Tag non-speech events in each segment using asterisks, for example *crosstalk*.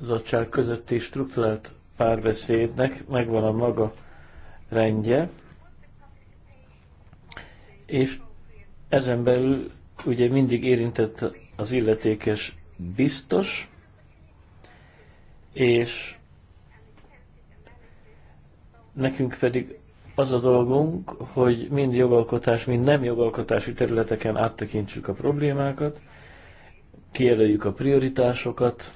bizottság közötti struktúrált párbeszédnek megvan a maga rendje, és ezen belül ugye mindig érintett az illetékes biztos, és nekünk pedig az a dolgunk, hogy mind jogalkotás, mind nem jogalkotási területeken áttekintsük a problémákat, kijelöljük a prioritásokat,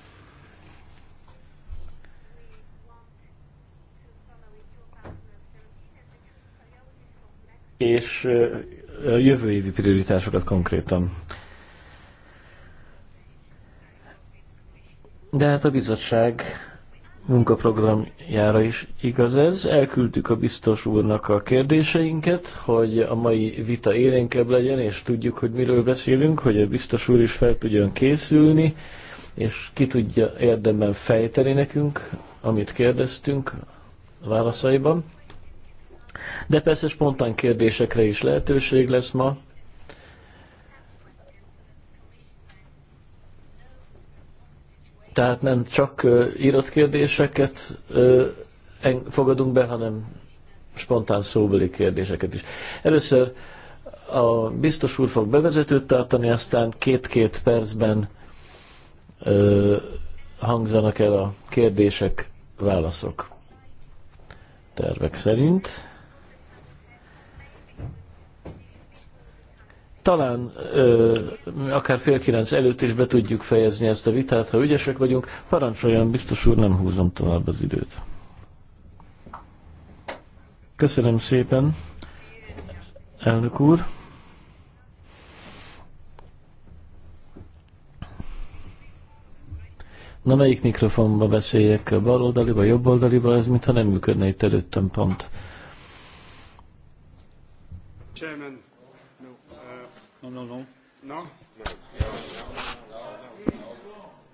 és a jövő évi prioritásokat konkrétan. De hát a bizottság munkaprogramjára is igaz ez. Elküldtük a biztos úrnak a kérdéseinket, hogy a mai vita élénkebb legyen, és tudjuk, hogy miről beszélünk, hogy a biztos úr is fel tudjon készülni, és ki tudja érdemben fejteni nekünk, amit kérdeztünk a válaszaiban. De persze spontán kérdésekre is lehetőség lesz ma. Tehát nem csak írott kérdéseket fogadunk be, hanem spontán szóbeli kérdéseket is. Először a biztos úr fog bevezetőt tartani, aztán két-két percben ö, hangzanak el a kérdések, válaszok tervek szerint. talán ö, akár fél kilenc előtt is be tudjuk fejezni ezt a vitát, ha ügyesek vagyunk. Parancsoljon, biztos úr, nem húzom tovább az időt. Köszönöm szépen, elnök úr. Na melyik mikrofonba beszéljek? A bal oldaliba, jobb oldaliba? Ez mintha nem működne itt előttem pont. Chairman, No, no, no. No?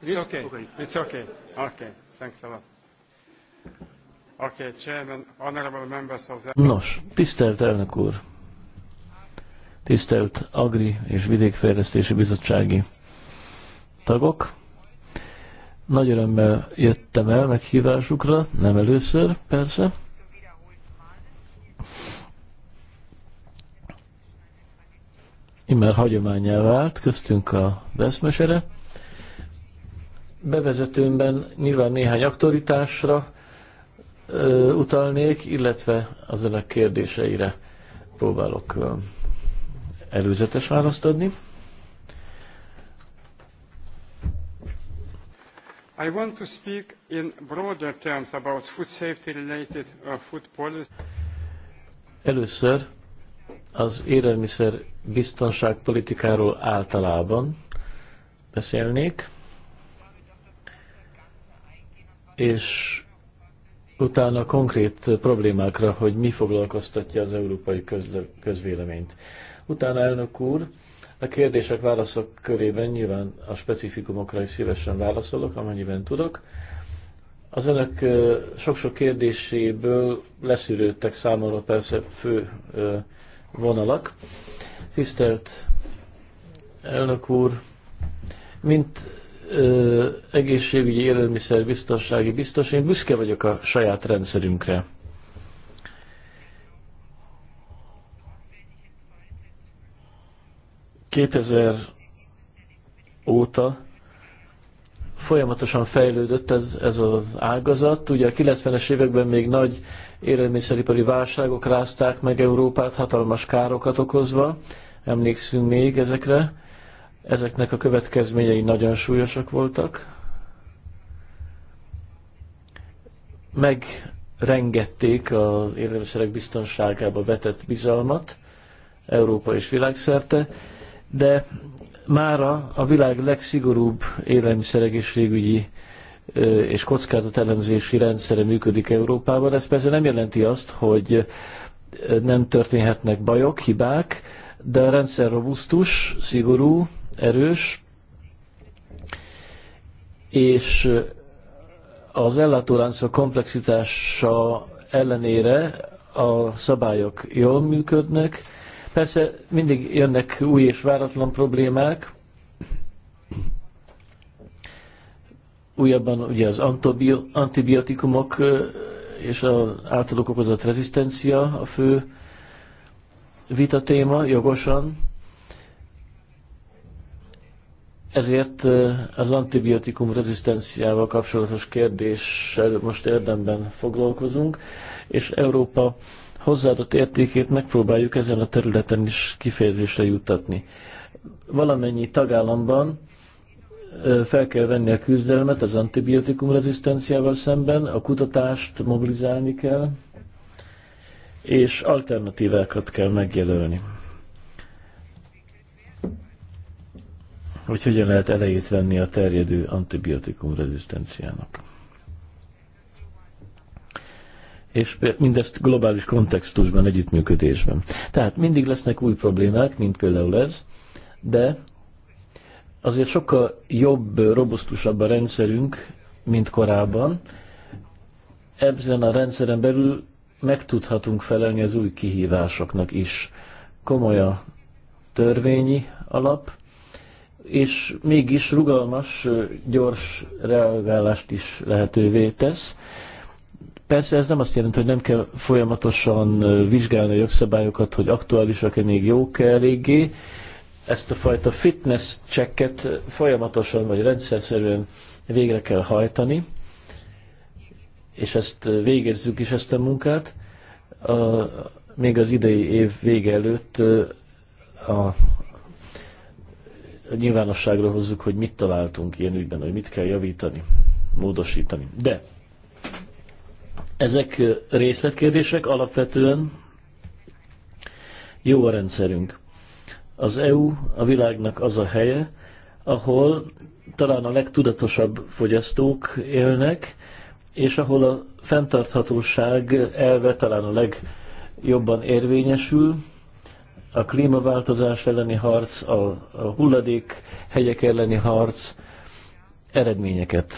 It's okay. It's okay. Okay. Thanks a lot. Okay, Chairman, honorable members of the... Nos, tisztelt elnök úr, tisztelt Agri és Vidékfejlesztési Bizottsági tagok, nagy örömmel jöttem el meghívásukra, nem először persze, immár hagyományá vált, köztünk a veszmesere. Bevezetőmben nyilván néhány aktoritásra ö, utalnék, illetve az önök kérdéseire próbálok ö, előzetes választ adni. I want to speak in broader terms about food safety related uh, food policy. Először az élelmiszer biztonságpolitikáról általában beszélnék, és utána konkrét problémákra, hogy mi foglalkoztatja az európai közvéleményt. Utána elnök úr, a kérdések válaszok körében nyilván a specifikumokra is szívesen válaszolok, amennyiben tudok. Az önök sok-sok kérdéséből leszűrődtek számomra persze fő vonalak. Tisztelt elnök úr, mint ö, egészségügyi élelmiszer biztonsági biztos, én büszke vagyok a saját rendszerünkre. Kétezer óta folyamatosan fejlődött ez, ez az ágazat. Ugye a 90-es években még nagy élelmiszeripari válságok rázták meg Európát, hatalmas károkat okozva. Emlékszünk még ezekre. Ezeknek a következményei nagyon súlyosak voltak. Megrengették az élelmiszerek biztonságába vetett bizalmat Európa és világszerte, de Mára a világ legszigorúbb élelmiszeregészségügyi és kockázatelemzési rendszere működik Európában. Ez persze nem jelenti azt, hogy nem történhetnek bajok, hibák, de a rendszer robusztus, szigorú, erős, és az ellátóláncok komplexitása ellenére a szabályok jól működnek, Persze mindig jönnek új és váratlan problémák. Újabban ugye az antibiotikumok és az általuk okozott rezisztencia a fő vita téma, jogosan. Ezért az antibiotikum rezisztenciával kapcsolatos kérdéssel most érdemben foglalkozunk, és Európa hozzáadott értékét megpróbáljuk ezen a területen is kifejezésre juttatni. Valamennyi tagállamban fel kell venni a küzdelmet az antibiotikum rezisztenciával szemben, a kutatást mobilizálni kell, és alternatívákat kell megjelölni. Hogy hogyan lehet elejét venni a terjedő antibiotikum rezisztenciának és mindezt globális kontextusban, együttműködésben. Tehát mindig lesznek új problémák, mint például ez, de azért sokkal jobb, robusztusabb a rendszerünk, mint korábban. Ebben a rendszeren belül meg tudhatunk felelni az új kihívásoknak is. Komoly a törvényi alap, és mégis rugalmas, gyors reagálást is lehetővé tesz Persze ez nem azt jelenti, hogy nem kell folyamatosan vizsgálni a jogszabályokat, hogy aktuálisak-e még jók -e eléggé. Ezt a fajta fitness checket folyamatosan vagy rendszerszerűen végre kell hajtani, és ezt végezzük is ezt a munkát. A, még az idei év vége előtt a, a nyilvánosságra hozzuk, hogy mit találtunk ilyen ügyben, hogy mit kell javítani, módosítani. De ezek részletkérdések alapvetően jó a rendszerünk. Az EU a világnak az a helye, ahol talán a legtudatosabb fogyasztók élnek, és ahol a fenntarthatóság elve talán a legjobban érvényesül, a klímaváltozás elleni harc, a, a hulladék hegyek elleni harc eredményeket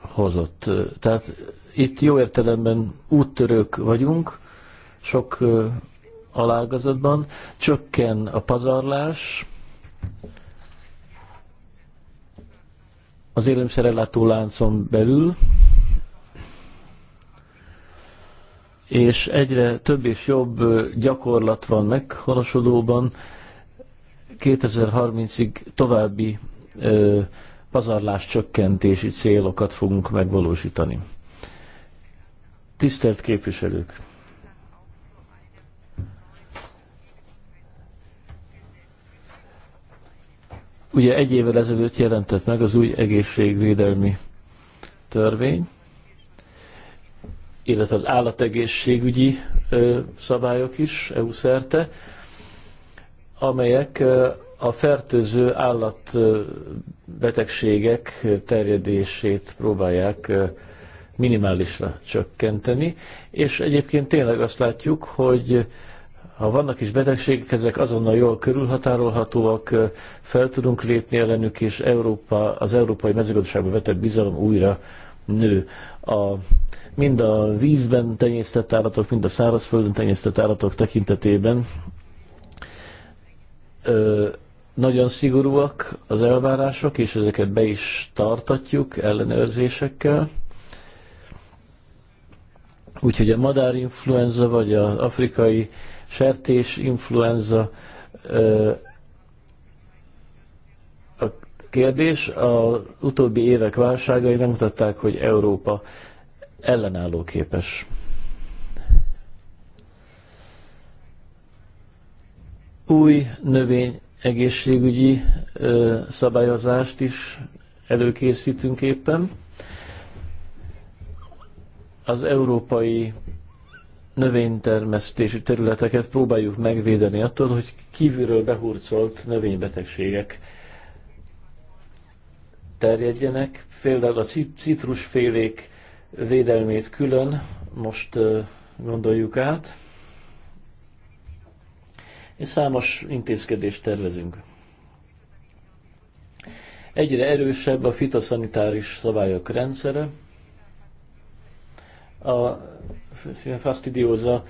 hozott. Tehát itt jó értelemben úttörők vagyunk, sok alágazatban, csökken a pazarlás, az élelmiszerellátó láncon belül, és egyre több és jobb gyakorlat van meghonosodóban, 2030-ig további ö, pazarlás csökkentési célokat fogunk megvalósítani. Tisztelt képviselők! Ugye egy évvel ezelőtt jelentett meg az új egészségvédelmi törvény, illetve az állategészségügyi szabályok is EU szerte, amelyek a fertőző állatbetegségek terjedését próbálják minimálisra csökkenteni, és egyébként tényleg azt látjuk, hogy ha vannak is betegségek, ezek azonnal jól körülhatárolhatóak, fel tudunk lépni ellenük, és Európa, az európai mezőgazdaságba vetett bizalom újra nő. A, mind a vízben tenyésztett állatok, mind a szárazföldön tenyésztett állatok tekintetében ö, nagyon szigorúak az elvárások, és ezeket be is tartatjuk ellenőrzésekkel. Úgyhogy a madárinfluenza vagy az afrikai sertésinfluenza a kérdés. Az utóbbi évek válságai megmutatták, hogy Európa ellenálló képes. Új növény egészségügyi szabályozást is előkészítünk éppen az európai növénytermesztési területeket próbáljuk megvédeni attól, hogy kívülről behurcolt növénybetegségek terjedjenek. Például a citrusfélék védelmét külön most gondoljuk át, és számos intézkedést tervezünk. Egyre erősebb a fitoszanitáris szabályok rendszere, a fastidióza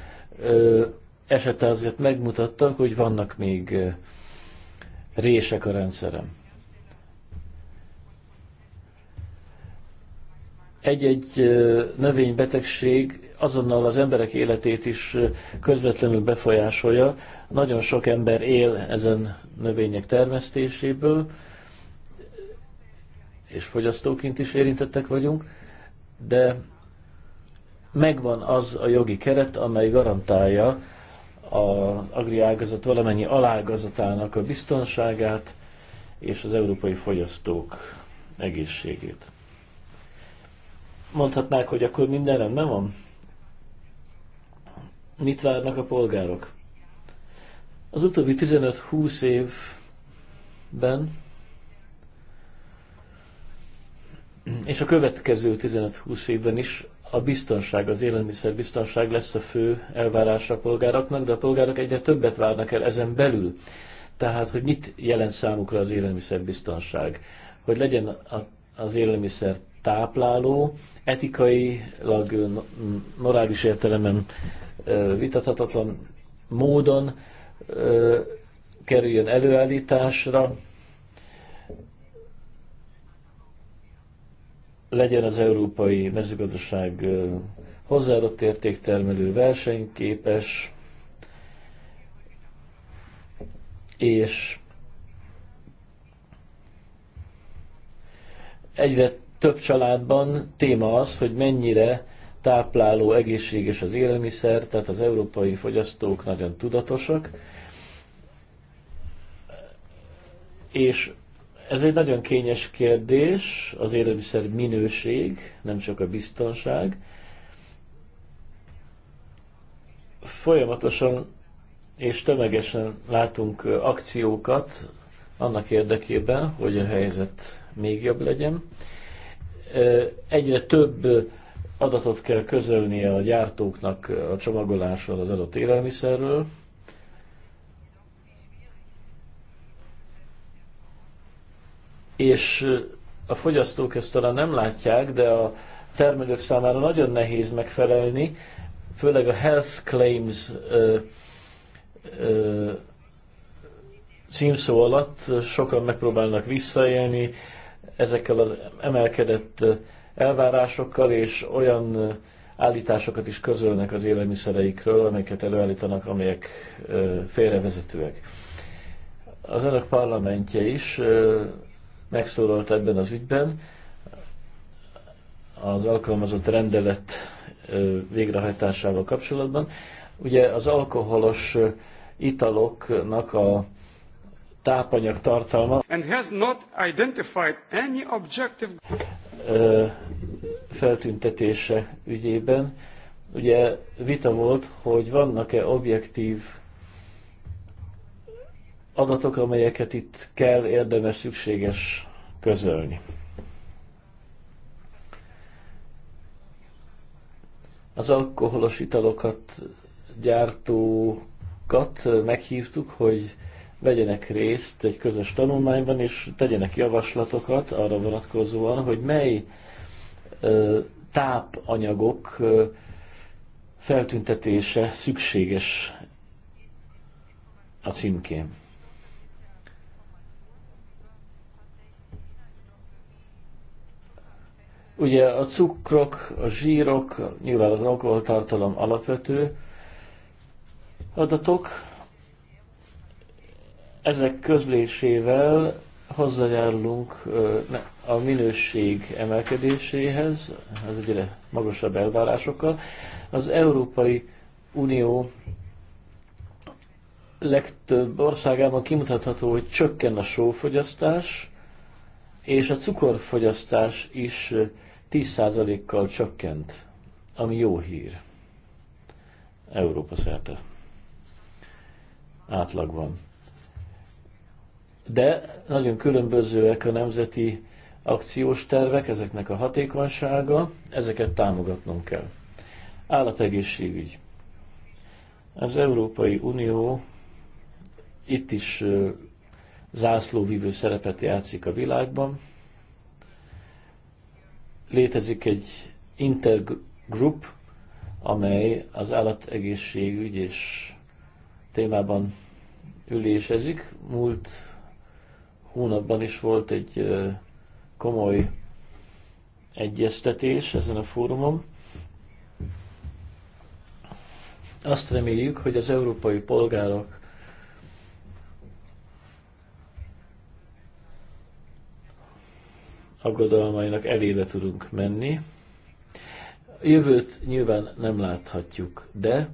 esete azért megmutatta, hogy vannak még rések a rendszerem. Egy-egy növénybetegség azonnal az emberek életét is közvetlenül befolyásolja. Nagyon sok ember él ezen növények termesztéséből, és fogyasztóként is érintettek vagyunk, de megvan az a jogi keret, amely garantálja az agriágazat valamennyi alágazatának a biztonságát és az európai fogyasztók egészségét. Mondhatnák, hogy akkor minden rendben van? Mit várnak a polgárok? Az utóbbi 15-20 évben és a következő 15-20 évben is a biztonság, az élelmiszerbiztonság lesz a fő elvárás a polgároknak, de a polgárok egyre többet várnak el ezen belül. Tehát, hogy mit jelent számukra az élelmiszerbiztonság? Hogy legyen a, az élelmiszer tápláló, etikailag, morális értelemben vitathatatlan módon kerüljön előállításra, legyen az európai mezőgazdaság hozzáadott értéktermelő, versenyképes, és egyre több családban téma az, hogy mennyire tápláló, egészséges az élelmiszer, tehát az európai fogyasztók nagyon tudatosak, és ez egy nagyon kényes kérdés, az élelmiszer minőség, nem csak a biztonság. Folyamatosan és tömegesen látunk akciókat annak érdekében, hogy a helyzet még jobb legyen. Egyre több adatot kell közölnie a gyártóknak a csomagolásról, az adott élelmiszerről, és a fogyasztók ezt talán nem látják, de a termelők számára nagyon nehéz megfelelni, főleg a health claims ö, ö, címszó alatt sokan megpróbálnak visszaélni ezekkel az emelkedett elvárásokkal, és olyan állításokat is közölnek az élelmiszereikről, amelyeket előállítanak, amelyek félrevezetőek. Az önök parlamentje is megszólalt ebben az ügyben. Az alkalmazott rendelet végrehajtásával kapcsolatban. Ugye az alkoholos italoknak a tápanyag tartalma and has not identified any objective feltüntetése ügyében. Ugye vita volt, hogy vannak-e objektív adatok, amelyeket itt kell, érdemes, szükséges közölni. Az alkoholos italokat gyártókat meghívtuk, hogy vegyenek részt egy közös tanulmányban, és tegyenek javaslatokat arra vonatkozóan, hogy mely tápanyagok feltüntetése szükséges a címkén. Ugye a cukrok, a zsírok, nyilván az alkoholtartalom alapvető adatok, ezek közlésével hozzájárulunk a minőség emelkedéséhez, az egyre magasabb elvárásokkal. Az Európai Unió legtöbb országában kimutatható, hogy csökken a sófogyasztás, és a cukorfogyasztás is 10%-kal csökkent, ami jó hír. Európa szerte átlagban. De nagyon különbözőek a nemzeti akciós tervek, ezeknek a hatékonysága, ezeket támogatnunk kell. Állategészségügy. Az Európai Unió itt is zászlóvívő szerepet játszik a világban, Létezik egy intergroup, amely az állategészségügy és témában ülésezik. Múlt hónapban is volt egy komoly egyeztetés ezen a fórumon. Azt reméljük, hogy az európai polgárok aggodalmainak elébe tudunk menni. A jövőt nyilván nem láthatjuk, de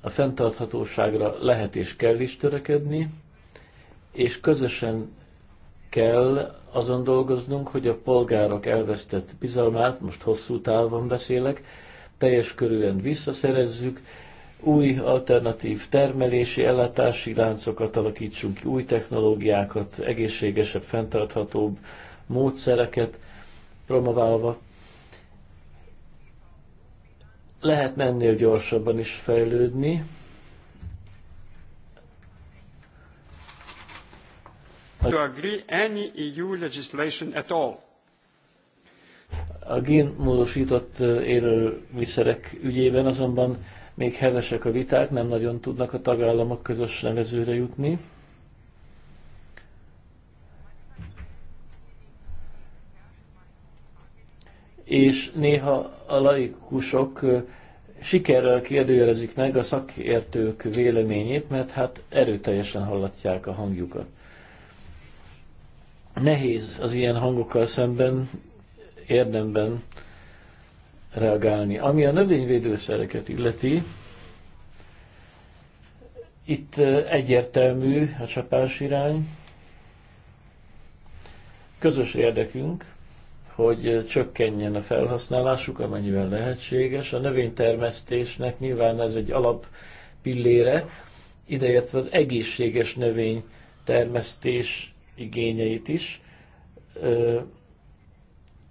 a fenntarthatóságra lehet és kell is törekedni, és közösen kell azon dolgoznunk, hogy a polgárok elvesztett bizalmát, most hosszú távon beszélek, teljes körülön visszaszerezzük, új alternatív termelési, ellátási láncokat alakítsunk ki, új technológiákat, egészségesebb, fenntarthatóbb módszereket promoválva. Lehet ennél gyorsabban is fejlődni. To agree any EU legislation at all. A génmódosított élelmiszerek ügyében azonban még hevesek a viták, nem nagyon tudnak a tagállamok közös nevezőre jutni. és néha a laikusok sikerrel kérdőjelezik meg a szakértők véleményét, mert hát erőteljesen hallatják a hangjukat. Nehéz az ilyen hangokkal szemben érdemben reagálni. Ami a növényvédőszereket illeti, itt egyértelmű a csapás irány, közös érdekünk, hogy csökkenjen a felhasználásuk, amennyiben lehetséges. A növénytermesztésnek nyilván ez egy alap pillére, ideértve az egészséges növénytermesztés igényeit is.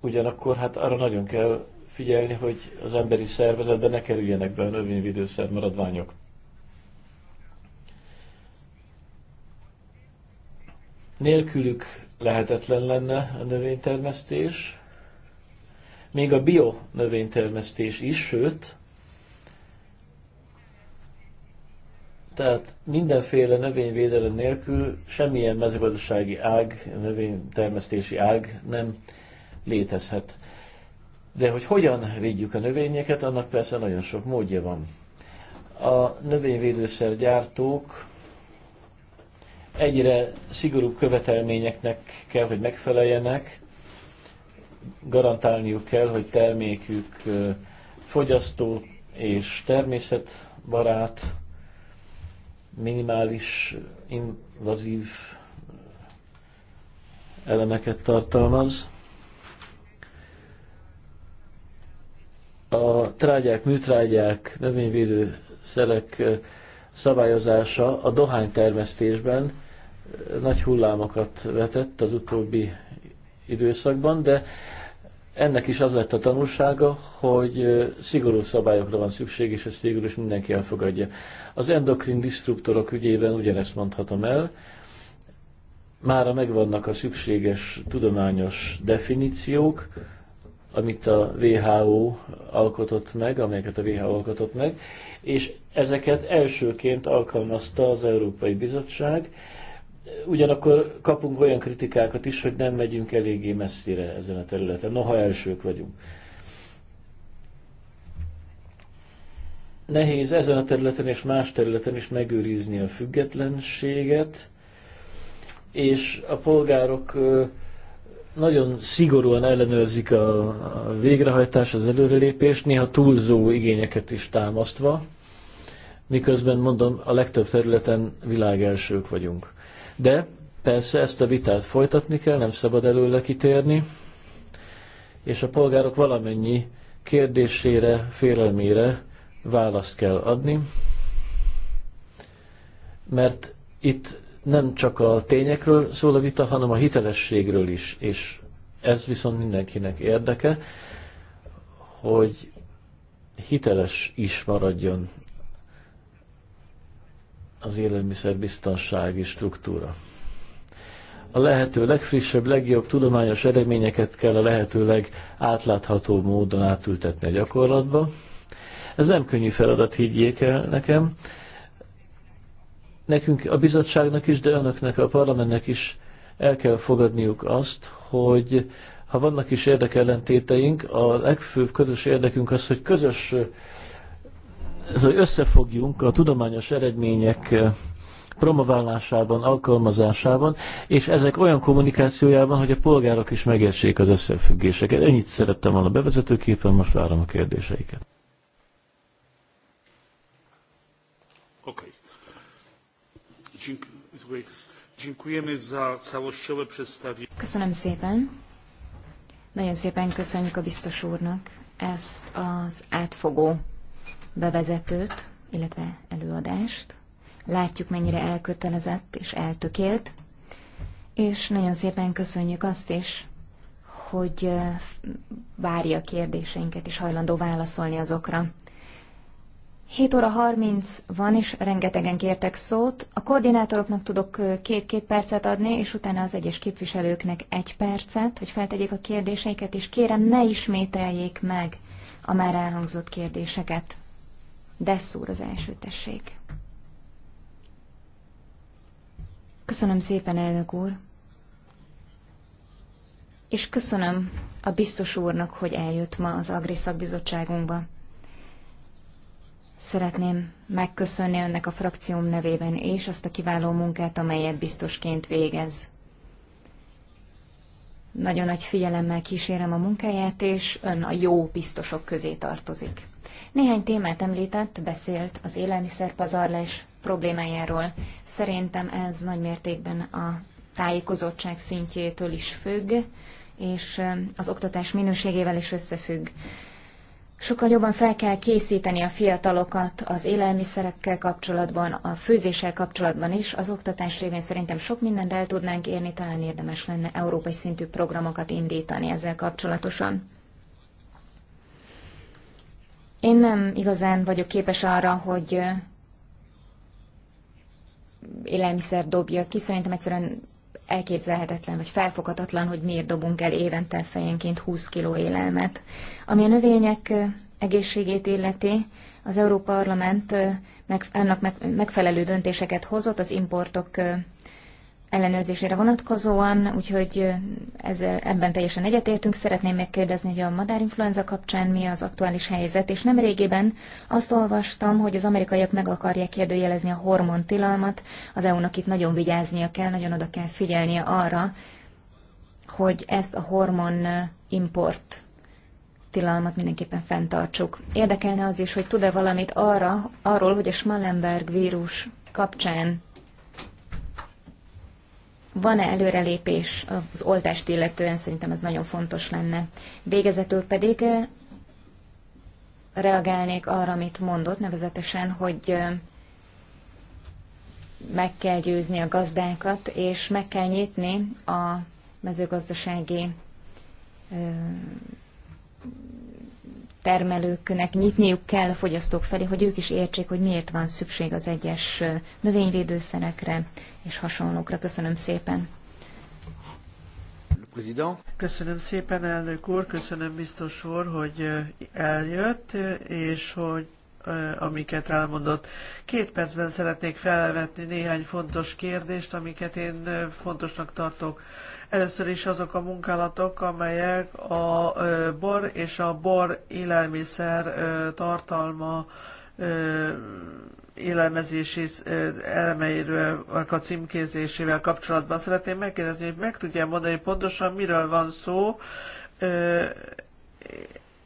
Ugyanakkor hát arra nagyon kell figyelni, hogy az emberi szervezetbe ne kerüljenek be a növényvédőszer maradványok. Nélkülük lehetetlen lenne a növénytermesztés, még a bio növénytermesztés is, sőt, tehát mindenféle növényvédelem nélkül semmilyen mezőgazdasági ág, növénytermesztési ág nem létezhet. De hogy hogyan védjük a növényeket, annak persze nagyon sok módja van. A növényvédőszer gyártók egyre szigorúbb követelményeknek kell, hogy megfeleljenek, garantálniuk kell, hogy termékük fogyasztó és természetbarát, minimális invazív elemeket tartalmaz. A trágyák, műtrágyák, növényvédő szerek szabályozása a dohánytermesztésben nagy hullámokat vetett az utóbbi időszakban, de ennek is az lett a tanulsága, hogy szigorú szabályokra van szükség, és ezt végül is mindenki elfogadja. Az endokrin disruptorok ügyében ugyanezt mondhatom el, mára megvannak a szükséges tudományos definíciók, amit a WHO alkotott meg, amelyeket a WHO alkotott meg, és ezeket elsőként alkalmazta az Európai Bizottság, ugyanakkor kapunk olyan kritikákat is, hogy nem megyünk eléggé messzire ezen a területen, noha elsők vagyunk. Nehéz ezen a területen és más területen is megőrizni a függetlenséget, és a polgárok nagyon szigorúan ellenőrzik a végrehajtás, az előrelépés, néha túlzó igényeket is támasztva, miközben mondom, a legtöbb területen világelsők vagyunk. De persze ezt a vitát folytatni kell, nem szabad előle kitérni, és a polgárok valamennyi kérdésére, félelmére választ kell adni, mert itt nem csak a tényekről szól a vita, hanem a hitelességről is, és ez viszont mindenkinek érdeke, hogy hiteles is maradjon az élelmiszerbiztonsági struktúra. A lehető legfrissebb, legjobb tudományos eredményeket kell a lehető legátláthatóbb módon átültetni a gyakorlatba. Ez nem könnyű feladat, higgyék el nekem. Nekünk a bizottságnak is, de önöknek, a parlamentnek is el kell fogadniuk azt, hogy ha vannak is érdekellentéteink, a legfőbb közös érdekünk az, hogy közös ez, hogy összefogjunk a tudományos eredmények eh, promoválásában, alkalmazásában, és ezek olyan kommunikációjában, hogy a polgárok is megértsék az összefüggéseket. Ennyit szerettem volna bevezetőképpen, most várom a kérdéseiket. Oké. Köszönöm szépen. Nagyon szépen köszönjük a biztos úrnak ezt az átfogó bevezetőt, illetve előadást. Látjuk, mennyire elkötelezett és eltökélt, és nagyon szépen köszönjük azt is, hogy várja a kérdéseinket, és hajlandó válaszolni azokra. 7 óra 30 van, és rengetegen kértek szót. A koordinátoroknak tudok két-két percet adni, és utána az egyes képviselőknek egy percet, hogy feltegyék a kérdéseiket, és kérem, ne ismételjék meg a már elhangzott kérdéseket. De szúr az első, tessék. Köszönöm szépen, elnök úr. És köszönöm a biztos úrnak, hogy eljött ma az Agri szakbizottságunkba. Szeretném megköszönni önnek a frakcióm nevében és azt a kiváló munkát, amelyet biztosként végez. Nagyon nagy figyelemmel kísérem a munkáját, és ön a jó biztosok közé tartozik. Néhány témát említett, beszélt az pazarlás problémájáról. Szerintem ez nagy mértékben a tájékozottság szintjétől is függ, és az oktatás minőségével is összefügg. Sokkal jobban fel kell készíteni a fiatalokat az élelmiszerekkel kapcsolatban, a főzéssel kapcsolatban is. Az oktatás révén szerintem sok mindent el tudnánk érni, talán érdemes lenne európai szintű programokat indítani ezzel kapcsolatosan. Én nem igazán vagyok képes arra, hogy élelmiszer dobja ki. Szerintem egyszerűen elképzelhetetlen, vagy felfoghatatlan, hogy miért dobunk el évente fejenként 20 kiló élelmet. Ami a növények egészségét illeti, az Európa Parlament meg, annak megfelelő döntéseket hozott, az importok ellenőrzésére vonatkozóan, úgyhogy ezzel, ebben teljesen egyetértünk. Szeretném megkérdezni, hogy a madárinfluenza kapcsán mi az aktuális helyzet, és nem régiben azt olvastam, hogy az amerikaiak meg akarják kérdőjelezni a hormontilalmat, az EU-nak itt nagyon vigyáznia kell, nagyon oda kell figyelnie arra, hogy ezt a hormon import tilalmat mindenképpen fenntartsuk. Érdekelne az is, hogy tud-e valamit arra, arról, hogy a Schmallenberg vírus kapcsán van-e előrelépés az oltást illetően, szerintem ez nagyon fontos lenne. Végezetül pedig eh, reagálnék arra, amit mondott, nevezetesen, hogy eh, meg kell győzni a gazdákat, és meg kell nyitni a mezőgazdasági eh, termelőknek nyitniuk kell a fogyasztók felé, hogy ők is értsék, hogy miért van szükség az egyes növényvédőszerekre, és hasonlókra. Köszönöm szépen. Köszönöm szépen, elnök úr, köszönöm biztos úr, hogy eh, eljött, és hogy eh, amiket elmondott. Két percben szeretnék felvetni néhány fontos kérdést, amiket én eh, fontosnak tartok. Először is azok a munkálatok, amelyek a bor és a bor élelmiszer tartalma élelmezési elemeiről, a címkézésével kapcsolatban szeretném megkérdezni, hogy meg tudja mondani pontosan miről van szó,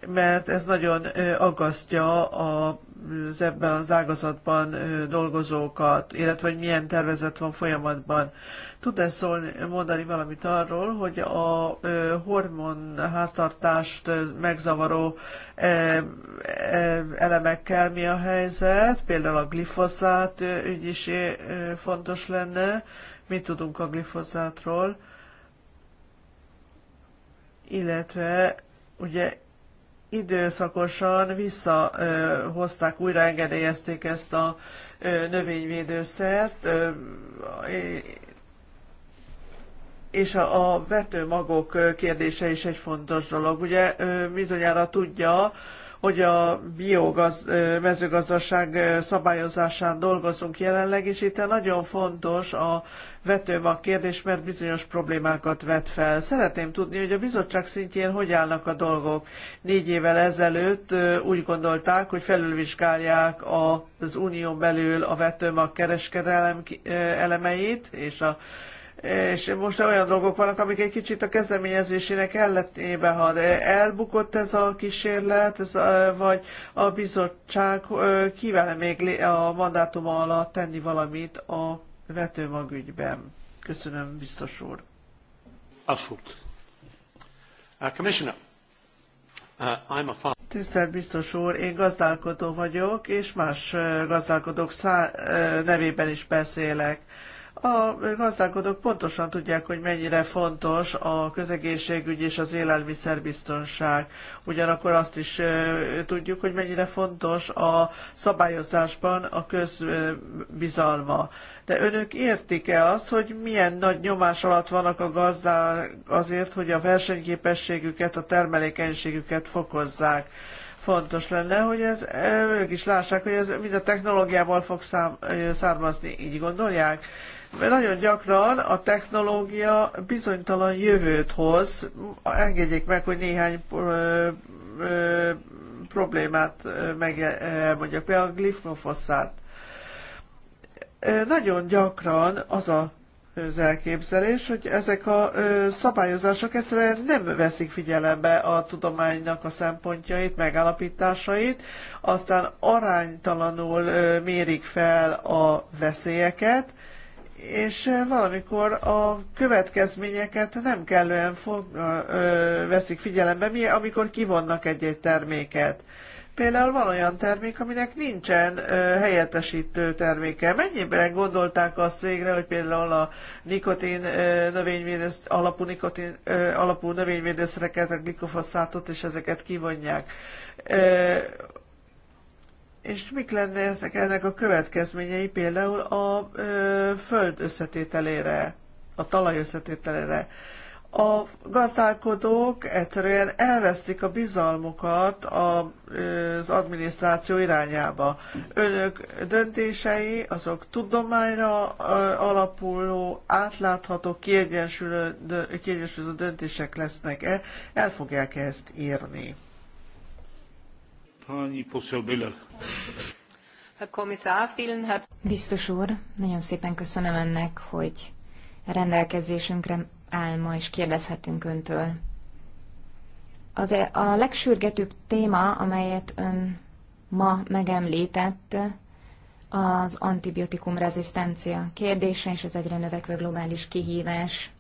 mert ez nagyon aggasztja az ebben az ágazatban dolgozókat, illetve hogy milyen tervezet van folyamatban. Tud-e szólni, mondani valamit arról, hogy a hormon háztartást megzavaró elemekkel mi a helyzet, például a glifoszát ügy is fontos lenne, mit tudunk a glifoszátról, illetve ugye időszakosan visszahozták, újra engedélyezték ezt a növényvédőszert, és a vetőmagok kérdése is egy fontos dolog. Ugye bizonyára tudja, hogy a biogaz, mezőgazdaság szabályozásán dolgozunk jelenleg, és itt nagyon fontos a vetőmag kérdés, mert bizonyos problémákat vet fel. Szeretném tudni, hogy a bizottság szintjén hogy állnak a dolgok. Négy évvel ezelőtt úgy gondolták, hogy felülvizsgálják az unión belül a vetőmag kereskedelem elemeit és a és most olyan dolgok vannak, amik egy kicsit a kezdeményezésének elletébe had. Elbukott ez a kísérlet, ez a, vagy a bizottság kíván még a mandátuma alatt tenni valamit a vetőmagügyben? Köszönöm, biztos úr. Abszolút. Uh, commissioner, uh, I'm a farmer. Tisztelt biztos úr, én gazdálkodó vagyok, és más gazdálkodók szá- nevében is beszélek a gazdálkodók pontosan tudják, hogy mennyire fontos a közegészségügy és az élelmiszerbiztonság. Ugyanakkor azt is tudjuk, hogy mennyire fontos a szabályozásban a közbizalma. De önök értik-e azt, hogy milyen nagy nyomás alatt vannak a gazdák azért, hogy a versenyképességüket, a termelékenységüket fokozzák? fontos lenne, hogy ez, ők is lássák, hogy ez mind a technológiával fog szám, származni, így gondolják. Mert Nagyon gyakran a technológia bizonytalan jövőt hoz. Engedjék meg, hogy néhány ö, ö, problémát meg, mondjak, például a glifnofosszát. Nagyon gyakran az a az elképzelés, hogy ezek a ö, szabályozások egyszerűen nem veszik figyelembe a tudománynak a szempontjait, megállapításait, aztán aránytalanul ö, mérik fel a veszélyeket, és valamikor a következményeket nem kellően fog, ö, veszik figyelembe, mi, amikor kivonnak egy-egy terméket. Például van olyan termék, aminek nincsen ö, helyettesítő terméke. Mennyiben gondolták azt végre, hogy például a nikotin ö, növényvédősz, alapú, nikotin, ö, alapú növényvédőszereket, a glikofaszátot és ezeket kivonják? Ö, és mik lenne ezek ennek a következményei például a ö, föld összetételére, a talaj összetételére? A gazdálkodók egyszerűen elvesztik a bizalmukat az adminisztráció irányába. Önök döntései azok tudományra alapuló, átlátható, kiegyensúlyozó döntések lesznek-e? El fogják -e ezt írni? Biztos úr, nagyon szépen köszönöm ennek, hogy rendelkezésünkre áll ma, és kérdezhetünk öntől. Az e- a legsürgetőbb téma, amelyet ön ma megemlített, az antibiotikum rezisztencia kérdése, és ez egyre növekvő globális kihívás.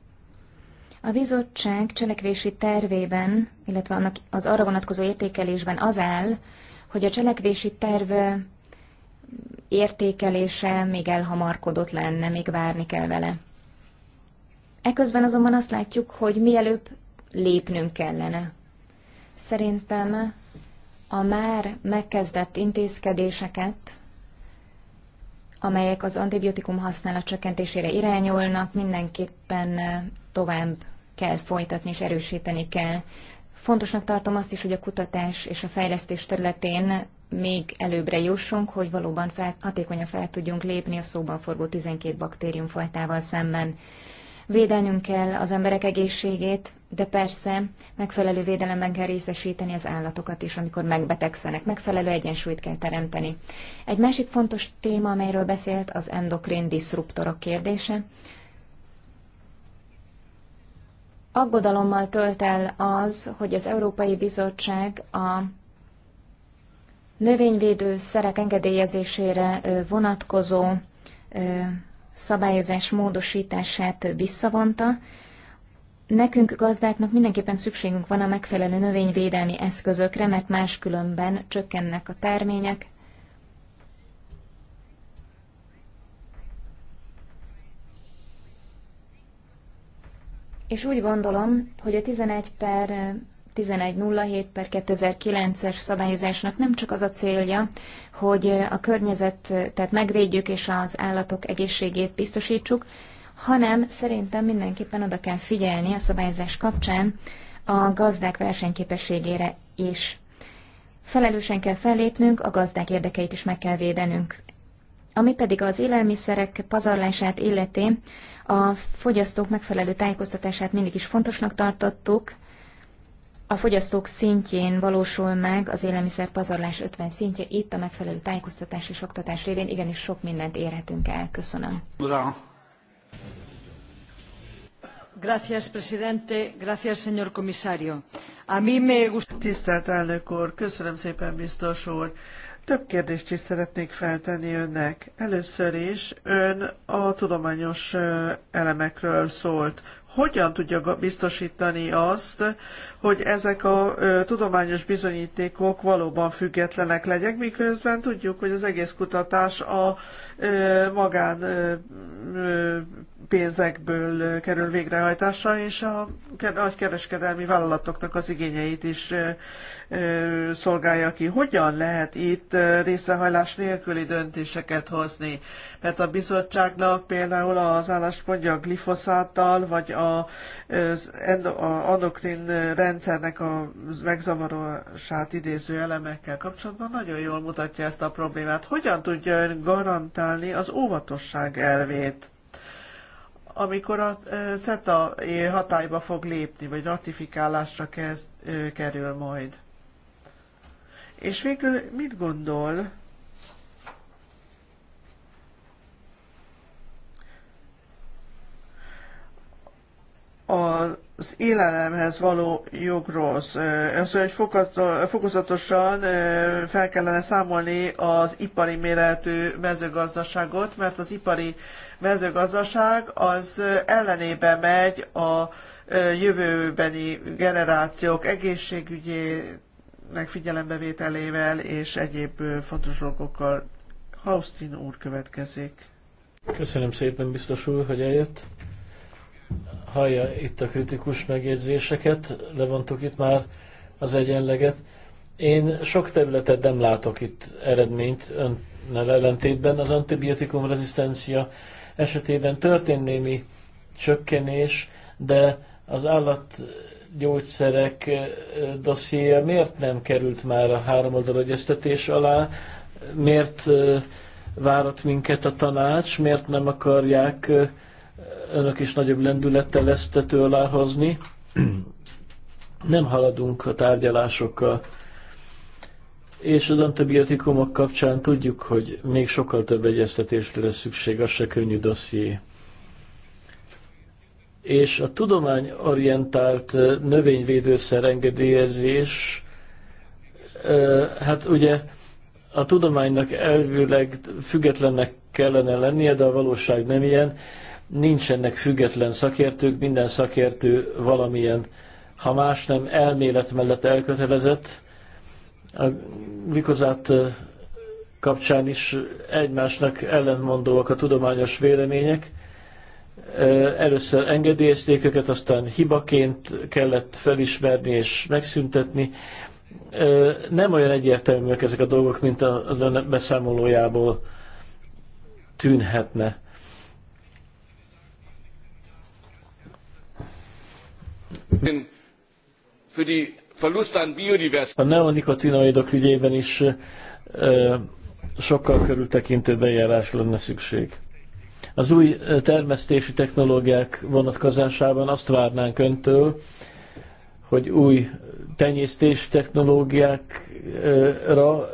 A bizottság cselekvési tervében, illetve annak az arra vonatkozó értékelésben az áll, hogy a cselekvési terv értékelése még elhamarkodott lenne, még várni kell vele. Eközben azonban azt látjuk, hogy mielőbb lépnünk kellene. Szerintem a már megkezdett intézkedéseket amelyek az antibiotikum használat csökkentésére irányulnak, mindenképpen tovább kell folytatni és erősíteni kell. Fontosnak tartom azt is, hogy a kutatás és a fejlesztés területén még előbbre jussunk, hogy valóban fel, hatékonyan fel tudjunk lépni a szóban forgó 12 fajtával szemben. Védenünk kell az emberek egészségét, de persze megfelelő védelemben kell részesíteni az állatokat is, amikor megbetegszenek. Megfelelő egyensúlyt kell teremteni. Egy másik fontos téma, amelyről beszélt, az endokrin diszruptorok kérdése. Aggodalommal tölt el az, hogy az Európai Bizottság a növényvédő szerek engedélyezésére vonatkozó szabályozás módosítását visszavonta, Nekünk gazdáknak mindenképpen szükségünk van a megfelelő növényvédelmi eszközökre, mert máskülönben csökkennek a termények. És úgy gondolom, hogy a 11 per 1107 per 2009-es szabályozásnak nem csak az a célja, hogy a környezet, tehát megvédjük és az állatok egészségét biztosítsuk, hanem szerintem mindenképpen oda kell figyelni a szabályozás kapcsán a gazdák versenyképességére is. Felelősen kell fellépnünk, a gazdák érdekeit is meg kell védenünk. Ami pedig az élelmiszerek pazarlását illeti, a fogyasztók megfelelő tájékoztatását mindig is fontosnak tartottuk. A fogyasztók szintjén valósul meg az élelmiszer pazarlás 50 szintje, itt a megfelelő tájékoztatás és oktatás révén igenis sok mindent érhetünk el. Köszönöm. Gracias, presidente. Gracias, señor comisario. A mí me gusta... Tisztelt elnök úr, köszönöm szépen, biztos úr. Több kérdést is szeretnék feltenni önnek. Először is ön a tudományos elemekről szólt hogyan tudja biztosítani azt, hogy ezek a tudományos bizonyítékok valóban függetlenek legyenek, miközben tudjuk, hogy az egész kutatás a magán pénzekből kerül végrehajtásra, és a nagy kereskedelmi vállalatoknak az igényeit is szolgálja ki. Hogyan lehet itt részrehajlás nélküli döntéseket hozni? Mert a bizottságnak például az álláspontja a glifoszáttal, vagy az adokrin rendszernek a megzavarását idéző elemekkel kapcsolatban nagyon jól mutatja ezt a problémát. Hogyan tudja ön garantálni az óvatosság elvét? amikor a CETA hatályba fog lépni, vagy ratifikálásra kezd, kerül majd. És végül mit gondol az élelemhez való jogról. Az, hogy fokozatosan fel kellene számolni az ipari méretű mezőgazdaságot, mert az ipari mezőgazdaság az ellenébe megy a jövőbeni generációk egészségügyének figyelembevételével és egyéb fontos dolgokkal. Haustin úr következik. Köszönöm szépen, biztos úr, hogy eljött hallja itt a kritikus megjegyzéseket, levontuk itt már az egyenleget. Én sok területet nem látok itt eredményt önnel ellentétben. Az antibiotikum rezisztencia esetében történt némi csökkenés, de az állatgyógyszerek eh, dossziéja miért nem került már a háromoldalú egyeztetés alá? Miért eh, várat minket a tanács? Miért nem akarják eh, önök is nagyobb lendülettel ezt tető alá hozni. Nem haladunk a tárgyalásokkal, és az antibiotikumok kapcsán tudjuk, hogy még sokkal több egyeztetésre lesz szükség, az se könnyű dosszié. És a tudományorientált növényvédőszer engedélyezés, hát ugye a tudománynak elvileg függetlennek kellene lennie, de a valóság nem ilyen nincsenek független szakértők, minden szakértő valamilyen, ha más nem, elmélet mellett elkötelezett. A glikozát kapcsán is egymásnak ellentmondóak a tudományos vélemények. Először engedélyezték őket, aztán hibaként kellett felismerni és megszüntetni. Nem olyan egyértelműek ezek a dolgok, mint a beszámolójából tűnhetne. A neonikotinoidok ügyében is ö, sokkal körültekintőbb eljárás lenne szükség. Az új termesztési technológiák vonatkozásában azt várnánk öntől, hogy új tenyésztési technológiákra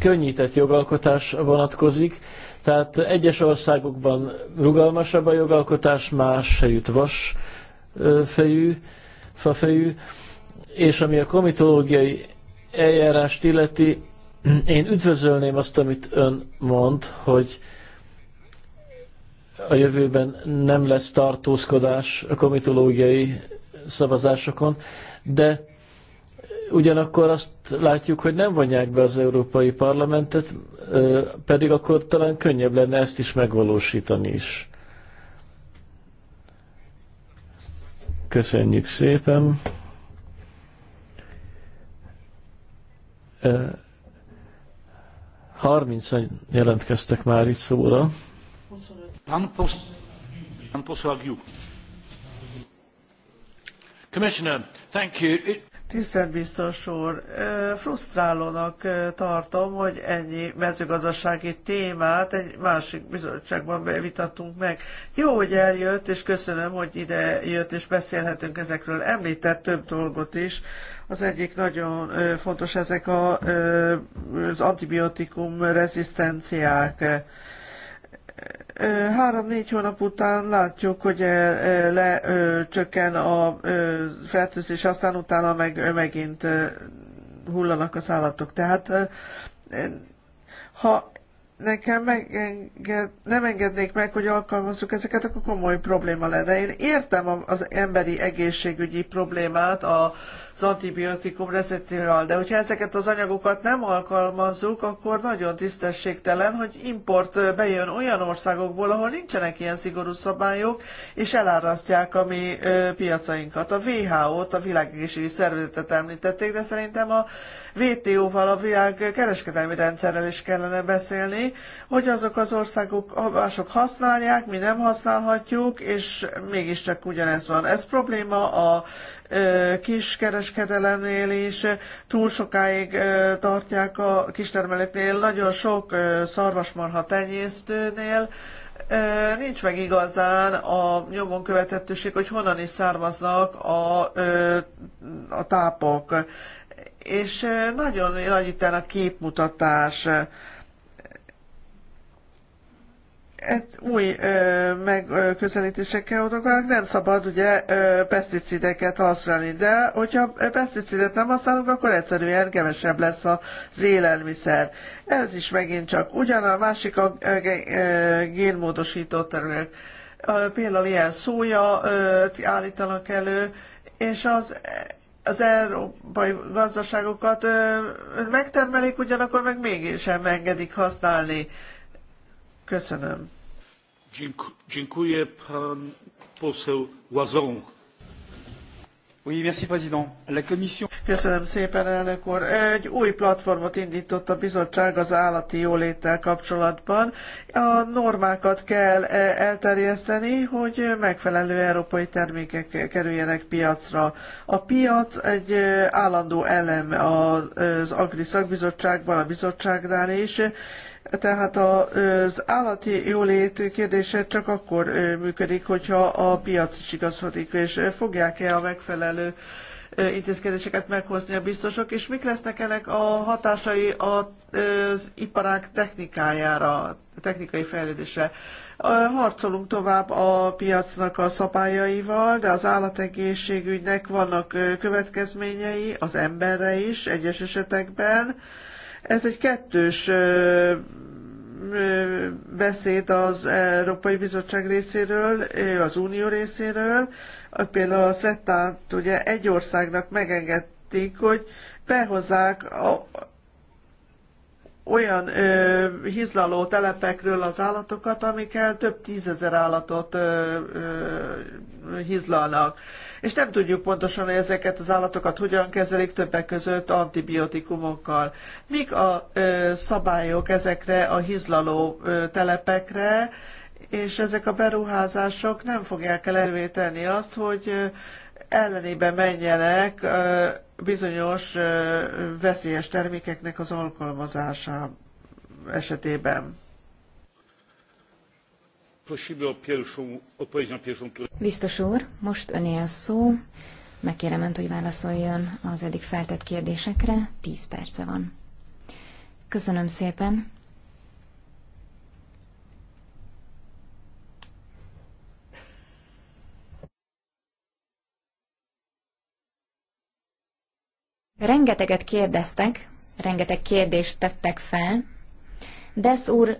könnyített jogalkotás vonatkozik, tehát egyes országokban rugalmasabb a jogalkotás, más helyütt vas fejű, fafejű, és ami a komitológiai eljárást illeti, *clears throat* én üdvözölném azt, amit ön mond, hogy a jövőben nem lesz tartózkodás a komitológiai szavazásokon, de ugyanakkor azt látjuk, hogy nem vonják be az Európai Parlamentet, pedig akkor talán könnyebb lenne ezt is megvalósítani is. Köszönjük szépen. Uh, 30 jelentkeztek már itt szóra. Pan, pos, pan Commissioner, thank you. It... Tisztelt biztos úr, frusztrálónak tartom, hogy ennyi mezőgazdasági témát egy másik bizottságban vitattunk meg. Jó, hogy eljött, és köszönöm, hogy ide jött, és beszélhetünk ezekről. Említett több dolgot is. Az egyik nagyon fontos, ezek a, az antibiotikum rezisztenciák Három-négy hónap után látjuk, hogy lecsökken a fertőzés, aztán utána meg megint hullanak az állatok. Tehát ha nekem megenged, nem engednék meg, hogy alkalmazzuk ezeket, akkor komoly probléma lenne. Én értem az emberi egészségügyi problémát, a az antibiotikum rezetinal. De hogyha ezeket az anyagokat nem alkalmazzuk, akkor nagyon tisztességtelen, hogy import bejön olyan országokból, ahol nincsenek ilyen szigorú szabályok, és elárasztják a mi piacainkat. A WHO-t, a világegészségügyi szervezetet említették, de szerintem a WTO-val, a világ kereskedelmi rendszerrel is kellene beszélni, hogy azok az országok mások használják, mi nem használhatjuk, és mégiscsak ugyanez van. Ez probléma a kiskereskedelemnél is túl sokáig tartják a kistermelőknél, nagyon sok szarvasmarha tenyésztőnél, nincs meg igazán a nyomon követettőség, hogy honnan is származnak a, a tápok. És nagyon nagy itt a képmutatás új megközelítésekkel odakolnak, nem szabad ugye peszticideket használni, de hogyha peszticidet nem használunk, akkor egyszerűen kevesebb lesz az élelmiszer. Ez is megint csak ugyan a másik a ö, génmódosított terület. Például ilyen szója állítanak elő, és az az európai gazdaságokat ö, megtermelik, ugyanakkor meg sem engedik használni. Köszönöm. Köszönöm szépen, elnök úr. Egy új platformot indított a bizottság az állati jóléttel kapcsolatban. A normákat kell e, elterjeszteni, hogy megfelelő európai termékek kerüljenek piacra. A piac egy e, állandó elem e, az Agri Szakbizottságban, a bizottságnál is, tehát az állati jólét kérdése csak akkor működik, hogyha a piac is igazodik, és fogják-e a megfelelő intézkedéseket meghozni a biztosok, és mik lesznek ennek a hatásai az iparák technikájára, technikai fejlődésre. Harcolunk tovább a piacnak a szabályaival, de az állategészségügynek vannak következményei az emberre is egyes esetekben ez egy kettős beszéd az Európai Bizottság részéről, az Unió részéről. Például a CETA-t ugye egy országnak megengedték, hogy behozzák a, olyan ö, hizlaló telepekről az állatokat, amikkel több tízezer állatot ö, ö, hizlalnak. És nem tudjuk pontosan, hogy ezeket az állatokat hogyan kezelik többek között antibiotikumokkal. Mik a ö, szabályok ezekre a hizlaló ö, telepekre, és ezek a beruházások nem fogják lehetővé tenni azt, hogy ö, ellenébe menjenek bizonyos veszélyes termékeknek az alkalmazása esetében. Biztos úr, most öné a szó. Megkérem önt, hogy válaszoljon az eddig feltett kérdésekre. Tíz perce van. Köszönöm szépen. Rengeteget kérdeztek, rengeteg kérdést tettek fel. Desz úr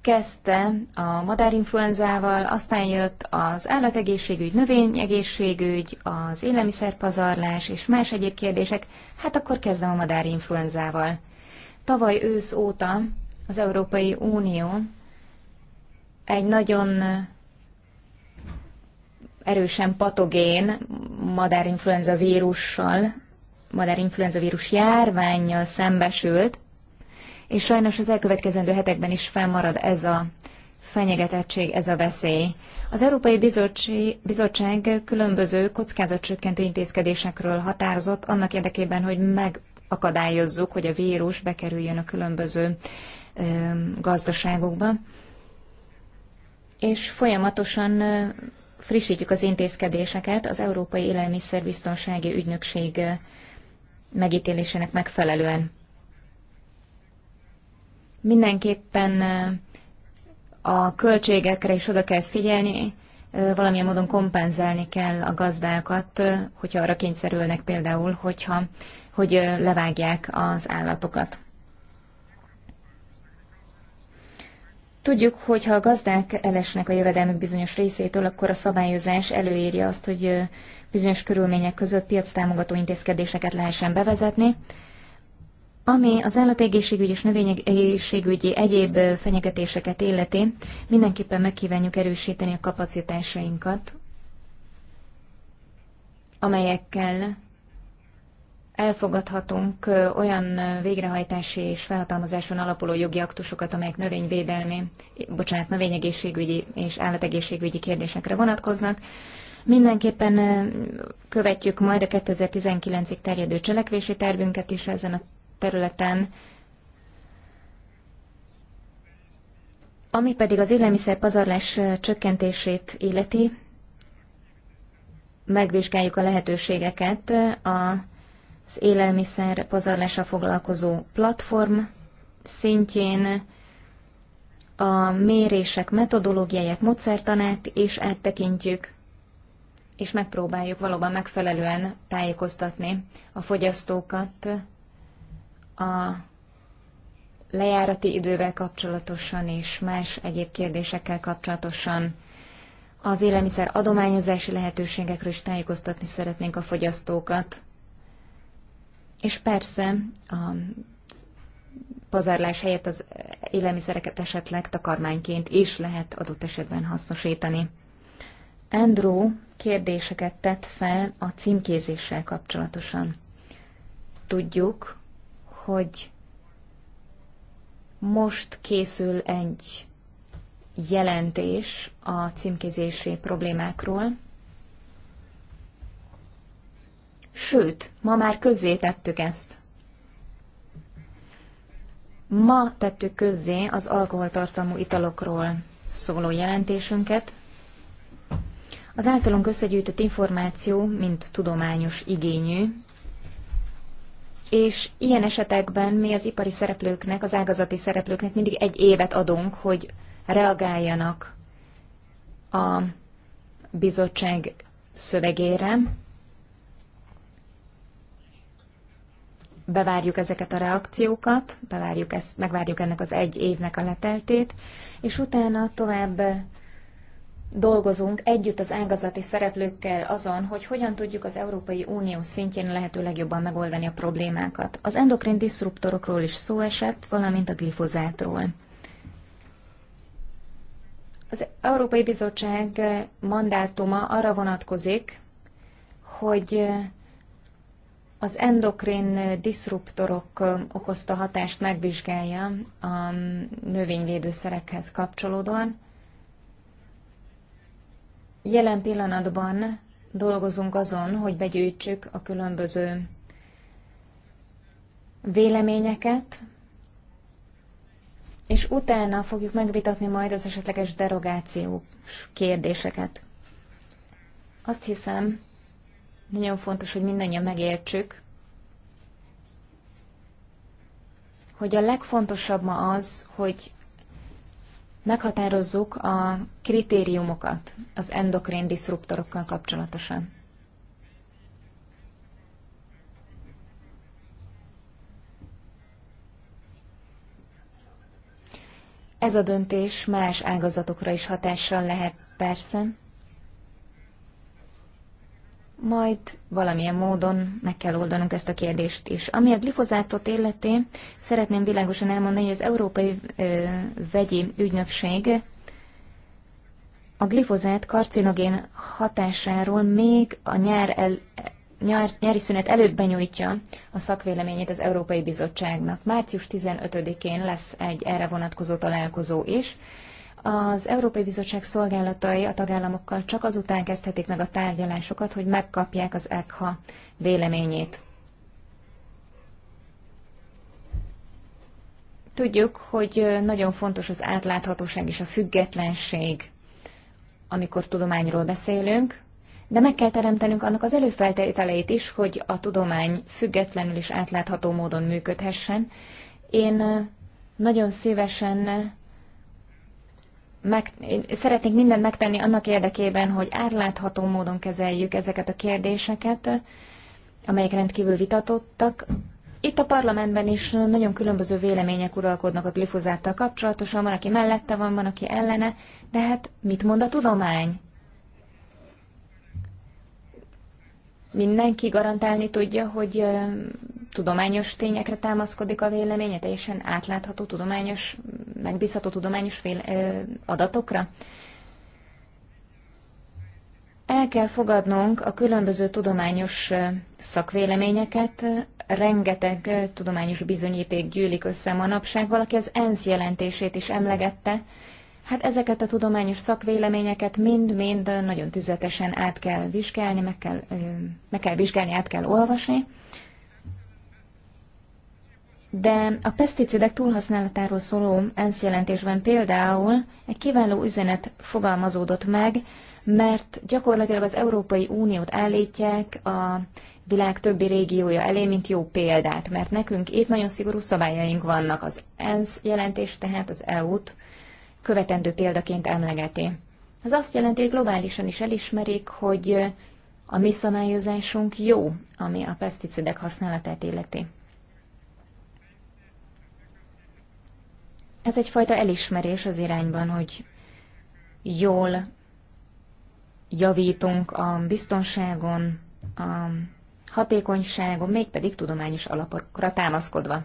kezdte a madárinfluenzával, aztán jött az állategészségügy, növényegészségügy, az élelmiszerpazarlás és más egyéb kérdések. Hát akkor kezdem a madárinfluenzával. Tavaly ősz óta az Európai Unió egy nagyon erősen patogén madárinfluenza vírussal, madárinfluenza vírus járványjal szembesült, és sajnos az elkövetkezendő hetekben is fennmarad ez a fenyegetettség, ez a veszély. Az Európai Bizottság, Bizottság különböző kockázatcsökkentő intézkedésekről határozott annak érdekében, hogy megakadályozzuk, hogy a vírus bekerüljön a különböző ö, gazdaságokba. És folyamatosan frissítjük az intézkedéseket az Európai Élelmiszerbiztonsági Ügynökség megítélésének megfelelően. Mindenképpen a költségekre is oda kell figyelni, valamilyen módon kompenzálni kell a gazdákat, hogyha arra kényszerülnek például, hogyha, hogy levágják az állatokat. Tudjuk, hogy ha a gazdák elesnek a jövedelmük bizonyos részétől, akkor a szabályozás előírja azt, hogy bizonyos körülmények között piactámogató intézkedéseket lehessen bevezetni, ami az állategészségügyi és növényegészségügyi egyéb fenyegetéseket illeti, mindenképpen megkívánjuk erősíteni a kapacitásainkat, amelyekkel elfogadhatunk olyan végrehajtási és felhatalmazáson alapuló jogi aktusokat, amelyek növényvédelmi, bocsánat, növényegészségügyi és állategészségügyi kérdésekre vonatkoznak. Mindenképpen követjük majd a 2019-ig terjedő cselekvési tervünket is ezen a területen. Ami pedig az élelmiszer pazarlás csökkentését illeti, megvizsgáljuk a lehetőségeket a az élelmiszer pazarlása foglalkozó platform szintjén a mérések metodológiáját, módszertanát is áttekintjük, és megpróbáljuk valóban megfelelően tájékoztatni a fogyasztókat a lejárati idővel kapcsolatosan és más egyéb kérdésekkel kapcsolatosan. Az élelmiszer adományozási lehetőségekről is tájékoztatni szeretnénk a fogyasztókat. És persze a pazarlás helyett az élelmiszereket esetleg takarmányként is lehet adott esetben hasznosítani. Andrew kérdéseket tett fel a címkézéssel kapcsolatosan. Tudjuk, hogy most készül egy jelentés a címkézési problémákról, Sőt, ma már tettük ezt. Ma tettük közzé az alkoholtartalmú italokról szóló jelentésünket. Az általunk összegyűjtött információ mint tudományos igényű, és ilyen esetekben mi az ipari szereplőknek, az ágazati szereplőknek mindig egy évet adunk, hogy reagáljanak a bizottság szövegére, bevárjuk ezeket a reakciókat, bevárjuk ezt, megvárjuk ennek az egy évnek a leteltét, és utána tovább dolgozunk együtt az ágazati szereplőkkel azon, hogy hogyan tudjuk az Európai Unió szintjén lehető legjobban megoldani a problémákat. Az endokrin diszruptorokról is szó esett, valamint a glifozátról. Az Európai Bizottság mandátuma arra vonatkozik, hogy az endokrin diszruptorok okozta hatást megvizsgálja a növényvédőszerekhez kapcsolódóan. Jelen pillanatban dolgozunk azon, hogy begyűjtsük a különböző véleményeket, és utána fogjuk megvitatni majd az esetleges derogációs kérdéseket. Azt hiszem, nagyon fontos, hogy mindannyian megértsük, hogy a legfontosabb ma az, hogy meghatározzuk a kritériumokat az endokrén diszruptorokkal kapcsolatosan. Ez a döntés más ágazatokra is hatással lehet persze, majd valamilyen módon meg kell oldanunk ezt a kérdést is. Ami a glifozátot illeti, szeretném világosan elmondani, hogy az Európai ö, Vegyi Ügynökség a glifozát karcinogén hatásáról még a nyár el, nyár, nyári szünet előtt benyújtja a szakvéleményét az Európai Bizottságnak. Március 15-én lesz egy erre vonatkozó találkozó is, az Európai Bizottság szolgálatai a tagállamokkal csak azután kezdhetik meg a tárgyalásokat, hogy megkapják az ECHA véleményét. Tudjuk, hogy nagyon fontos az átláthatóság és a függetlenség, amikor tudományról beszélünk, de meg kell teremtenünk annak az előfeltételeit is, hogy a tudomány függetlenül és átlátható módon működhessen. Én nagyon szívesen meg, szeretnénk mindent megtenni annak érdekében, hogy átlátható módon kezeljük ezeket a kérdéseket, amelyek rendkívül vitatottak. Itt a parlamentben is nagyon különböző vélemények uralkodnak a glifozáttal kapcsolatosan, van, aki mellette van, van, aki ellene, de hát mit mond a tudomány? mindenki garantálni tudja, hogy tudományos tényekre támaszkodik a véleménye, teljesen átlátható tudományos, megbízható tudományos adatokra? El kell fogadnunk a különböző tudományos szakvéleményeket, rengeteg tudományos bizonyíték gyűlik össze manapság, valaki az ENSZ jelentését is emlegette, Hát ezeket a tudományos szakvéleményeket mind-mind nagyon tüzetesen át kell vizsgálni, meg kell, meg kell vizsgálni, át kell olvasni. De a peszticidek túlhasználatáról szóló ENSZ jelentésben például egy kiváló üzenet fogalmazódott meg, mert gyakorlatilag az Európai Uniót állítják a világ többi régiója elé, mint jó példát, mert nekünk itt nagyon szigorú szabályaink vannak. Az ENSZ jelentés tehát az EU-t követendő példaként emlegeti. Ez azt jelenti, hogy globálisan is elismerik, hogy a mi szabályozásunk jó, ami a peszticidek használatát illeti. Ez egyfajta elismerés az irányban, hogy jól javítunk a biztonságon, a hatékonyságon, mégpedig tudományos alapokra támaszkodva.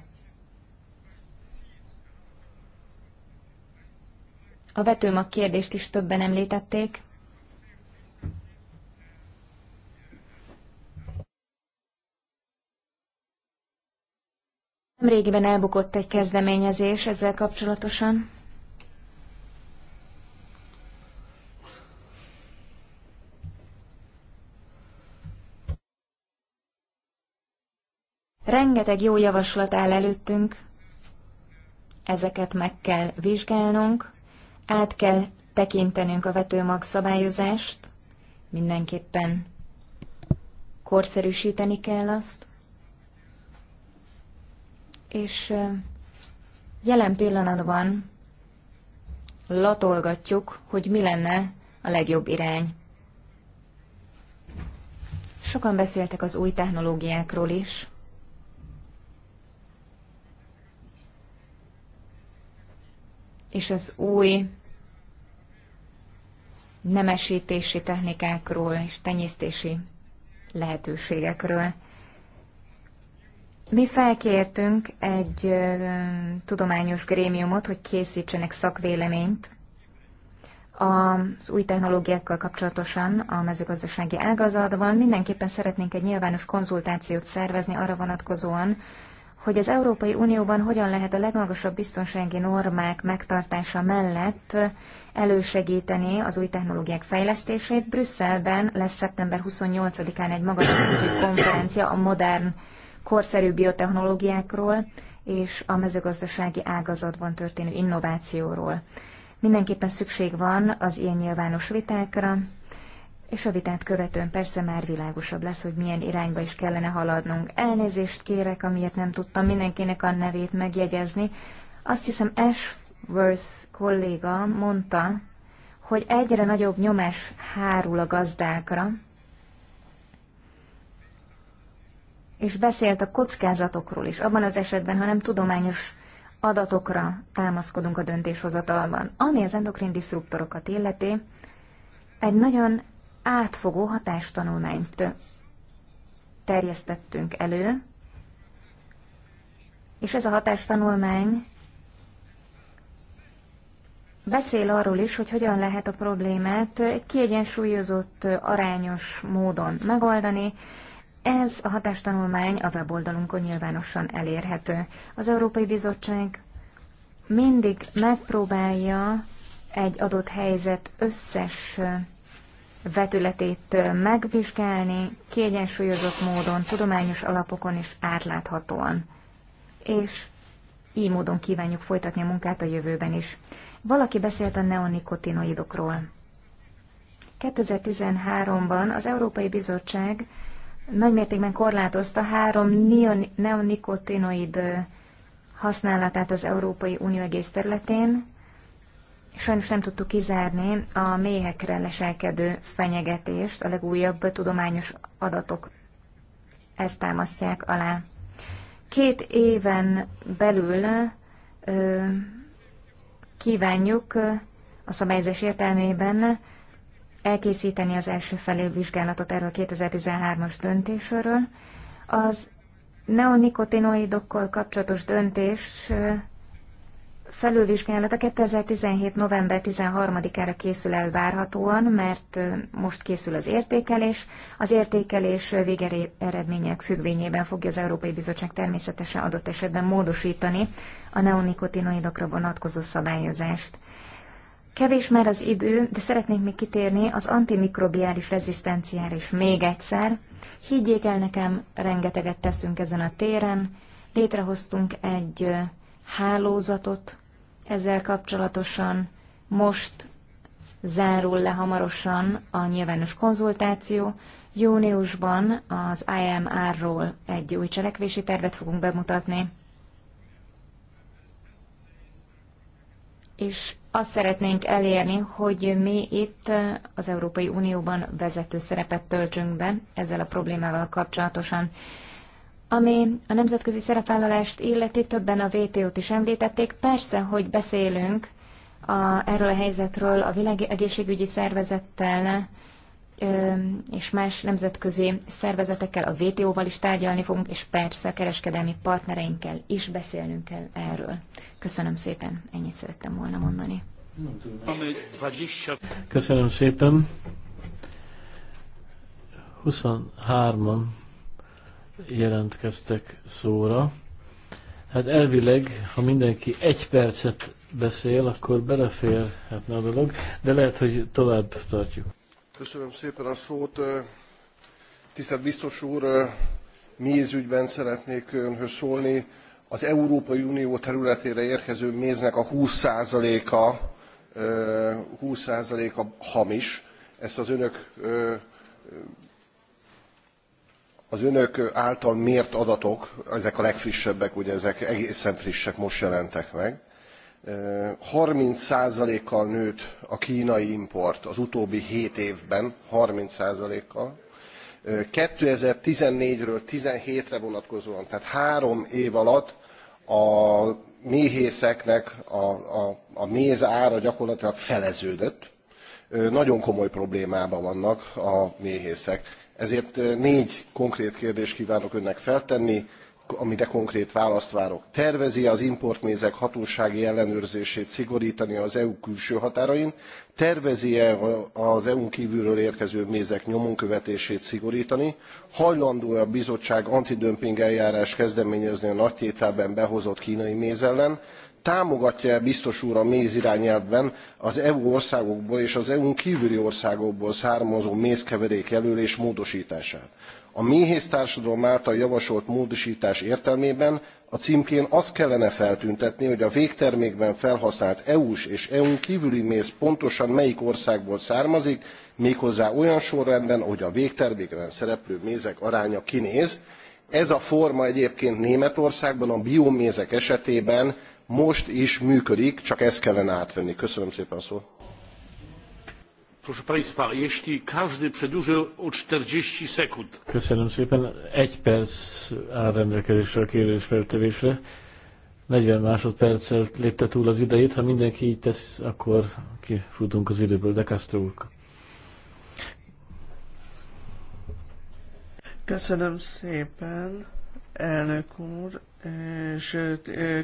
A vetőmag kérdést is többen említették. Nemrégiben elbukott egy kezdeményezés ezzel kapcsolatosan. Rengeteg jó javaslat áll előttünk, ezeket meg kell vizsgálnunk, át kell tekintenünk a vetőmag szabályozást, mindenképpen korszerűsíteni kell azt, és jelen pillanatban latolgatjuk, hogy mi lenne a legjobb irány. Sokan beszéltek az új technológiákról is, és az új nemesítési technikákról és tenyésztési lehetőségekről. Mi felkértünk egy tudományos grémiumot, hogy készítsenek szakvéleményt az új technológiákkal kapcsolatosan a mezőgazdasági ágazatban. Mindenképpen szeretnénk egy nyilvános konzultációt szervezni arra vonatkozóan, hogy az Európai Unióban hogyan lehet a legmagasabb biztonsági normák megtartása mellett elősegíteni az új technológiák fejlesztését. Brüsszelben lesz szeptember 28-án egy magas szintű konferencia a modern korszerű biotechnológiákról és a mezőgazdasági ágazatban történő innovációról. Mindenképpen szükség van az ilyen nyilvános vitákra, és a vitát követően persze már világosabb lesz, hogy milyen irányba is kellene haladnunk. Elnézést kérek, amiért nem tudtam mindenkinek a nevét megjegyezni. Azt hiszem Ashworth kolléga mondta, hogy egyre nagyobb nyomás hárul a gazdákra, és beszélt a kockázatokról is, abban az esetben, ha nem tudományos adatokra támaszkodunk a döntéshozatalban. Ami az endokrin diszruptorokat illeti, egy nagyon átfogó hatástanulmányt terjesztettünk elő, és ez a hatástanulmány beszél arról is, hogy hogyan lehet a problémát egy kiegyensúlyozott, arányos módon megoldani. Ez a hatástanulmány a weboldalunkon nyilvánosan elérhető. Az Európai Bizottság mindig megpróbálja egy adott helyzet összes vetületét megvizsgálni, kiegyensúlyozott módon, tudományos alapokon és átláthatóan. És így módon kívánjuk folytatni a munkát a jövőben is. Valaki beszélt a neonikotinoidokról. 2013-ban az Európai Bizottság nagymértékben korlátozta három neonikotinoid használatát az Európai Unió egész területén, Sajnos nem tudtuk kizárni a méhekre leselkedő fenyegetést, a legújabb tudományos adatok ezt támasztják alá. Két éven belül ö, kívánjuk a szabályzás értelmében elkészíteni az első felülvizsgálatot erről a 2013-as döntésről. Az neonikotinoidokkal kapcsolatos döntés Felülvizsgálat a 2017. november 13-ára készül el várhatóan, mert most készül az értékelés. Az értékelés eredmények függvényében fogja az Európai Bizottság természetesen adott esetben módosítani a neonikotinoidokra vonatkozó szabályozást. Kevés már az idő, de szeretnék még kitérni az antimikrobiális rezisztenciára is még egyszer. Higgyék el nekem, rengeteget teszünk ezen a téren. Létrehoztunk egy hálózatot ezzel kapcsolatosan. Most zárul le hamarosan a nyilvános konzultáció. Júniusban az IMR-ról egy új cselekvési tervet fogunk bemutatni. És azt szeretnénk elérni, hogy mi itt az Európai Unióban vezető szerepet töltsünk be ezzel a problémával kapcsolatosan. Ami a nemzetközi szerepvállalást illeti, többen a WTO-t is említették. Persze, hogy beszélünk a, erről a helyzetről a világegészségügyi szervezettel ö, és más nemzetközi szervezetekkel, a WTO-val is tárgyalni fogunk, és persze a kereskedelmi partnereinkkel is beszélnünk kell erről. Köszönöm szépen, ennyit szerettem volna mondani. Köszönöm szépen. 23-an jelentkeztek szóra. Hát elvileg, ha mindenki egy percet beszél, akkor beleférhetne a dolog, de lehet, hogy tovább tartjuk. Köszönöm szépen a szót. Tisztelt biztos úr, mézügyben szeretnék önhöz szólni. Az Európai Unió területére érkező méznek a 20%-a 20%-a hamis. Ezt az önök az önök által mért adatok, ezek a legfrissebbek, ugye ezek egészen frissek, most jelentek meg, 30%-kal nőtt a kínai import az utóbbi 7 évben, 30%-kal. 2014-ről 17-re vonatkozóan, tehát három év alatt a méhészeknek a, a, a méz ára gyakorlatilag feleződött. Nagyon komoly problémában vannak a méhészek ezért négy konkrét kérdést kívánok önnek feltenni, amire konkrét választ várok. Tervezi az importmézek hatósági ellenőrzését szigorítani az EU külső határain? Tervezi-e az EU-n kívülről érkező mézek követését szigorítani? Hajlandó-e a bizottság antidömping eljárás kezdeményezni a nagytételben behozott kínai méz ellen? támogatja e biztos úr a méz irányelvben az EU országokból és az EU-n kívüli országokból származó mézkeverék jelölés módosítását. A méhész társadalom által javasolt módosítás értelmében a címkén azt kellene feltüntetni, hogy a végtermékben felhasznált EU-s és EU-n kívüli méz pontosan melyik országból származik, méghozzá olyan sorrendben, hogy a végtermékben szereplő mézek aránya kinéz. Ez a forma egyébként Németországban a biomézek esetében most is működik, csak ezt kellene átvenni. Köszönöm szépen a szót. Proszę Państwa, 40 Köszönöm szépen. Egy perc áll rendelkezésre a kérésfeltevésre. 40 másodperccel lépte túl az idejét. Ha mindenki így tesz, akkor kifutunk az időből. De Castro úr. Köszönöm szépen, elnök úr és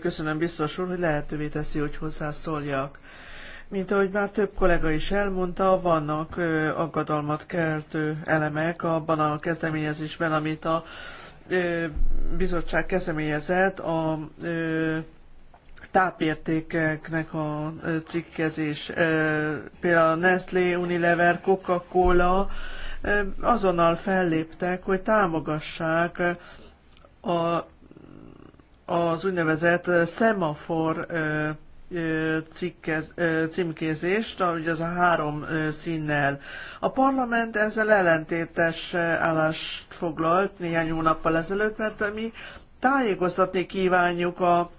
köszönöm biztos úr, hogy lehetővé teszi, hogy hozzászóljak. Mint ahogy már több kollega is elmondta, vannak aggodalmat keltő elemek abban a kezdeményezésben, amit a bizottság kezdeményezett a tápértékeknek a cikkezés. Például Nestlé, Unilever, Coca-Cola azonnal felléptek, hogy támogassák a az úgynevezett szemafor cikkez, címkézést, ugye az a három színnel. A parlament ezzel ellentétes állást foglalt néhány hónappal ezelőtt, mert mi tájékoztatni kívánjuk a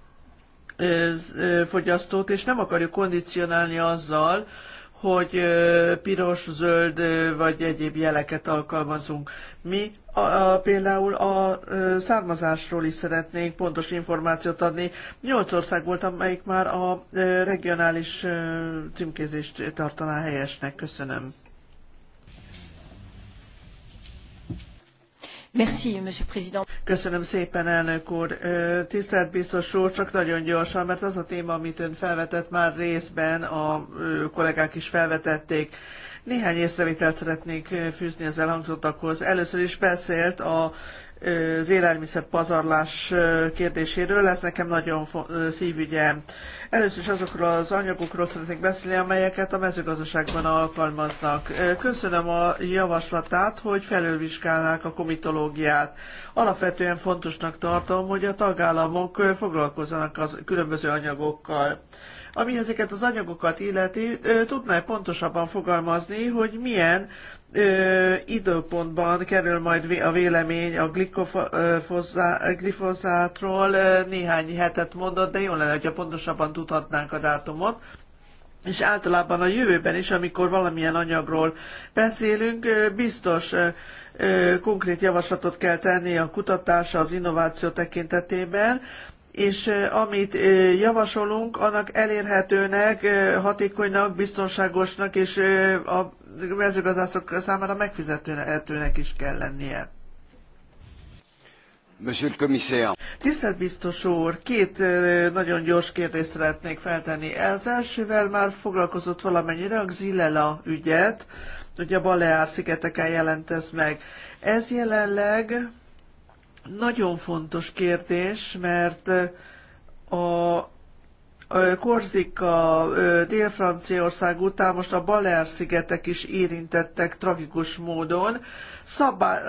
fogyasztót, és nem akarjuk kondicionálni azzal, hogy piros, zöld vagy egyéb jeleket alkalmazunk. Mi a, a, például a származásról is szeretnénk pontos információt adni. Nyolc ország volt, amelyik már a regionális címkézést tartaná helyesnek. Köszönöm. Merci, Monsieur Köszönöm szépen, elnök úr. Tisztelt biztos úr, csak nagyon gyorsan, mert az a téma, amit ön felvetett már részben, a kollégák is felvetették. Néhány észrevételt szeretnék fűzni az elhangzottakhoz. Először is beszélt a az élelmiszer pazarlás kérdéséről, ez nekem nagyon szívügyem. Először is azokról az anyagokról szeretnék beszélni, amelyeket a mezőgazdaságban alkalmaznak. Köszönöm a javaslatát, hogy felülvizsgálnák a komitológiát. Alapvetően fontosnak tartom, hogy a tagállamok foglalkozzanak a különböző anyagokkal. Ami ezeket az anyagokat illeti, tudná pontosabban fogalmazni, hogy milyen ö, időpontban kerül majd a vélemény a glifozátról néhány hetet mondott, de jó lenne, hogyha pontosabban tudhatnánk a dátumot. És általában a jövőben is, amikor valamilyen anyagról beszélünk, biztos konkrét javaslatot kell tenni a kutatásra, az innováció tekintetében, és amit javasolunk, annak elérhetőnek, hatékonynak, biztonságosnak és a mezőgazdászok számára megfizetőnek is kell lennie. Monsieur le commissaire. Tisztelt biztos úr, két nagyon gyors kérdést szeretnék feltenni. Az elsővel már foglalkozott valamennyire a Xilela ügyet, ugye a Balear szigeteken jelent ez meg. Ez jelenleg nagyon fontos kérdés, mert a Korzika, Dél-Franciaország után most a Baler-szigetek is érintettek tragikus módon. Szabály,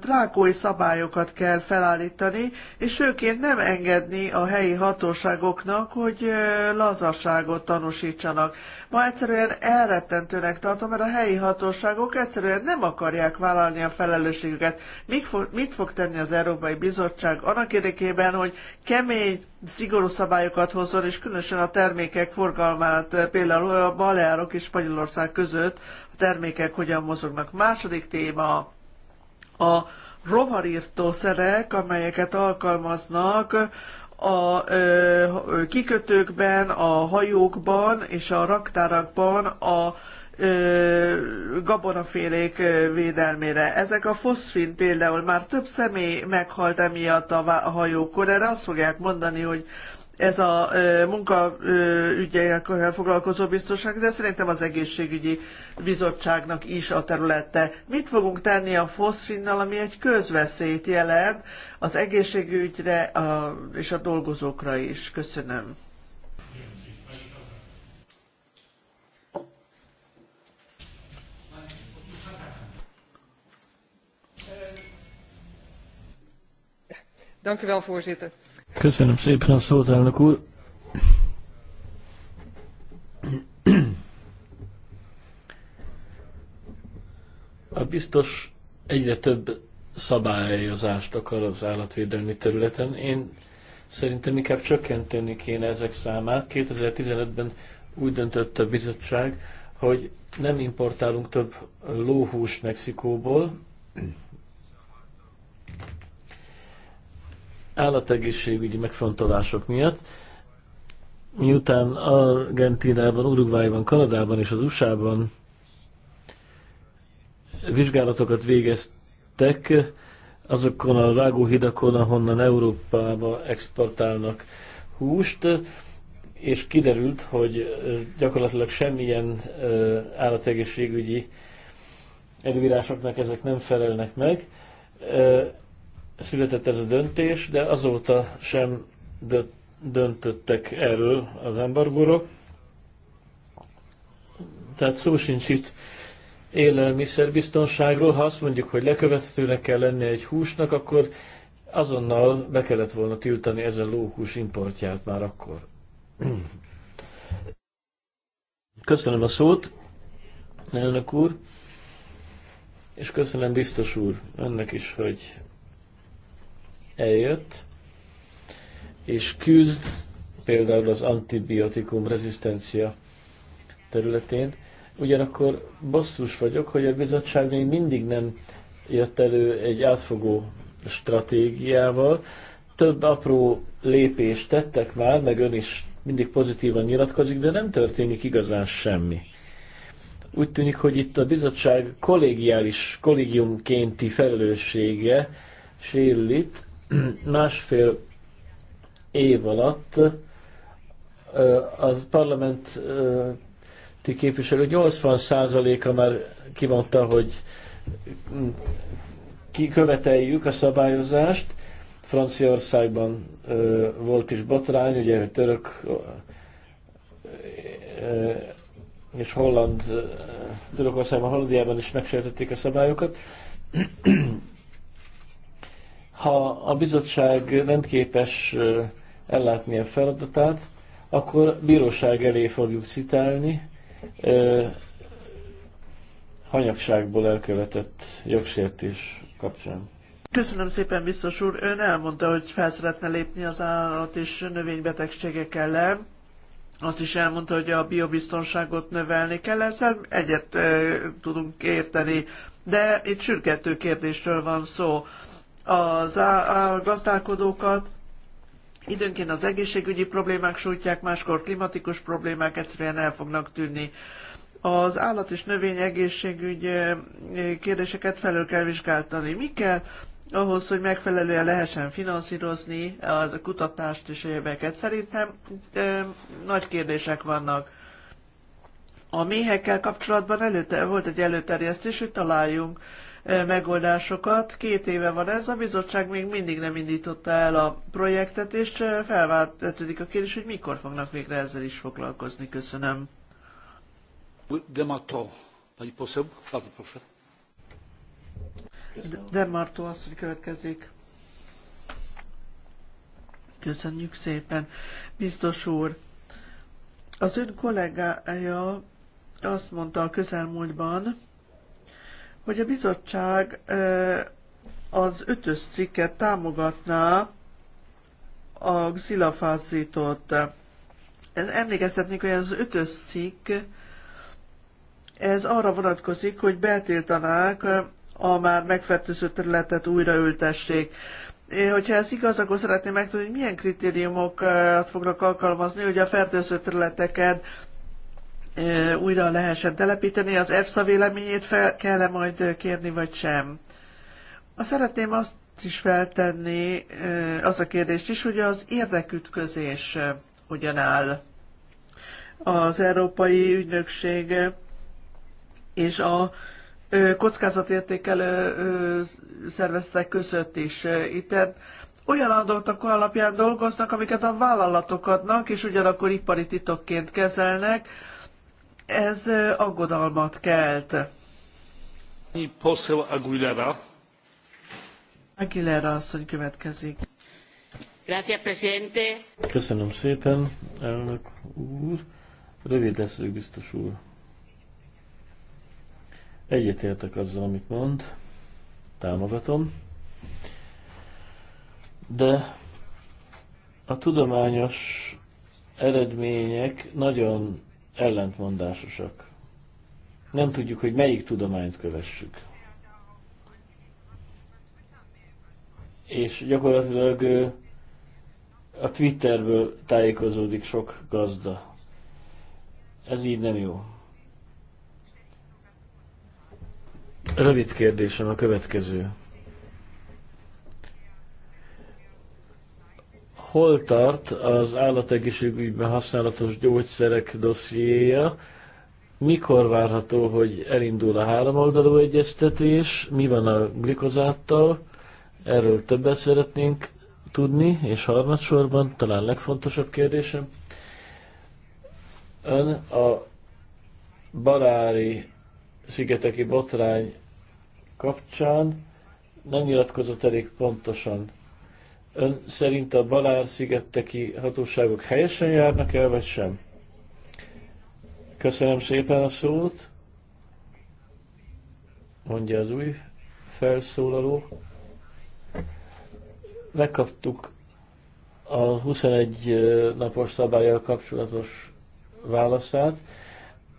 drákói szabályokat kell felállítani, és főként nem engedni a helyi hatóságoknak, hogy lazaságot tanúsítsanak. Ma egyszerűen elrettentőnek tartom, mert a helyi hatóságok egyszerűen nem akarják vállalni a felelősségüket. Mit fog, mit fog tenni az Európai Bizottság annak érdekében, hogy kemény szigorú szabályokat hozzon, és különösen a termékek forgalmát, például a Baleárok és Spanyolország között a termékek hogyan mozognak. Második téma a rovarírtószerek, amelyeket alkalmaznak a kikötőkben, a hajókban és a raktárakban a gabonafélék védelmére. Ezek a foszfin például már több személy meghalt emiatt a hajókon, erre azt fogják mondani, hogy ez a munkaügyekkel foglalkozó biztonság, de szerintem az egészségügyi bizottságnak is a területe. Mit fogunk tenni a foszfinnal, ami egy közveszélyt jelent az egészségügyre és a dolgozókra is? Köszönöm. Köszönöm szépen a szót, elnök úr. A biztos egyre több szabályozást akar az állatvédelmi területen. Én szerintem inkább csökkenteni kéne ezek számát. 2015-ben úgy döntött a bizottság, hogy nem importálunk több lóhús Mexikóból, állategészségügyi megfontolások miatt, miután Argentinában, Uruguayban, Kanadában és az USA-ban vizsgálatokat végeztek azokon a vágóhidakon, ahonnan Európába exportálnak húst, és kiderült, hogy gyakorlatilag semmilyen állategészségügyi elvírásoknak ezek nem felelnek meg született ez a döntés, de azóta sem döntöttek erről az embargóról. Tehát szó sincs itt élelmiszerbiztonságról. Ha azt mondjuk, hogy lekövethetőnek kell lennie egy húsnak, akkor azonnal be kellett volna tiltani ezen lóhús importját már akkor. Köszönöm a szót, elnök úr, és köszönöm biztos úr önnek is, hogy eljött, és küzd például az antibiotikum rezisztencia területén. Ugyanakkor basszus vagyok, hogy a bizottság még mindig nem jött elő egy átfogó stratégiával. Több apró lépést tettek már, meg ön is mindig pozitívan nyilatkozik, de nem történik igazán semmi. Úgy tűnik, hogy itt a bizottság kollégiális, kollégiumkénti felelőssége sérül itt, másfél év alatt az parlamenti képviselő 80%-a már kimondta, hogy követeljük a szabályozást. Franciaországban volt is botrány, ugye török és Holland, Törökországban, Hollandiában is megsértették a szabályokat. Ha a bizottság nem képes ellátni a feladatát, akkor bíróság elé fogjuk citálni hanyagságból elkövetett jogsértés kapcsán. Köszönöm szépen, biztos úr. Ön elmondta, hogy fel szeretne lépni az állat és növénybetegségek ellen. Azt is elmondta, hogy a biobiztonságot növelni kell, ezzel egyet e, tudunk érteni. De itt sürgető kérdésről van szó az á, gazdálkodókat, időnként az egészségügyi problémák sújtják, máskor klimatikus problémák egyszerűen el fognak tűnni. Az állat és növény egészségügy eh, kérdéseket felül kell vizsgáltani. Mi kell ahhoz, hogy megfelelően lehessen finanszírozni a kutatást és egyebeket? Szerintem e, nagy kérdések vannak. A méhekkel kapcsolatban előtte, volt egy előterjesztés, hogy találjunk megoldásokat. Két éve van ez, a bizottság még mindig nem indította el a projektet, és felváltatódik a kérdés, hogy mikor fognak végre ezzel is foglalkozni. Köszönöm. Demartó, pani poseł, bardzo proszę. Demartó asszony következik. Köszönjük szépen. Biztos úr, az ön kollégája azt mondta a közelmúltban, hogy a bizottság az ötös cikket támogatná a xilafázitot. Ez emlékeztetnék, hogy az ötös cikk ez arra vonatkozik, hogy betiltanák a már megfertőző területet újraültessék. Hogyha ez igaz, akkor szeretném megtudni, hogy milyen kritériumokat fognak alkalmazni, hogy a fertőző területeket újra lehessen telepíteni. Az EFSA véleményét fel kell-e majd kérni, vagy sem? A szeretném azt is feltenni, az a kérdést is, hogy az érdekütközés hogyan áll. Az Európai Ügynökség és a kockázatértékelő szervezetek között is. Itt e, olyan adatok alapján dolgoznak, amiket a vállalatok adnak, és ugyanakkor ipari titokként kezelnek, ez aggodalmat kelt. Poseł Aguilera. Aguilera asszony következik. Gracias, presidente. Köszönöm szépen, elnök úr. Rövid leszek, biztos úr. Egyetértek azzal, amit mond. Támogatom. De a tudományos eredmények nagyon ellentmondásosak. Nem tudjuk, hogy melyik tudományt kövessük. És gyakorlatilag a Twitterből tájékozódik sok gazda. Ez így nem jó. Rövid kérdésem a következő. hol tart az állategészségügyben használatos gyógyszerek dossziéja, mikor várható, hogy elindul a háromoldalú egyeztetés, mi van a glikozáttal, erről többet szeretnénk tudni, és harmadsorban talán legfontosabb kérdésem, ön a Balári szigeteki botrány kapcsán nem nyilatkozott elég pontosan Ön szerint a balár szigeteki hatóságok helyesen járnak el, vagy sem? Köszönöm szépen a szót, mondja az új felszólaló. Megkaptuk a 21 napos szabályjal kapcsolatos válaszát.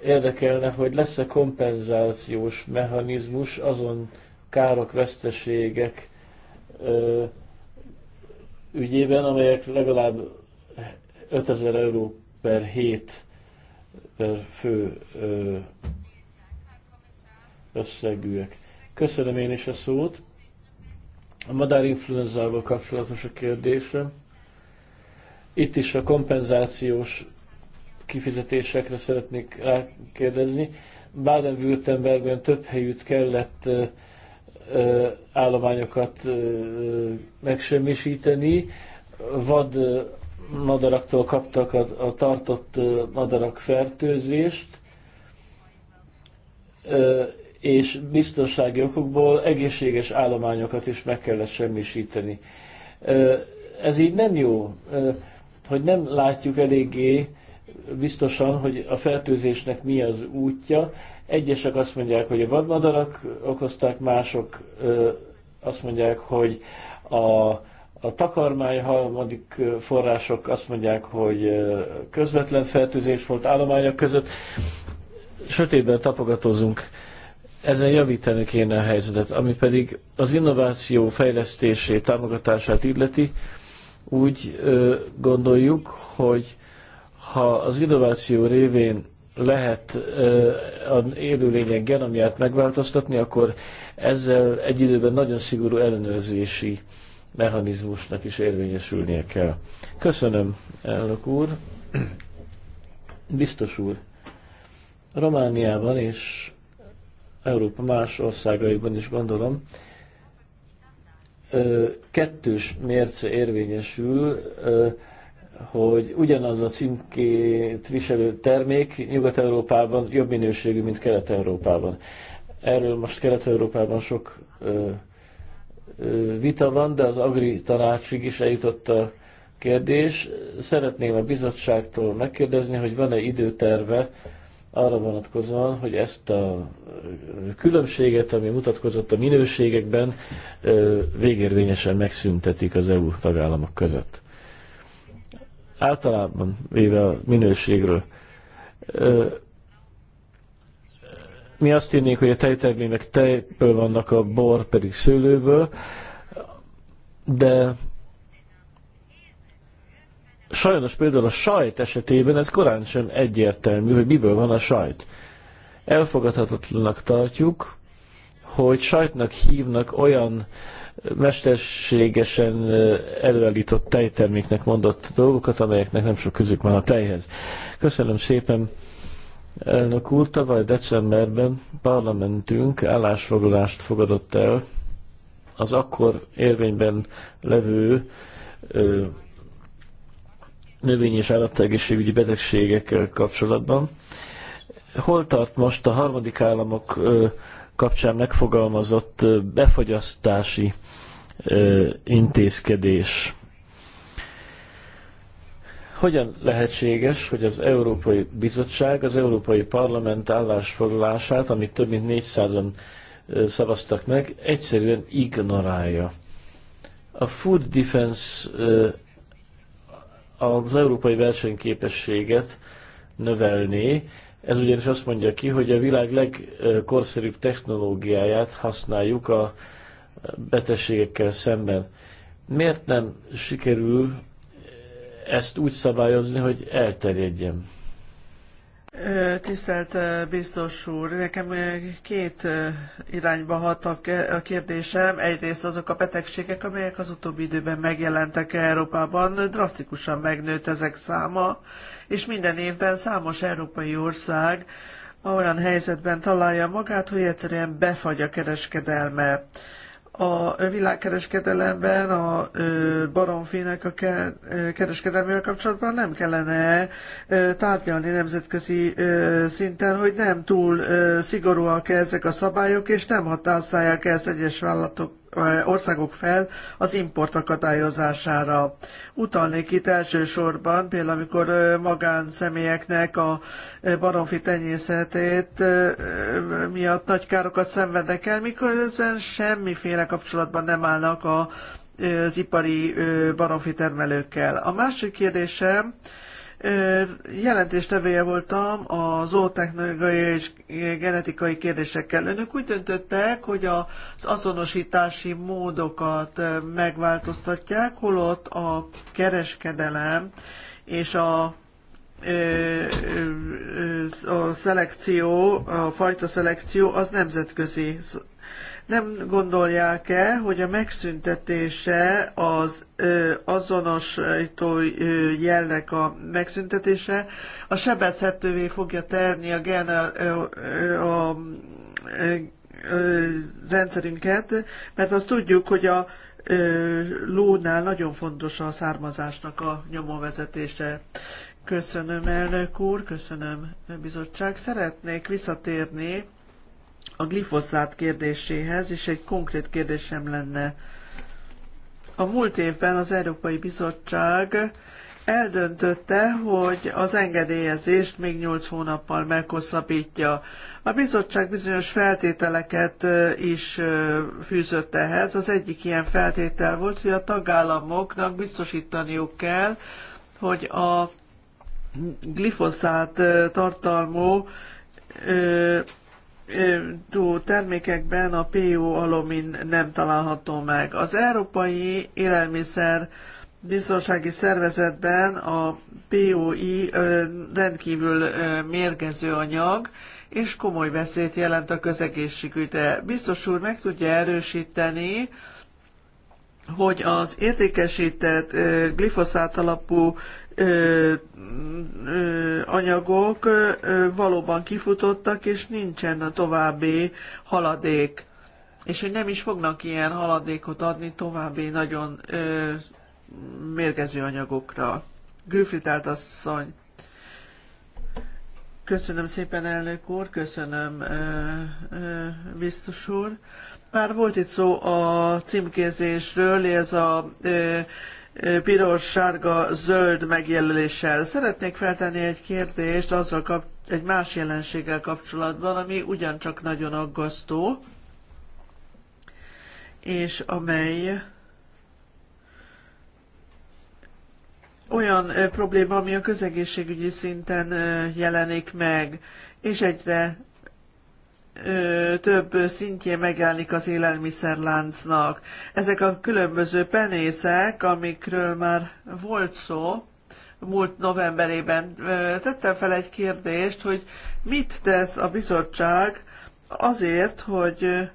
Érdekelne, hogy lesz-e kompenzációs mechanizmus azon károk, veszteségek, ügyében, amelyek legalább 5000 euró per hét per fő összegűek. Köszönöm én is a szót. A madárinfluenzával kapcsolatos a kérdésem. Itt is a kompenzációs kifizetésekre szeretnék rákérdezni. Baden-Württembergben több helyütt kellett állományokat megsemmisíteni. Vad madaraktól kaptak a, a tartott madarak fertőzést, és biztonsági okokból egészséges állományokat is meg kellett semmisíteni. Ez így nem jó, hogy nem látjuk eléggé biztosan, hogy a fertőzésnek mi az útja, Egyesek azt mondják, hogy a vadmadarak okozták, mások ö, azt mondják, hogy a, a takarmány, harmadik források azt mondják, hogy közvetlen fertőzés volt állományok között. Sötétben tapogatózunk. Ezen javítani kéne a helyzetet, ami pedig az innováció fejlesztését, támogatását illeti, úgy ö, gondoljuk, hogy ha az innováció révén lehet az élőlények genomját megváltoztatni, akkor ezzel egy időben nagyon szigorú ellenőrzési mechanizmusnak is érvényesülnie kell. Köszönöm, elnök úr. Biztos úr, Romániában és Európa más országaiban is gondolom, kettős mérce érvényesül, hogy ugyanaz a címkét viselő termék Nyugat-Európában jobb minőségű, mint Kelet-Európában. Erről most Kelet-Európában sok ö, ö, vita van, de az Agri tanácsig is eljutott a kérdés. Szeretném a bizottságtól megkérdezni, hogy van-e időterve arra vonatkozóan, hogy ezt a különbséget, ami mutatkozott a minőségekben, végérvényesen megszüntetik az EU tagállamok között általában véve a minőségről. Mi azt hinnénk, hogy a tejtermének tejből vannak, a bor pedig szőlőből, de sajnos például a sajt esetében ez korán sem egyértelmű, hogy miből van a sajt. Elfogadhatatlanak tartjuk, hogy sajtnak hívnak olyan mesterségesen előállított tejterméknek mondott dolgokat, amelyeknek nem sok közük van a tejhez. Köszönöm szépen, elnök úr, tavaly decemberben parlamentünk állásfoglalást fogadott el az akkor érvényben levő ö, növény és állategészségügyi betegségekkel kapcsolatban. Hol tart most a harmadik államok ö, kapcsán megfogalmazott befogyasztási intézkedés. Hogyan lehetséges, hogy az Európai Bizottság az Európai Parlament állásfoglalását, amit több mint 400-an szavaztak meg, egyszerűen ignorálja? A Food Defense az európai versenyképességet növelné, ez ugyanis azt mondja ki, hogy a világ legkorszerűbb technológiáját használjuk a betegségekkel szemben. Miért nem sikerül ezt úgy szabályozni, hogy elterjedjen? Tisztelt biztos úr, nekem két irányba hat a kérdésem. Egyrészt azok a betegségek, amelyek az utóbbi időben megjelentek Európában, drasztikusan megnőtt ezek száma, és minden évben számos európai ország olyan helyzetben találja magát, hogy egyszerűen befagy a kereskedelme a világkereskedelemben a baromfinek a kereskedelmével kapcsolatban nem kellene tárgyalni nemzetközi szinten, hogy nem túl szigorúak ezek a szabályok, és nem használják ezt egyes vállalatok országok fel az import akadályozására. Utalnék itt elsősorban, például amikor magánszemélyeknek a baromfi tenyészetét miatt nagy károkat szenvednek el, miközben semmiféle kapcsolatban nem állnak a az ipari baromfi termelőkkel. A másik kérdésem, jelentéstevője voltam a zootechnológiai és genetikai kérdésekkel. Önök úgy döntöttek, hogy az azonosítási módokat megváltoztatják, holott a kereskedelem és a a szelekció, a fajta szelekció az nemzetközi nem gondolják-e, hogy a megszüntetése az azonosító jelnek a megszüntetése a sebezhetővé fogja tenni a, gen, a, a, a rendszerünket, mert azt tudjuk, hogy a lónál nagyon fontos a származásnak a nyomonvezetése. Köszönöm, elnök úr, köszönöm, bizottság. Szeretnék visszatérni a glifoszát kérdéséhez is egy konkrét kérdésem lenne. A múlt évben az Európai Bizottság eldöntötte, hogy az engedélyezést még 8 hónappal meghosszabbítja. A bizottság bizonyos feltételeket is fűzött ehhez. Az egyik ilyen feltétel volt, hogy a tagállamoknak biztosítaniuk kell, hogy a glifoszát tartalmú termékekben a PO alumin nem található meg. Az Európai Élelmiszer Biztonsági Szervezetben a POI rendkívül mérgező anyag, és komoly veszélyt jelent a közegészségügyre. Biztos úr meg tudja erősíteni, hogy az értékesített glifoszát alapú ö, ö, anyagok ö, valóban kifutottak, és nincsen a további haladék. És hogy nem is fognak ilyen haladékot adni további nagyon ö, mérgező anyagokra. Gülfritált asszony. Köszönöm szépen, elnök úr, köszönöm, ö, ö, biztos úr. Már volt itt szó a címkézésről, ez a ö, piros, sárga, zöld megjelöléssel. Szeretnék feltenni egy kérdést azzal kap, egy más jelenséggel kapcsolatban, ami ugyancsak nagyon aggasztó, és amely olyan probléma, ami a közegészségügyi szinten jelenik meg, és egyre több szintjén megjelenik az élelmiszerláncnak. Ezek a különböző penészek, amikről már volt szó, múlt novemberében tettem fel egy kérdést, hogy mit tesz a bizottság azért, hogy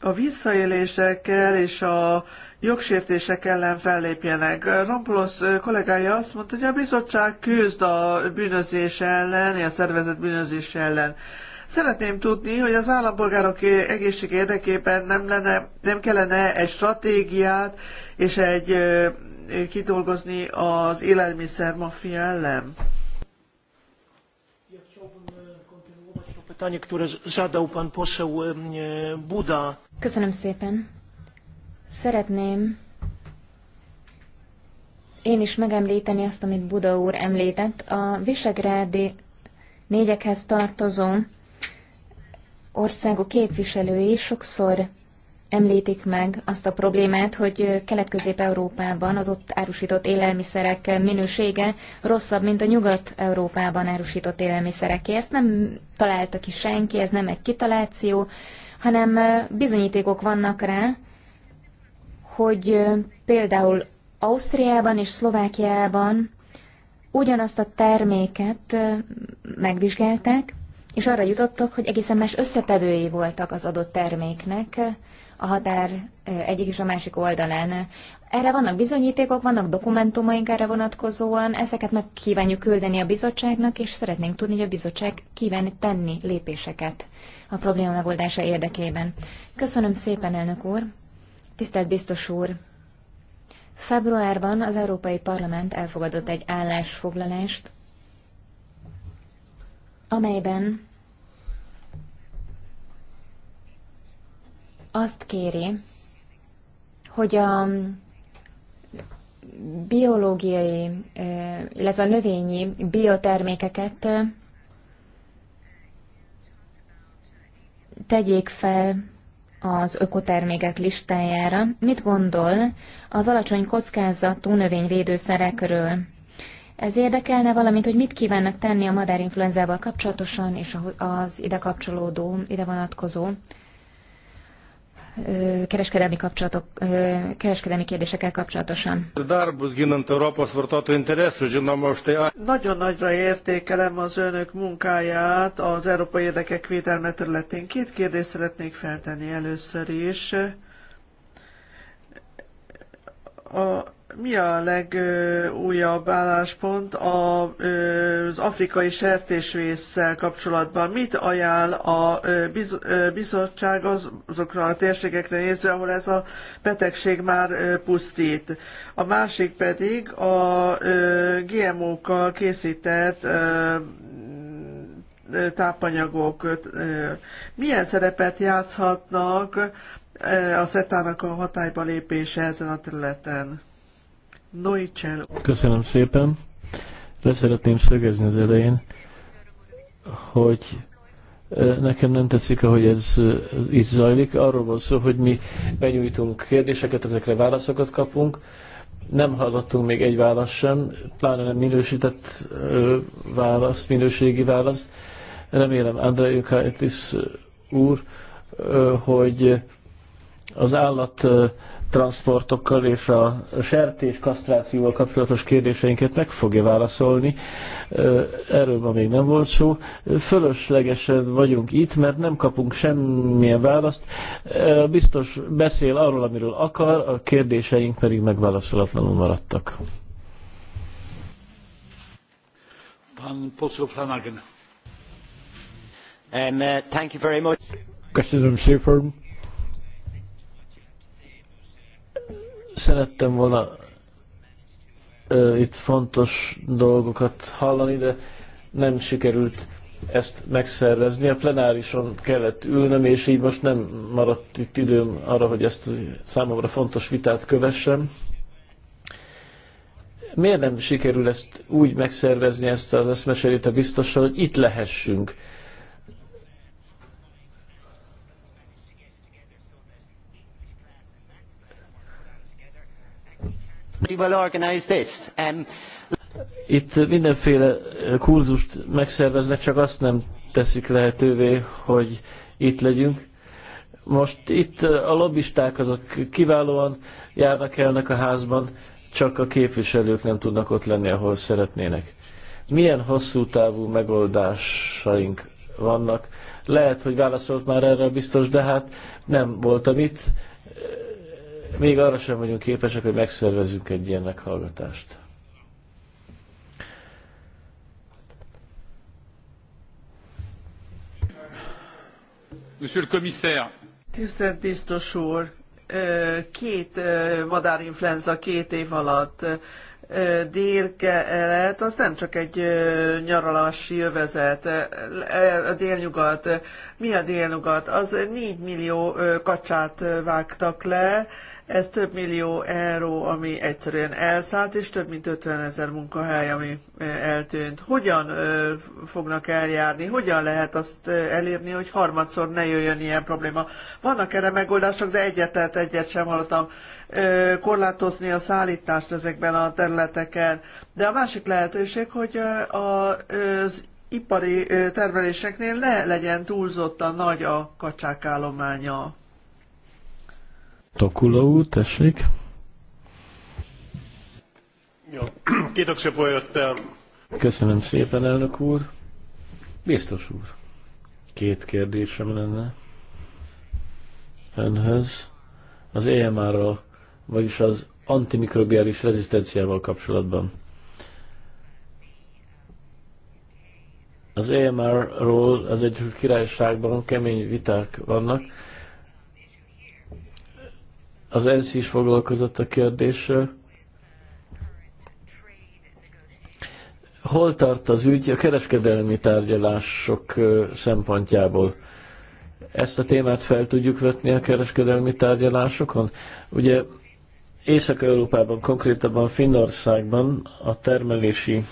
a visszaélésekkel és a jogsértések ellen fellépjenek. Rampolos kollégája azt mondta, hogy a bizottság küzd a bűnözés ellen, a szervezet bűnözés ellen. Szeretném tudni, hogy az állampolgárok egészség érdekében nem, lenne, nem kellene egy stratégiát és egy kidolgozni az élelmiszer maffia ellen? E, e, e, Köszönöm szépen. Szeretném én is megemlíteni azt, amit Buda úr említett. A Visegrádi négyekhez tartozó országok képviselői sokszor említik meg azt a problémát, hogy Kelet-Közép-Európában az ott árusított élelmiszerek minősége rosszabb, mint a Nyugat-Európában árusított élelmiszereké. Ezt nem találta ki senki, ez nem egy kitaláció, hanem bizonyítékok vannak rá, hogy például Ausztriában és Szlovákiában ugyanazt a terméket megvizsgálták, és arra jutottak, hogy egészen más összetevői voltak az adott terméknek a határ egyik és a másik oldalán. Erre vannak bizonyítékok, vannak dokumentumaink erre vonatkozóan, ezeket meg kívánjuk küldeni a bizottságnak, és szeretnénk tudni, hogy a bizottság kíván tenni lépéseket a probléma megoldása érdekében. Köszönöm szépen, elnök úr! Tisztelt biztos úr! Februárban az Európai Parlament elfogadott egy állásfoglalást amelyben azt kéri, hogy a biológiai, illetve a növényi biotermékeket tegyék fel az ökotermékek listájára. Mit gondol az alacsony kockázatú növényvédőszerekről? Ez érdekelne, valamint, hogy mit kívánnak tenni a madárinfluenzával kapcsolatosan, és az ide kapcsolódó, ide vonatkozó kereskedelmi, kapcsolatok, kereskedelmi kérdésekkel kapcsolatosan. Nagyon nagyra értékelem az önök munkáját az európai érdekek védelme területén. Két kérdést szeretnék feltenni először is. A mi a legújabb álláspont az afrikai sertésvésszel kapcsolatban? Mit ajánl a bizottság azokra a térségekre nézve, ahol ez a betegség már pusztít? A másik pedig a GMO-kkal készített tápanyagok. Milyen szerepet játszhatnak a szetának a hatályba lépése ezen a területen? Köszönöm szépen. Leszeretném szögezni az elején, hogy nekem nem tetszik, ahogy ez, ez zajlik. Arról van szó, hogy mi benyújtunk kérdéseket, ezekre válaszokat kapunk. Nem hallottunk még egy választ sem, pláne nem minősített választ, minőségi választ. Remélem, André Jukaitis úr, hogy az állat transportokkal és a sertés kasztrációval kapcsolatos kérdéseinket meg fogja válaszolni. Erről ma még nem volt szó. Fölöslegesen vagyunk itt, mert nem kapunk semmilyen választ. Biztos beszél arról, amiről akar, a kérdéseink pedig megválaszolatlanul maradtak. Um, uh, thank you very much. Köszönöm szépen szerettem volna ö, itt fontos dolgokat hallani, de nem sikerült ezt megszervezni. A plenárison kellett ülnöm, és így most nem maradt itt időm arra, hogy ezt a számomra fontos vitát kövessem. Miért nem sikerül ezt úgy megszervezni, ezt az eszmeserét a biztosan, hogy itt lehessünk? Um, itt mindenféle kurzust megszerveznek, csak azt nem teszik lehetővé, hogy itt legyünk. Most itt a lobbisták azok kiválóan járnak elnek a házban, csak a képviselők nem tudnak ott lenni, ahol szeretnének. Milyen hosszú távú megoldásaink vannak? Lehet, hogy válaszolt már erre biztos, de hát nem voltam itt, még arra sem vagyunk képesek, hogy megszervezzünk egy ilyen meghallgatást. Monsieur le commissaire. Tisztelt biztos úr, két madárinfluenza két év alatt délkelet, az nem csak egy nyaralási övezet, a délnyugat. Mi a délnyugat? Az 4 millió kacsát vágtak le, ez több millió euró, ami egyszerűen elszállt, és több mint 50 ezer munkahely, ami eltűnt. Hogyan fognak eljárni? Hogyan lehet azt elérni, hogy harmadszor ne jöjjön ilyen probléma? Vannak erre megoldások, de egyetlen egyet sem hallottam korlátozni a szállítást ezekben a területeken. De a másik lehetőség, hogy az ipari termeléseknél ne legyen túlzottan nagy a kacsák állománya. Takula úr, tessék. *clears throat* Köszönöm szépen, elnök úr. Biztos úr. Két kérdésem lenne önhöz. Az EMR-ral, vagyis az antimikrobiális rezisztenciával kapcsolatban. Az EMR-ról az Egyesült Királyságban kemény viták vannak, az ENSZ is foglalkozott a kérdéssel. Hol tart az ügy a kereskedelmi tárgyalások szempontjából? Ezt a témát fel tudjuk vetni a kereskedelmi tárgyalásokon? Ugye Észak-Európában, konkrétabban Finnországban a termelési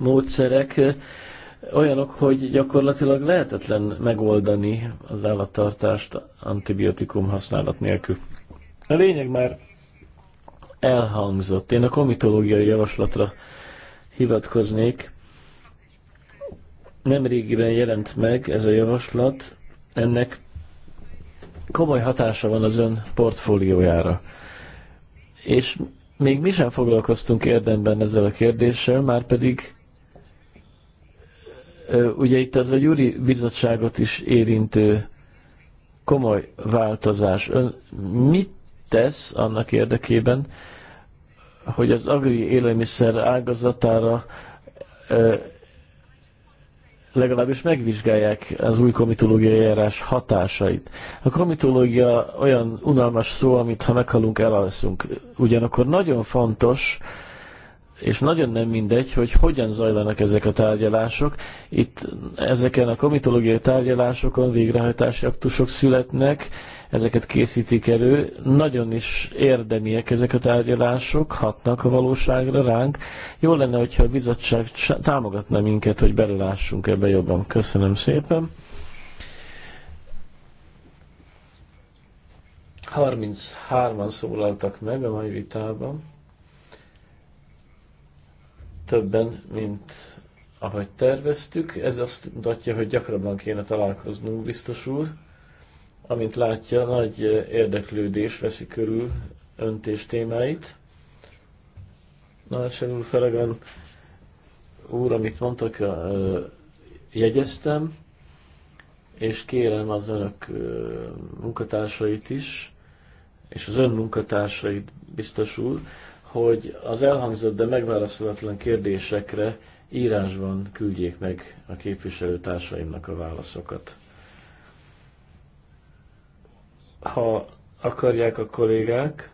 módszerek olyanok, hogy gyakorlatilag lehetetlen megoldani az állattartást antibiotikum használat nélkül. A lényeg már elhangzott. Én a komitológiai javaslatra hivatkoznék. Nemrégiben jelent meg ez a javaslat, ennek komoly hatása van az ön portfóliójára. És még mi sem foglalkoztunk érdemben ezzel a kérdéssel, már pedig Ugye itt ez a Júri bizottságot is érintő komoly változás. Ön mit tesz annak érdekében, hogy az agri élelmiszer ágazatára legalábbis megvizsgálják az új komitológiai eljárás hatásait. A komitológia olyan unalmas szó, amit ha meghalunk, elalszunk. Ugyanakkor nagyon fontos, és nagyon nem mindegy, hogy hogyan zajlanak ezek a tárgyalások. Itt ezeken a komitológiai tárgyalásokon végrehajtási aktusok születnek, ezeket készítik elő. Nagyon is érdemiek ezek a tárgyalások, hatnak a valóságra ránk. Jó lenne, hogyha a bizottság támogatna minket, hogy belelássunk ebbe jobban. Köszönöm szépen. 33-an szólaltak meg a mai vitában többen, mint ahogy terveztük. Ez azt mutatja, hogy gyakrabban kéne találkoznunk, biztos úr. Amint látja, nagy érdeklődés veszi körül öntés témáit. Nagysel úr Felegen úr, amit mondtak, jegyeztem, és kérem az önök munkatársait is, és az ön munkatársait, biztos úr, hogy az elhangzott, de megválaszolatlan kérdésekre írásban küldjék meg a képviselőtársaimnak a válaszokat. Ha akarják a kollégák,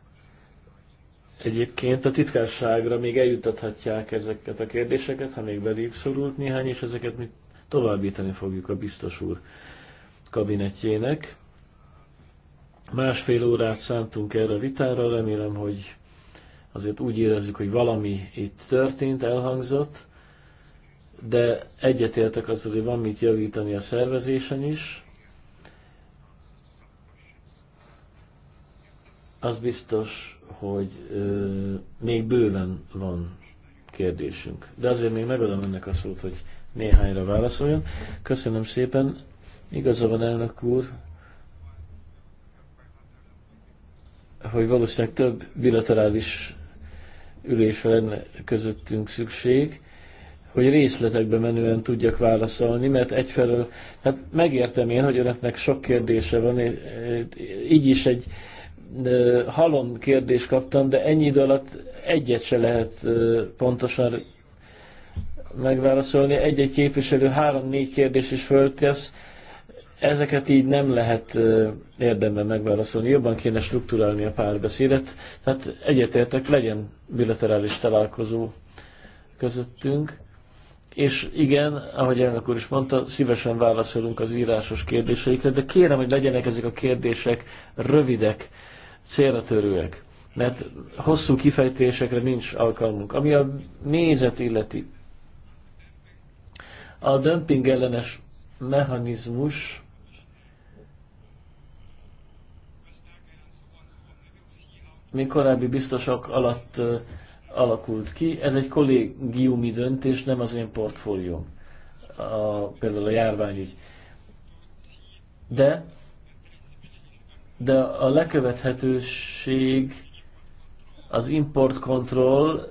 egyébként a titkárságra még eljutathatják ezeket a kérdéseket, ha még belép szorult néhány, és ezeket mi továbbítani fogjuk a biztos úr kabinetjének. Másfél órát szántunk erre a vitára, remélem, hogy azért úgy érezzük, hogy valami itt történt, elhangzott, de egyetértek azzal, hogy van mit javítani a szervezésen is. Az biztos, hogy ö, még bőven van kérdésünk. De azért még megadom önnek a szót, hogy néhányra válaszoljon. Köszönöm szépen. Igaza van elnök úr, hogy valószínűleg több bilaterális ülésre lenne közöttünk szükség, hogy részletekbe menően tudjak válaszolni, mert egyfelől, hát megértem én, hogy önöknek sok kérdése van, eh, így is egy eh, halom kérdést kaptam, de ennyi idő alatt egyet se lehet eh, pontosan megválaszolni. Egy-egy képviselő három-négy kérdés is föltesz, Ezeket így nem lehet érdemben megválaszolni, jobban kéne struktúrálni a párbeszédet, tehát egyetértek, legyen bilaterális találkozó közöttünk, és igen, ahogy elnök úr is mondta, szívesen válaszolunk az írásos kérdéseikre, de kérem, hogy legyenek ezek a kérdések rövidek, célra törőek, mert hosszú kifejtésekre nincs alkalmunk. Ami a nézet illeti, a dömping ellenes mechanizmus még korábbi biztosok alatt alakult ki. Ez egy kollégiumi döntés, nem az én portfólióm, a, például a járványügy. De, de a lekövethetőség, az importkontroll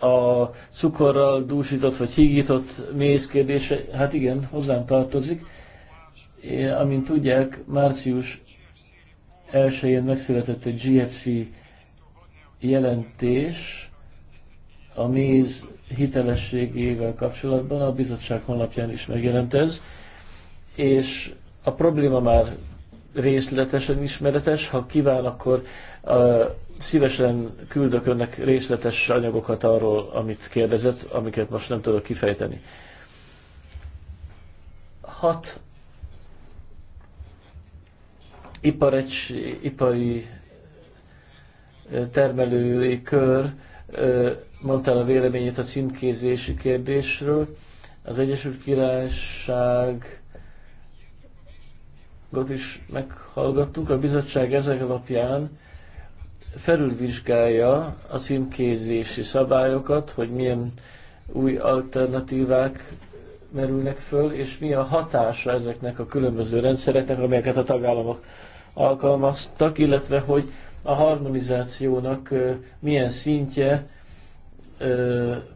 a cukorral dúsított vagy hígított méz kérdése, hát igen, hozzám tartozik. amint tudják, március elsőjén megszületett egy GFC jelentés a méz hitelességével kapcsolatban, a bizottság honlapján is megjelent ez, és a probléma már részletesen ismeretes, ha kíván, akkor uh, szívesen küldök önnek részletes anyagokat arról, amit kérdezett, amiket most nem tudok kifejteni. Hat iparecs, ipari termelői kör mondta a véleményét a címkézési kérdésről. Az Egyesült Királyság is meghallgattuk. A bizottság ezek alapján felülvizsgálja a címkézési szabályokat, hogy milyen új alternatívák merülnek föl, és mi a hatása ezeknek a különböző rendszereknek, amelyeket a tagállamok alkalmaztak, illetve hogy a harmonizációnak milyen szintje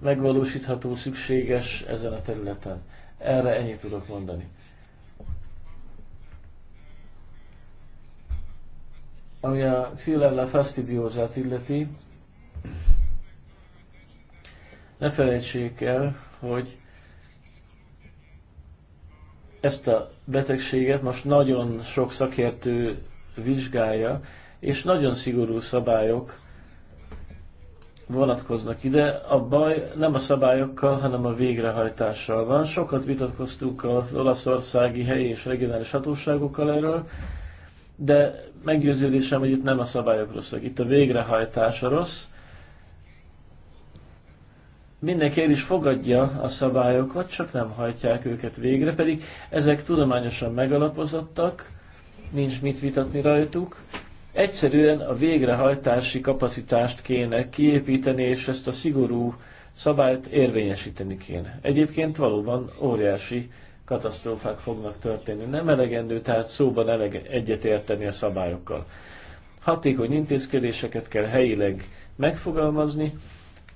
megvalósítható, szükséges ezen a területen. Erre ennyit tudok mondani. Ami a Xylella fastidiózát illeti, ne felejtsék el, hogy ezt a betegséget most nagyon sok szakértő vizsgálja, és nagyon szigorú szabályok vonatkoznak ide. A baj nem a szabályokkal, hanem a végrehajtással van. Sokat vitatkoztunk az olaszországi helyi és regionális hatóságokkal erről, de meggyőződésem, hogy itt nem a szabályok rosszak, itt a végrehajtás a rossz. Mindenki el is fogadja a szabályokat, csak nem hajtják őket végre, pedig ezek tudományosan megalapozottak, nincs mit vitatni rajtuk. Egyszerűen a végrehajtási kapacitást kéne kiépíteni, és ezt a szigorú szabályt érvényesíteni kéne. Egyébként valóban óriási katasztrófák fognak történni. Nem elegendő, tehát szóban elege, egyetérteni a szabályokkal. Hatékony intézkedéseket kell helyileg megfogalmazni.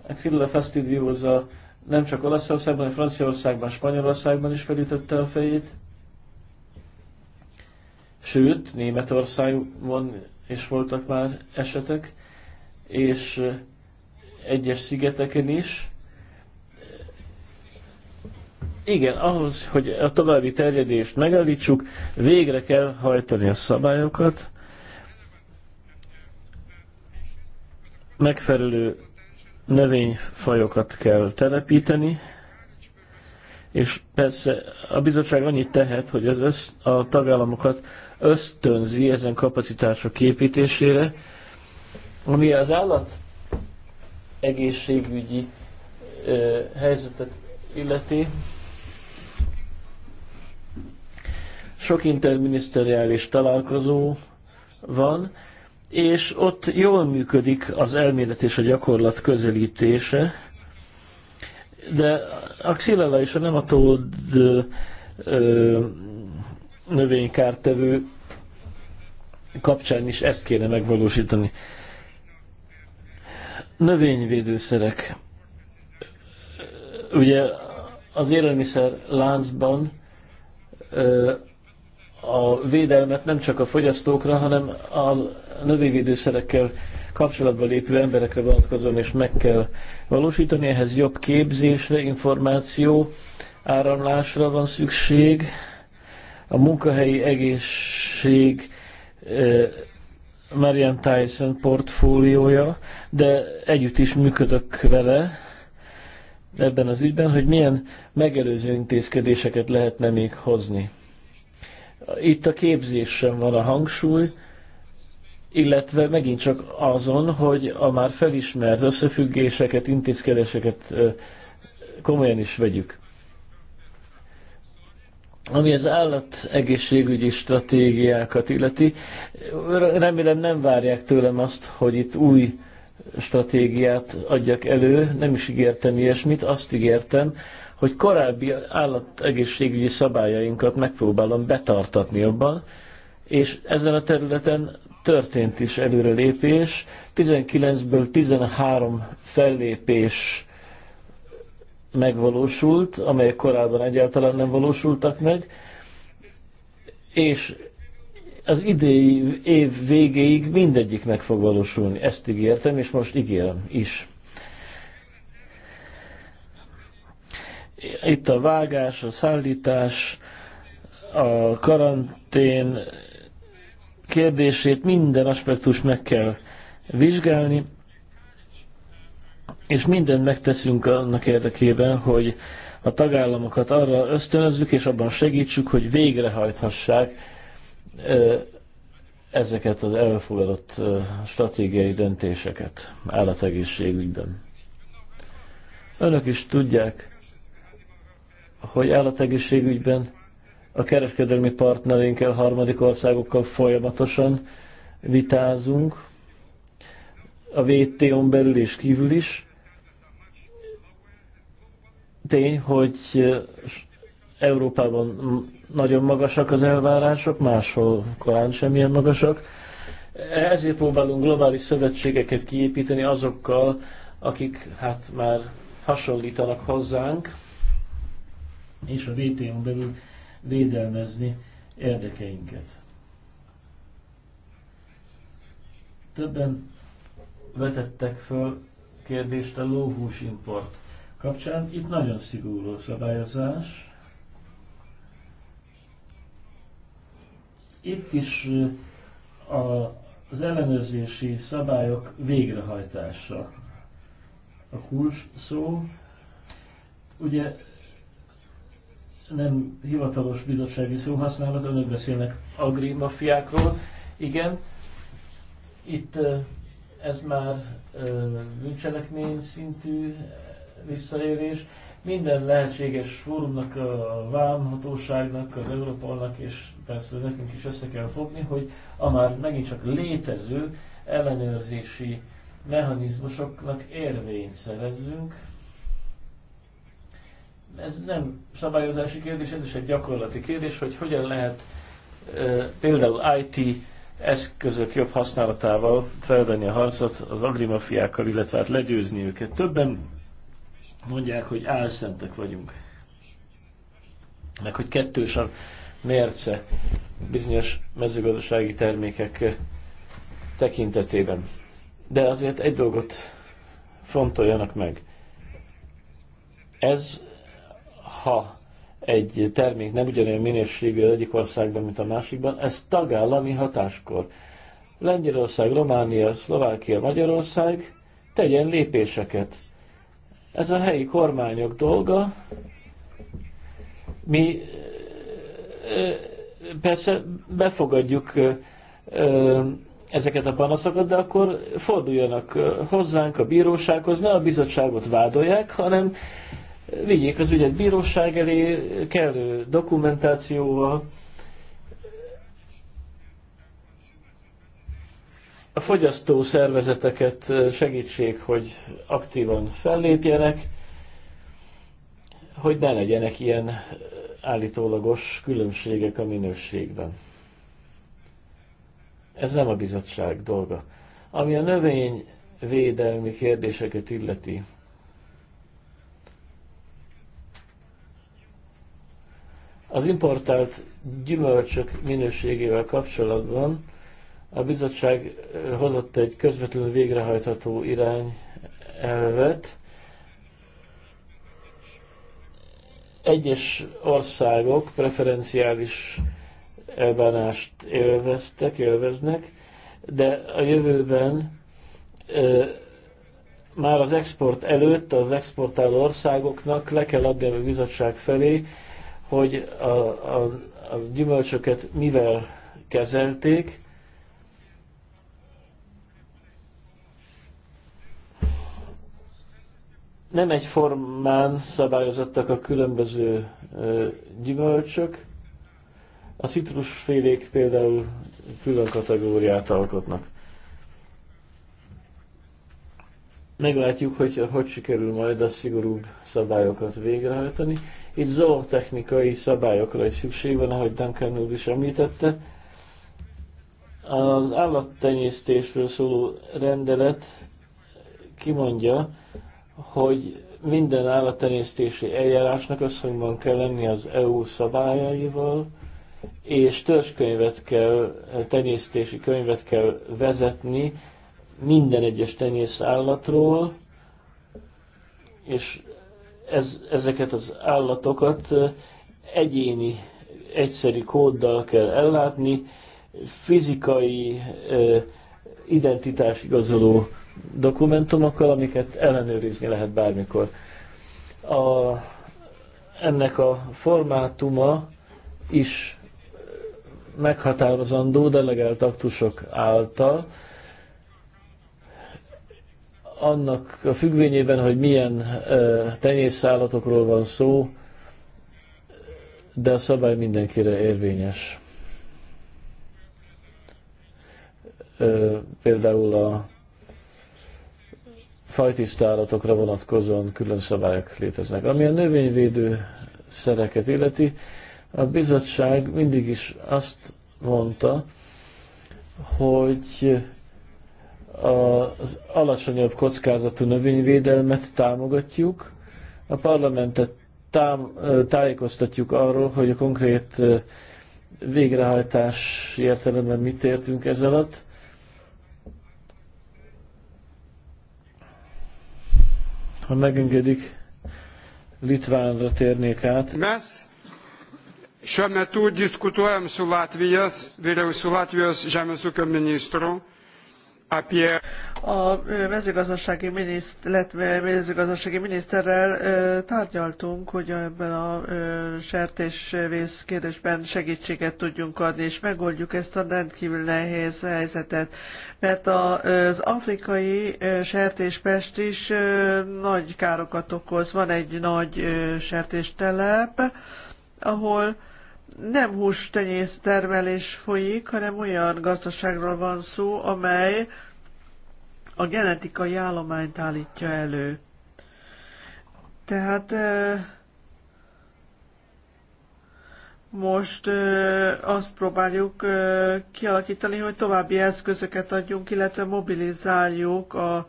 A Xilla Fastidiosa nem csak Olaszországban, hanem Franciaországban, Spanyolországban is felütötte a fejét, sőt, Németországban is voltak már esetek, és egyes szigeteken is. Igen, ahhoz, hogy a további terjedést megállítsuk, végre kell hajtani a szabályokat, megfelelő növényfajokat kell telepíteni, és persze a bizottság annyit tehet, hogy az össz, a tagállamokat ösztönzi ezen kapacitások építésére, ami az állat egészségügyi ö, helyzetet illeti. Sok interminiszteriális találkozó van, és ott jól működik az elmélet és a gyakorlat közelítése, de a xilella és a nematold növénykártevő kapcsán is ezt kéne megvalósítani. Növényvédőszerek. Ugye az élelmiszer láncban a védelmet nem csak a fogyasztókra, hanem a növényvédőszerekkel kapcsolatban lépő emberekre vonatkozóan is meg kell valósítani. Ehhez jobb képzésre, információ áramlásra van szükség, a munkahelyi egészség Marian Tyson portfóliója, de együtt is működök vele ebben az ügyben, hogy milyen megelőző intézkedéseket lehetne még hozni. Itt a képzésen van a hangsúly, illetve megint csak azon, hogy a már felismert összefüggéseket, intézkedéseket komolyan is vegyük. Ami az állat egészségügyi stratégiákat illeti, remélem nem várják tőlem azt, hogy itt új stratégiát adjak elő, nem is ígértem ilyesmit, azt ígértem, hogy korábbi állategészségügyi szabályainkat megpróbálom betartatni abban, és ezen a területen történt is előrelépés. 19-ből 13 fellépés megvalósult, amelyek korábban egyáltalán nem valósultak meg, és az idei év végéig mindegyik meg fog valósulni. Ezt ígértem, és most ígérem is. Itt a vágás, a szállítás, a karantén kérdését minden aspektus meg kell vizsgálni, és mindent megteszünk annak érdekében, hogy a tagállamokat arra ösztönözzük, és abban segítsük, hogy végrehajthassák ezeket az elfogadott stratégiai döntéseket állategészségügyben. Önök is tudják, hogy állategészségügyben a kereskedelmi partnerénkkel, harmadik országokkal folyamatosan vitázunk, a WTO-n belül és kívül is, tény, hogy Európában nagyon magasak az elvárások, máshol korán semmilyen magasak. Ezért próbálunk globális szövetségeket kiépíteni azokkal, akik hát már hasonlítanak hozzánk, és a WTO-n belül védelmezni érdekeinket. Többen vetettek föl kérdést a lóhús import kapcsán. Itt nagyon szigorú szabályozás. Itt is a, az ellenőrzési szabályok végrehajtása a kulcs szó. Ugye nem hivatalos bizottsági szóhasználat, önök beszélnek mafiákról. igen. Itt ez már bűncselekmény szintű visszaélés. Minden lehetséges fórumnak, a vámhatóságnak, az európának és persze nekünk is össze kell fogni, hogy a már megint csak létező ellenőrzési mechanizmusoknak érvényt szerezzünk. Ez nem szabályozási kérdés, ez is egy gyakorlati kérdés, hogy hogyan lehet például IT eszközök jobb használatával felvenni a harcot az agrimafiákkal, illetve hát legyőzni őket. Többen mondják, hogy álszentek vagyunk. Meg hogy kettős a mérce bizonyos mezőgazdasági termékek eh, tekintetében. De azért egy dolgot fontoljanak meg. Ez, ha egy termék nem ugyanolyan minőségű az egyik országban, mint a másikban, ez tagállami hatáskor. Lengyelország, Románia, Szlovákia, Magyarország tegyen lépéseket ez a helyi kormányok dolga. Mi persze befogadjuk ezeket a panaszokat, de akkor forduljanak hozzánk a bírósághoz, ne a bizottságot vádolják, hanem vigyék az ügyet bíróság elé kellő dokumentációval, a fogyasztó szervezeteket segítsék, hogy aktívan fellépjenek, hogy ne legyenek ilyen állítólagos különbségek a minőségben. Ez nem a bizottság dolga. Ami a növény védelmi kérdéseket illeti, az importált gyümölcsök minőségével kapcsolatban a bizottság hozott egy közvetlenül végrehajtható irány elvet. Egyes országok preferenciális elbánást élveztek, élveznek, de a jövőben ö, már az export előtt az exportáló országoknak le kell adni a bizottság felé, hogy a, a, a gyümölcsöket mivel kezelték, nem egyformán szabályozottak a különböző gyümölcsök. A citrusfélék például külön kategóriát alkotnak. Meglátjuk, hogy hogy sikerül majd a szigorúbb szabályokat végrehajtani. Itt zootechnikai szabályokra is szükség van, ahogy Duncan úr is említette. Az állattenyésztésről szóló rendelet kimondja, hogy minden állattenyésztési eljárásnak összhangban kell lenni az EU szabályaival, és törzskönyvet kell, tenyésztési könyvet kell vezetni minden egyes tenyész állatról, és ez, ezeket az állatokat egyéni, egyszerű kóddal kell ellátni, fizikai identitás igazoló dokumentumokkal, amiket ellenőrizni lehet bármikor. A, ennek a formátuma is meghatározandó delegált aktusok által, annak a függvényében, hogy milyen tenyészállatokról van szó, de a szabály mindenkire érvényes. Például a fajtisztálatokra vonatkozóan külön szabályok léteznek. Ami a növényvédő szereket illeti, a bizottság mindig is azt mondta, hogy az alacsonyabb kockázatú növényvédelmet támogatjuk, a parlamentet tám, tájékoztatjuk arról, hogy a konkrét végrehajtás értelemben mit értünk ez alatt, ha megengedik, Litvánra térnék át. Mes šiuo metu diskutuojam su Latvijos, vyriausiu Latvijos žemės ūkio ministru a mezőgazdasági, miniszt, illetve mezőgazdasági miniszterrel tárgyaltunk, hogy ebben a sertésvész kérdésben segítséget tudjunk adni, és megoldjuk ezt a rendkívül nehéz helyzetet. Mert az afrikai sertéspest is nagy károkat okoz. Van egy nagy sertéstelep, ahol nem hústenyésztermelés folyik, hanem olyan gazdaságról van szó, amely a genetikai állományt állítja elő. Tehát most azt próbáljuk kialakítani, hogy további eszközöket adjunk, illetve mobilizáljuk a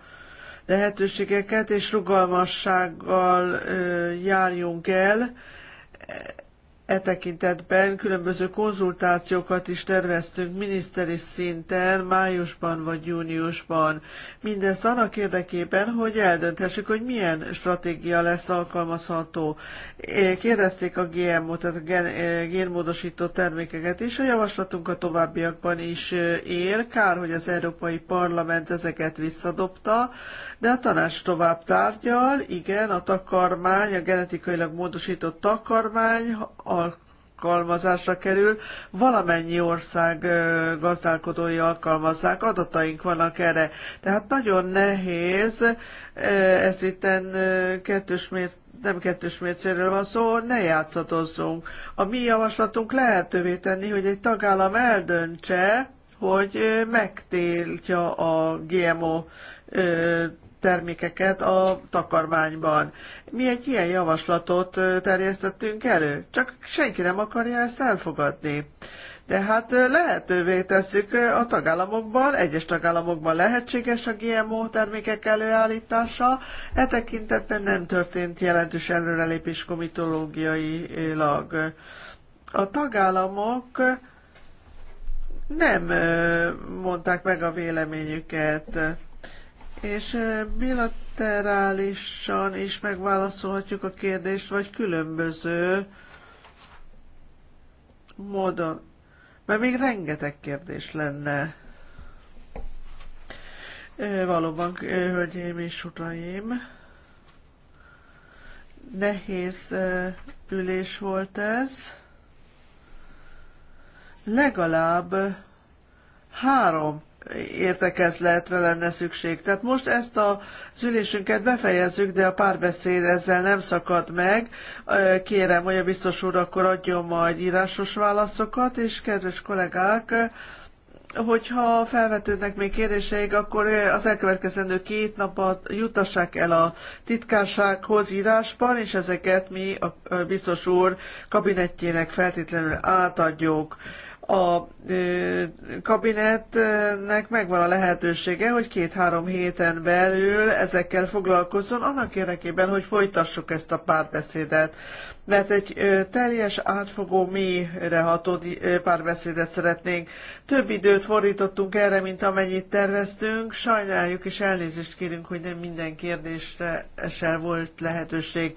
lehetőségeket, és rugalmassággal járjunk el E tekintetben különböző konzultációkat is terveztünk miniszteri szinten, májusban vagy júniusban. Mindezt annak érdekében, hogy eldönthessük, hogy milyen stratégia lesz alkalmazható. Kérdezték a GMO, tehát a génmódosító termékeket is, a javaslatunk a továbbiakban is él. Kár, hogy az Európai Parlament ezeket visszadobta, de a tanács tovább tárgyal. Igen, a takarmány, a genetikailag módosított takarmány, a alkalmazásra kerül, valamennyi ország gazdálkodói alkalmazzák, adataink vannak erre. Tehát nagyon nehéz, ez itten kettős mért nem kettős mércéről van szó, ne játszatozzunk. A mi javaslatunk lehetővé tenni, hogy egy tagállam eldöntse, hogy megtiltja a GMO termékeket a takarmányban. Mi egy ilyen javaslatot terjesztettünk elő, csak senki nem akarja ezt elfogadni. De hát lehetővé tesszük a tagállamokban, egyes tagállamokban lehetséges a GMO termékek előállítása. E tekintetben nem történt jelentős előrelépés komitológiailag. A tagállamok nem mondták meg a véleményüket. És bilaterálisan is megválaszolhatjuk a kérdést, vagy különböző módon. Mert még rengeteg kérdés lenne. Valóban, hölgyeim és uraim, nehéz ülés volt ez. Legalább három értekezletre lenne szükség. Tehát most ezt a ülésünket befejezzük, de a párbeszéd ezzel nem szakad meg. Kérem, hogy a biztos úr akkor adjon majd írásos válaszokat, és kedves kollégák, hogyha felvetődnek még kérdéseik, akkor az elkövetkezendő két napot jutassák el a titkársághoz írásban, és ezeket mi a biztos úr kabinettjének feltétlenül átadjuk a kabinetnek megvan a lehetősége, hogy két-három héten belül ezekkel foglalkozzon, annak érdekében, hogy folytassuk ezt a párbeszédet. Mert egy teljes, átfogó, mélyre ható párbeszédet szeretnénk. Több időt fordítottunk erre, mint amennyit terveztünk. Sajnáljuk és elnézést kérünk, hogy nem minden kérdésre se volt lehetőség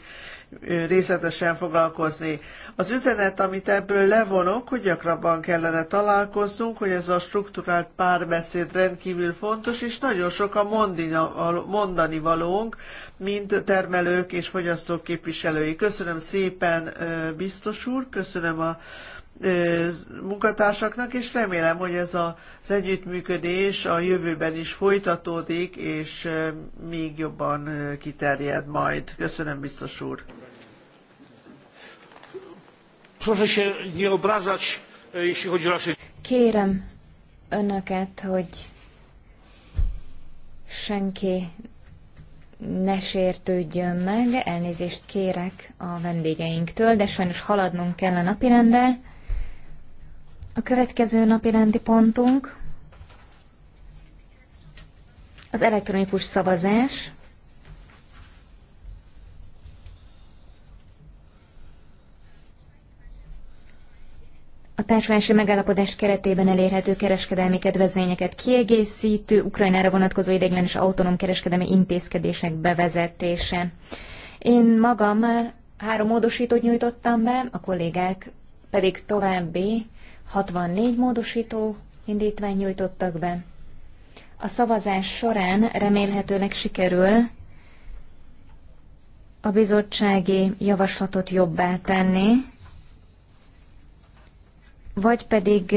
részletesen foglalkozni. Az üzenet, amit ebből levonok, hogy gyakrabban kellene találkoznunk, hogy ez a strukturált párbeszéd rendkívül fontos, és nagyon sok a mondani valónk, mint termelők és fogyasztók képviselői. Köszönöm szépen, biztos úr, köszönöm a munkatársaknak, és remélem, hogy ez az együttműködés a jövőben is folytatódik, és még jobban kiterjed majd. Köszönöm, biztos úr. E, Kérem önöket, hogy senki ne sértődjön meg, elnézést kérek a vendégeinktől, de sajnos haladnunk kell a napirenddel. A következő napi rendi pontunk az elektronikus szavazás. A társulási megállapodás keretében elérhető kereskedelmi kedvezményeket kiegészítő, Ukrajnára vonatkozó ideiglenes autonóm kereskedelmi intézkedések bevezetése. Én magam három módosítót nyújtottam be, a kollégák pedig további 64 módosító indítvány nyújtottak be. A szavazás során remélhetőleg sikerül a bizottsági javaslatot jobbá tenni, vagy pedig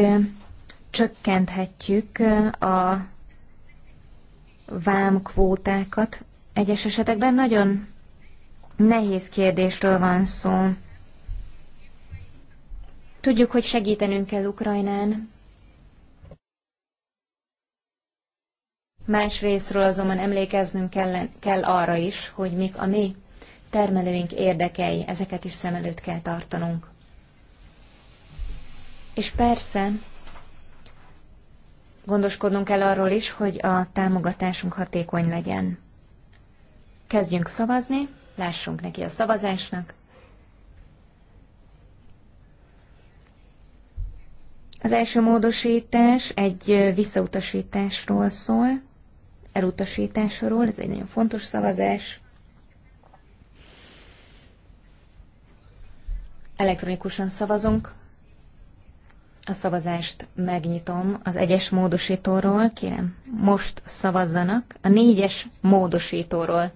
csökkenthetjük a vámkvótákat. Egyes esetekben nagyon nehéz kérdésről van szó. Tudjuk, hogy segítenünk kell Ukrajnán. Másrésztről azonban emlékeznünk kell, kell arra is, hogy mik a mi termelőink érdekei, ezeket is szem előtt kell tartanunk. És persze, gondoskodnunk kell arról is, hogy a támogatásunk hatékony legyen. Kezdjünk szavazni, lássunk neki a szavazásnak. Az első módosítás egy visszautasításról szól, elutasításról, ez egy nagyon fontos szavazás. Elektronikusan szavazunk. A szavazást megnyitom az egyes módosítóról, kérem, most szavazzanak. A négyes módosítóról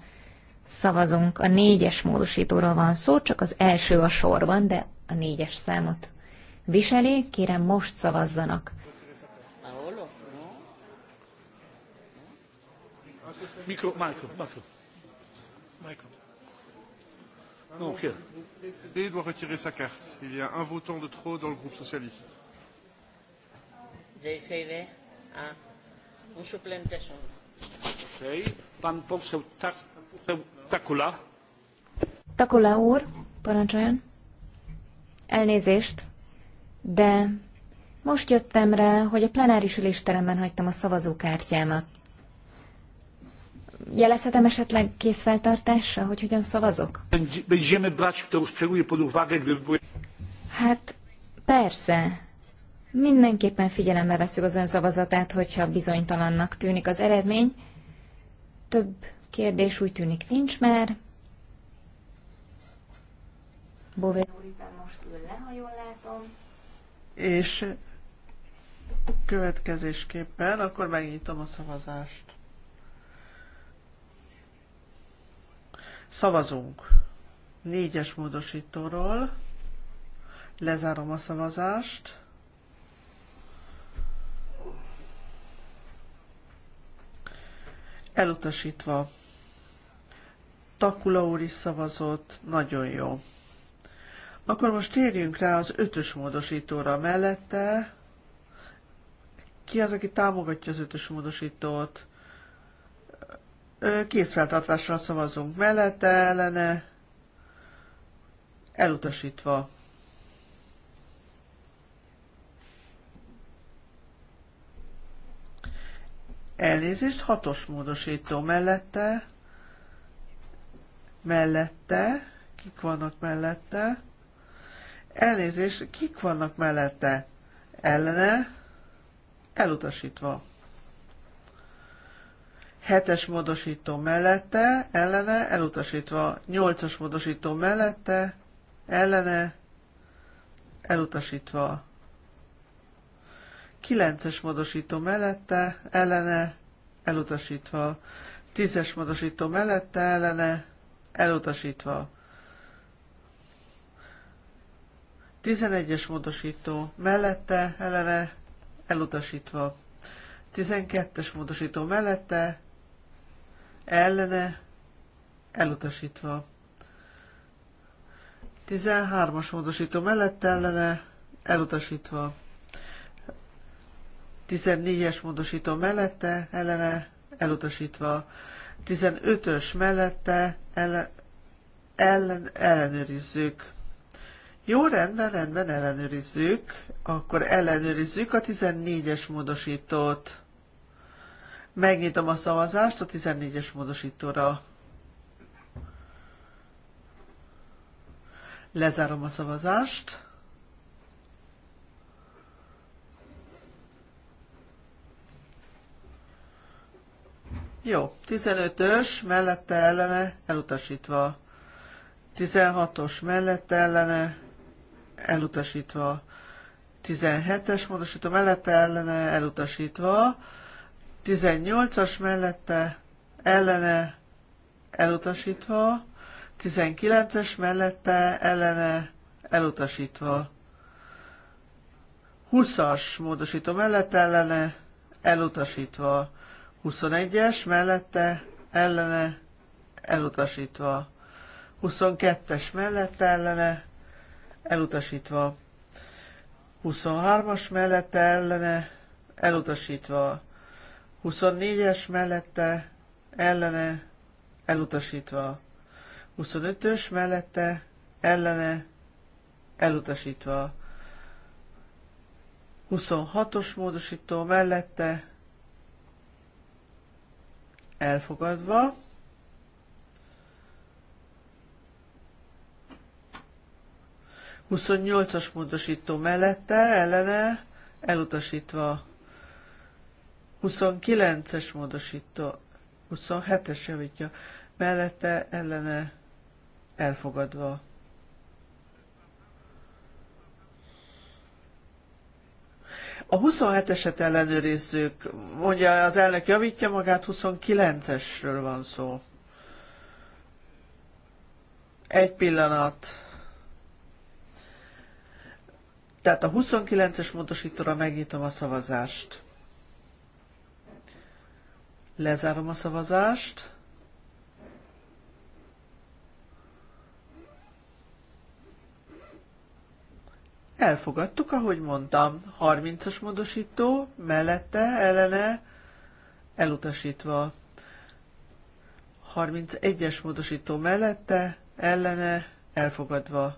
szavazunk, a négyes módosítóról van szó, csak az első a sorban, de a négyes számot viseli, kérem most szavazzanak. Mikro, Michael, Michael. Non, ok. Et doit retirer sa carte. Il y a un votant de trop dans le groupe socialiste. Takula. Takula úr, parancsoljon. Elnézést de most jöttem rá, hogy a plenáris ülésteremben hagytam a szavazókártyámat. Jelezhetem esetleg készfeltartásra, hogy hogyan szavazok? Hát persze. Mindenképpen figyelembe veszük az ön szavazatát, hogyha bizonytalannak tűnik az eredmény. Több kérdés úgy tűnik nincs már. Bové és következésképpen akkor megnyitom a szavazást. Szavazunk négyes módosítóról. Lezárom a szavazást. Elutasítva. Takula úr is szavazott, nagyon jó. Akkor most térjünk rá az ötös módosítóra mellette. Ki az, aki támogatja az ötös módosítót? Készfeltartásra szavazunk mellette, ellene, elutasítva. Elnézést, hatos módosító mellette, mellette, kik vannak mellette, Elnézést, kik vannak mellette? Ellene? Elutasítva. Hetes módosító mellette, ellene, elutasítva. Nyolcas módosító mellette, ellene, elutasítva. Kilences módosító mellette, ellene, elutasítva. Tízes módosító mellette, ellene, elutasítva. 11-es módosító mellette, ellene elutasítva. 12-es módosító mellette, ellene elutasítva. 13-as módosító mellette, ellene elutasítva. 14-es módosító mellette, ellene elutasítva. 15-ös mellette, ellen, ellen, ellenőrizzük. Jó, rendben, rendben, ellenőrizzük. Akkor ellenőrizzük a 14-es módosítót. Megnyitom a szavazást a 14-es módosítóra. Lezárom a szavazást. Jó, 15-ös mellette ellene elutasítva. 16-os mellette ellene elutasítva. 17-es módosító mellette ellene elutasítva. 18-as mellette ellene elutasítva. 19-es mellette ellene elutasítva. 20-as módosító mellette ellene elutasítva. 21-es mellette ellene elutasítva. 22-es mellette ellene elutasítva. 23-as mellette ellene, elutasítva. 24-es mellette ellene, elutasítva. 25-ös mellette ellene, elutasítva. 26-os módosító mellette elfogadva. 28-as módosító mellette, ellene, elutasítva. 29-es módosító, 27-es javítja, mellette, ellene, elfogadva. A 27-eset ellenőrizzük, mondja az elnök javítja magát, 29-esről van szó. Egy pillanat. Tehát a 29-es módosítóra megnyitom a szavazást. Lezárom a szavazást. Elfogadtuk, ahogy mondtam, 30-as módosító, mellette, ellene, elutasítva. 31-es módosító mellette, ellene, elfogadva.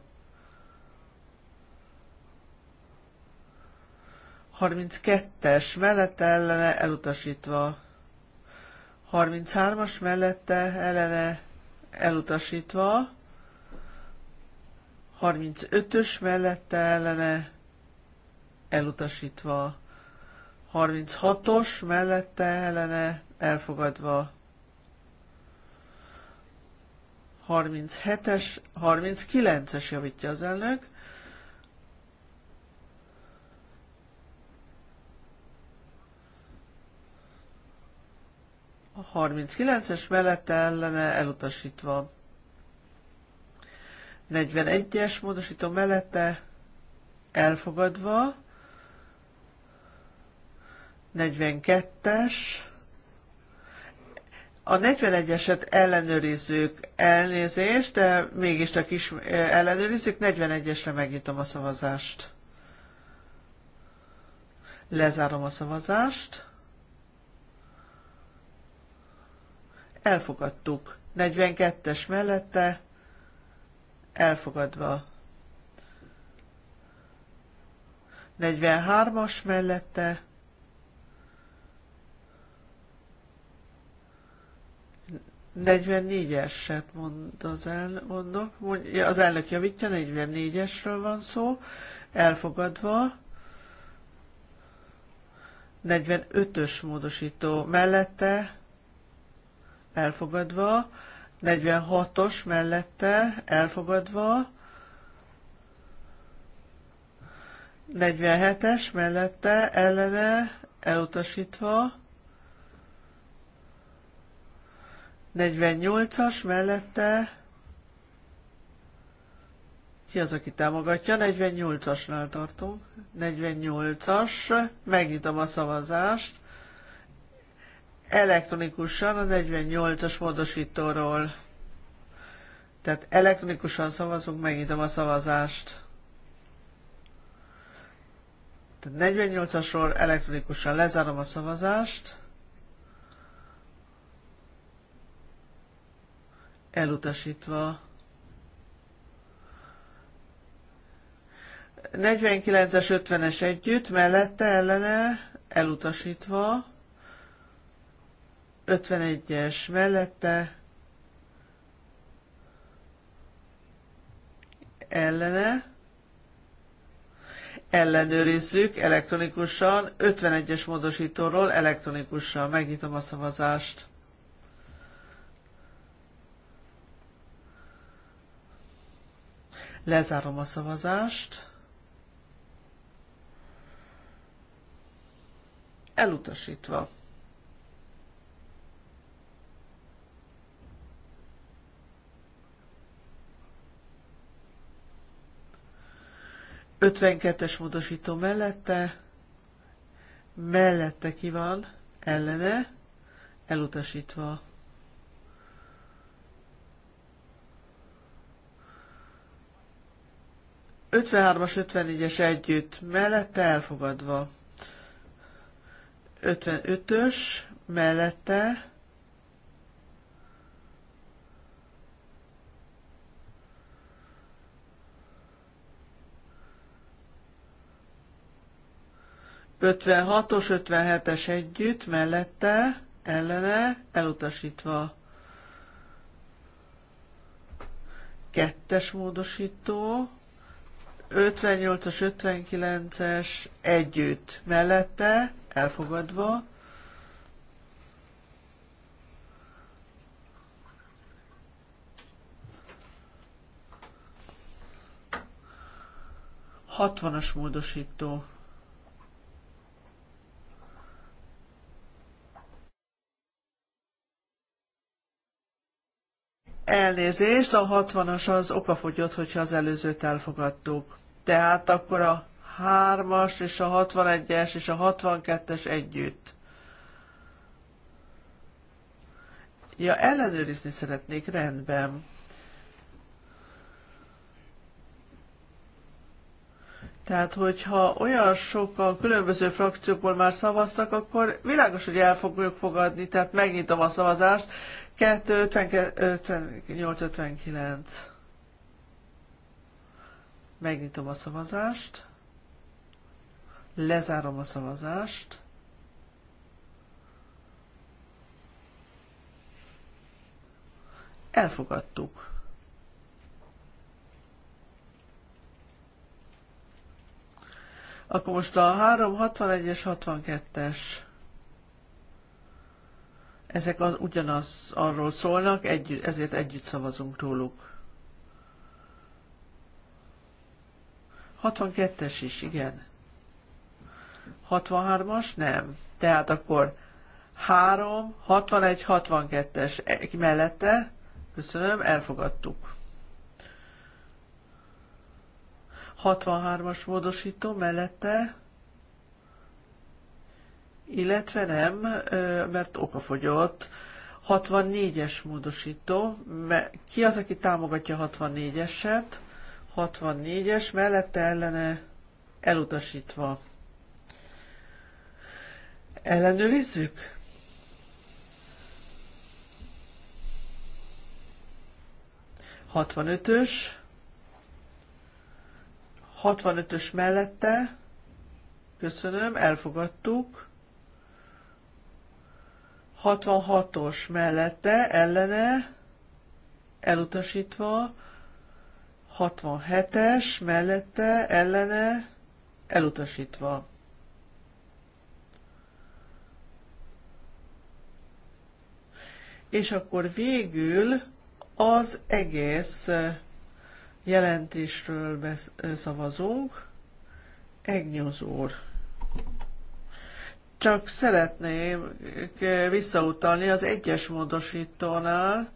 32-es mellette ellene elutasítva. 33-as mellette ellene elutasítva. 35-ös mellette ellene elutasítva. 36-os mellette ellene elfogadva. 37-es, 39-es javítja az elnök. 39-es mellette ellene elutasítva. 41-es módosító mellette elfogadva. 42-es. A 41-eset ellenőrizzük elnézést, de mégiscsak is eh, ellenőrizzük. 41-esre megnyitom a szavazást. Lezárom a szavazást. elfogadtuk. 42-es mellette elfogadva. 43-as mellette Negyvennégyeset et mond az el, mondok, mondja, az elnök javítja, 44-esről van szó, elfogadva. 45-ös módosító mellette elfogadva, 46-os mellette elfogadva, 47-es mellette ellene elutasítva, 48-as mellette ki az, aki támogatja? 48-asnál tartunk. 48-as. Megnyitom a szavazást elektronikusan a 48-as módosítóról. Tehát elektronikusan szavazunk, megnyitom a szavazást. Tehát 48-asról elektronikusan lezárom a szavazást. Elutasítva. 49-es, 50-es együtt, mellette, ellene, elutasítva. 51-es mellette ellene ellenőrizzük elektronikusan 51-es módosítóról elektronikusan. Megnyitom a szavazást. Lezárom a szavazást. Elutasítva. 52-es módosító mellette, mellette ki van, ellene, elutasítva. Ötvenhármas, ötvennégyes együtt, mellette elfogadva. 55-ös, mellette, 56-os, 57-es együtt, mellette, ellene, elutasítva. Kettes módosító, 58-as, 59-es együtt, mellette, elfogadva. Hatvanas módosító. Elnézést, a 60-as az okafogyott, hogyha az előzőt elfogadtuk. Tehát akkor a 3-as és a 61-es és a 62-es együtt. Ja, ellenőrizni szeretnék, rendben. Tehát, hogyha olyan sokan különböző frakciókból már szavaztak, akkor világos, hogy el fogjuk fogadni, tehát megnyitom a szavazást, 258-59. Megnyitom a szavazást. Lezárom a szavazást. Elfogadtuk. Akkor most a 361 és 62-es ezek az, ugyanaz arról szólnak, egy, ezért együtt szavazunk róluk. 62-es is, igen. 63-as nem. Tehát akkor 3, 61, 62-es mellette, köszönöm, elfogadtuk. 63-as módosító mellette, illetve nem, mert okafogyott. 64-es módosító, ki az, aki támogatja 64-eset? 64-es, mellette ellene elutasítva. Ellenőrizzük? Hatvanötös, 65-ös mellette, köszönöm, elfogadtuk. 66-os mellette ellene elutasítva, 67-es mellette ellene elutasítva. És akkor végül az egész jelentésről szavazunk. Egnyozór. úr. Csak szeretném eh, visszautalni az egyes módosítónál,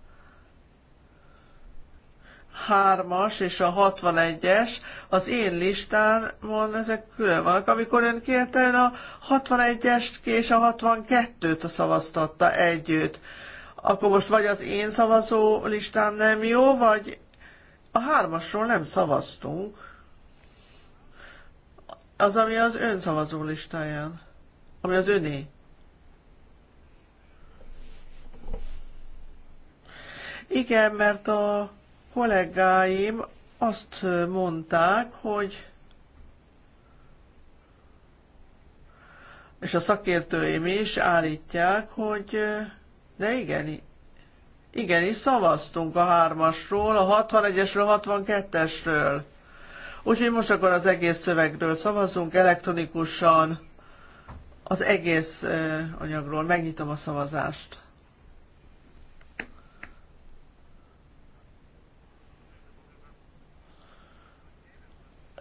hármas és a 61-es, az én listámon ezek külön vannak. Amikor ön kérte, ön a 61-est és a 62-t szavaztatta együtt. Akkor most vagy az én szavazó listám nem jó, vagy a hármasról nem szavaztunk. Az, ami az ön szavazó listáján ami az öné. Igen, mert a kollégáim azt mondták, hogy és a szakértőim is állítják, hogy de igen, is szavaztunk a hármasról, a 61-esről, 62-esről. Úgyhogy most akkor az egész szövegről szavazunk elektronikusan az egész anyagról. Megnyitom a szavazást.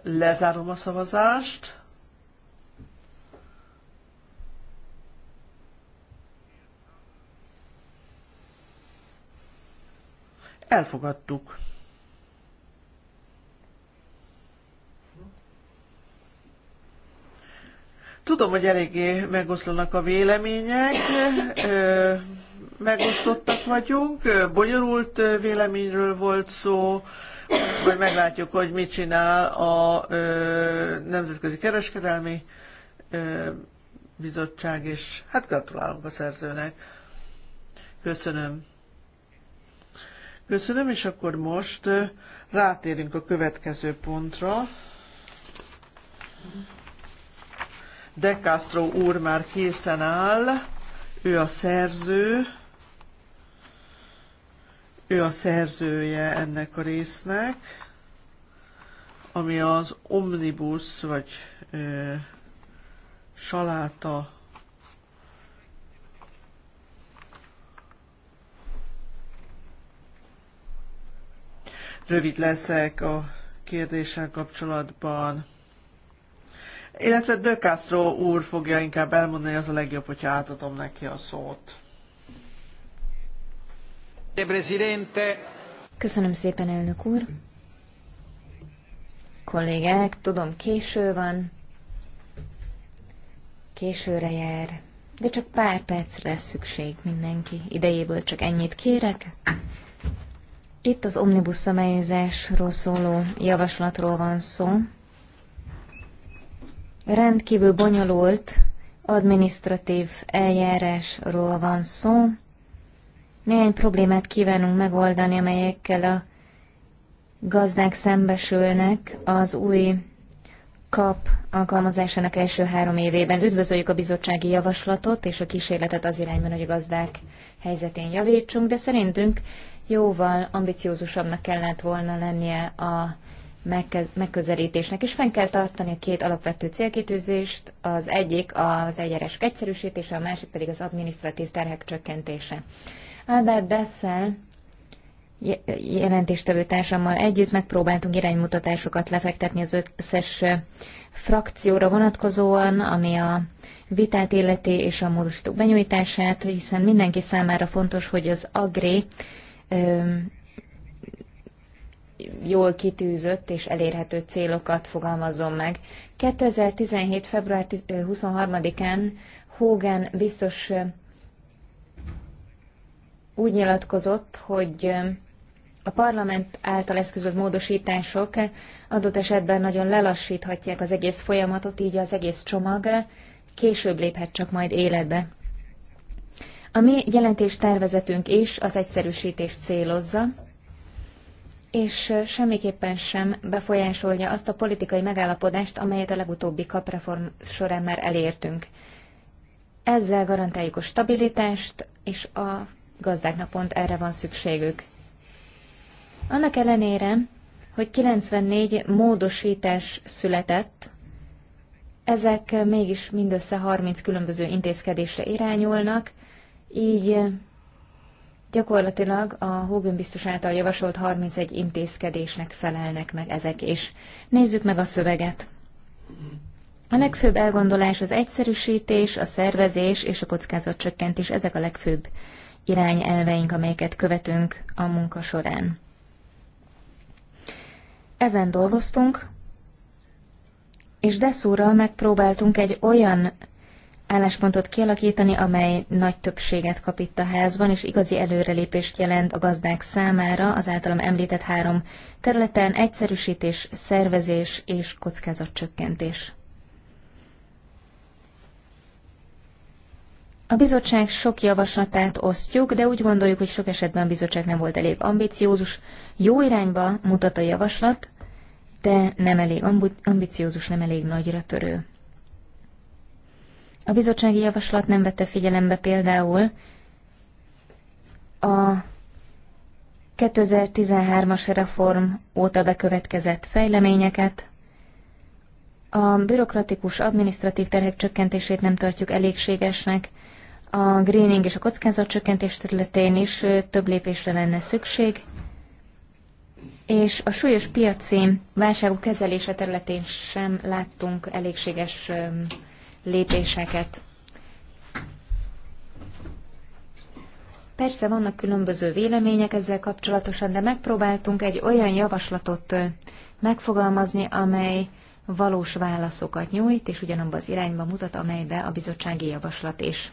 Lezárom a szavazást. Elfogadtuk. Tudom, hogy eléggé megoszlanak a vélemények, megosztottak vagyunk, bonyolult véleményről volt szó, majd meglátjuk, hogy mit csinál a Nemzetközi Kereskedelmi Bizottság, és hát gratulálunk a szerzőnek. Köszönöm. Köszönöm, és akkor most rátérünk a következő pontra. De Castro úr már készen áll, ő a szerző, ő a szerzője ennek a résznek, ami az omnibus, vagy ö, saláta Rövid leszek a kérdéssel kapcsolatban illetve De Castro úr fogja inkább elmondani, az a legjobb, hogyha átadom neki a szót. Köszönöm szépen, elnök úr. Kollégák, tudom, késő van, későre jár, de csak pár percre lesz szükség mindenki. Idejéből csak ennyit kérek. Itt az omnibus szabályozásról szóló javaslatról van szó, rendkívül bonyolult administratív eljárásról van szó. Néhány problémát kívánunk megoldani, amelyekkel a gazdák szembesülnek az új kap alkalmazásának első három évében. Üdvözöljük a bizottsági javaslatot és a kísérletet az irányban, hogy a gazdák helyzetén javítsunk, de szerintünk jóval ambiciózusabbnak kellett volna lennie a megközelítésnek, és fenn kell tartani a két alapvető célkitűzést, az egyik az eljárások egyszerűsítése, a másik pedig az administratív terhek csökkentése. Albert Dessel jelentéstevő társammal együtt megpróbáltunk iránymutatásokat lefektetni az összes frakcióra vonatkozóan, ami a vitát illeti és a módosítók benyújtását, hiszen mindenki számára fontos, hogy az agré jól kitűzött és elérhető célokat fogalmazzon meg. 2017. február 23-án Hogan biztos úgy nyilatkozott, hogy a parlament által eszközött módosítások adott esetben nagyon lelassíthatják az egész folyamatot, így az egész csomag később léphet csak majd életbe. A mi jelentés tervezetünk is az egyszerűsítést célozza, és semmiképpen sem befolyásolja azt a politikai megállapodást, amelyet a legutóbbi kapreform során már elértünk. Ezzel garantáljuk a stabilitást, és a gazdáknak pont erre van szükségük. Annak ellenére, hogy 94 módosítás született, ezek mégis mindössze 30 különböző intézkedésre irányulnak, így Gyakorlatilag a Hogan biztos által javasolt 31 intézkedésnek felelnek meg ezek is. Nézzük meg a szöveget. A legfőbb elgondolás az egyszerűsítés, a szervezés és a kockázatcsökkentés, ezek a legfőbb irányelveink, amelyeket követünk a munka során. Ezen dolgoztunk, és Deszúrral megpróbáltunk egy olyan álláspontot kialakítani, amely nagy többséget kap itt a házban, és igazi előrelépést jelent a gazdák számára az általam említett három területen egyszerűsítés, szervezés és kockázatcsökkentés. A bizottság sok javaslatát osztjuk, de úgy gondoljuk, hogy sok esetben a bizottság nem volt elég ambiciózus. Jó irányba mutat a javaslat, de nem elég ambiciózus, nem elég nagyra törő. A bizottsági javaslat nem vette figyelembe például a 2013-as reform óta bekövetkezett fejleményeket, a bürokratikus adminisztratív terhek csökkentését nem tartjuk elégségesnek, a greening és a csökkentés területén is több lépésre lenne szükség, és a súlyos piaci válságok kezelése területén sem láttunk elégséges lépéseket. Persze vannak különböző vélemények ezzel kapcsolatosan, de megpróbáltunk egy olyan javaslatot megfogalmazni, amely valós válaszokat nyújt, és ugyanabban az irányba mutat, amelybe a bizottsági javaslat is.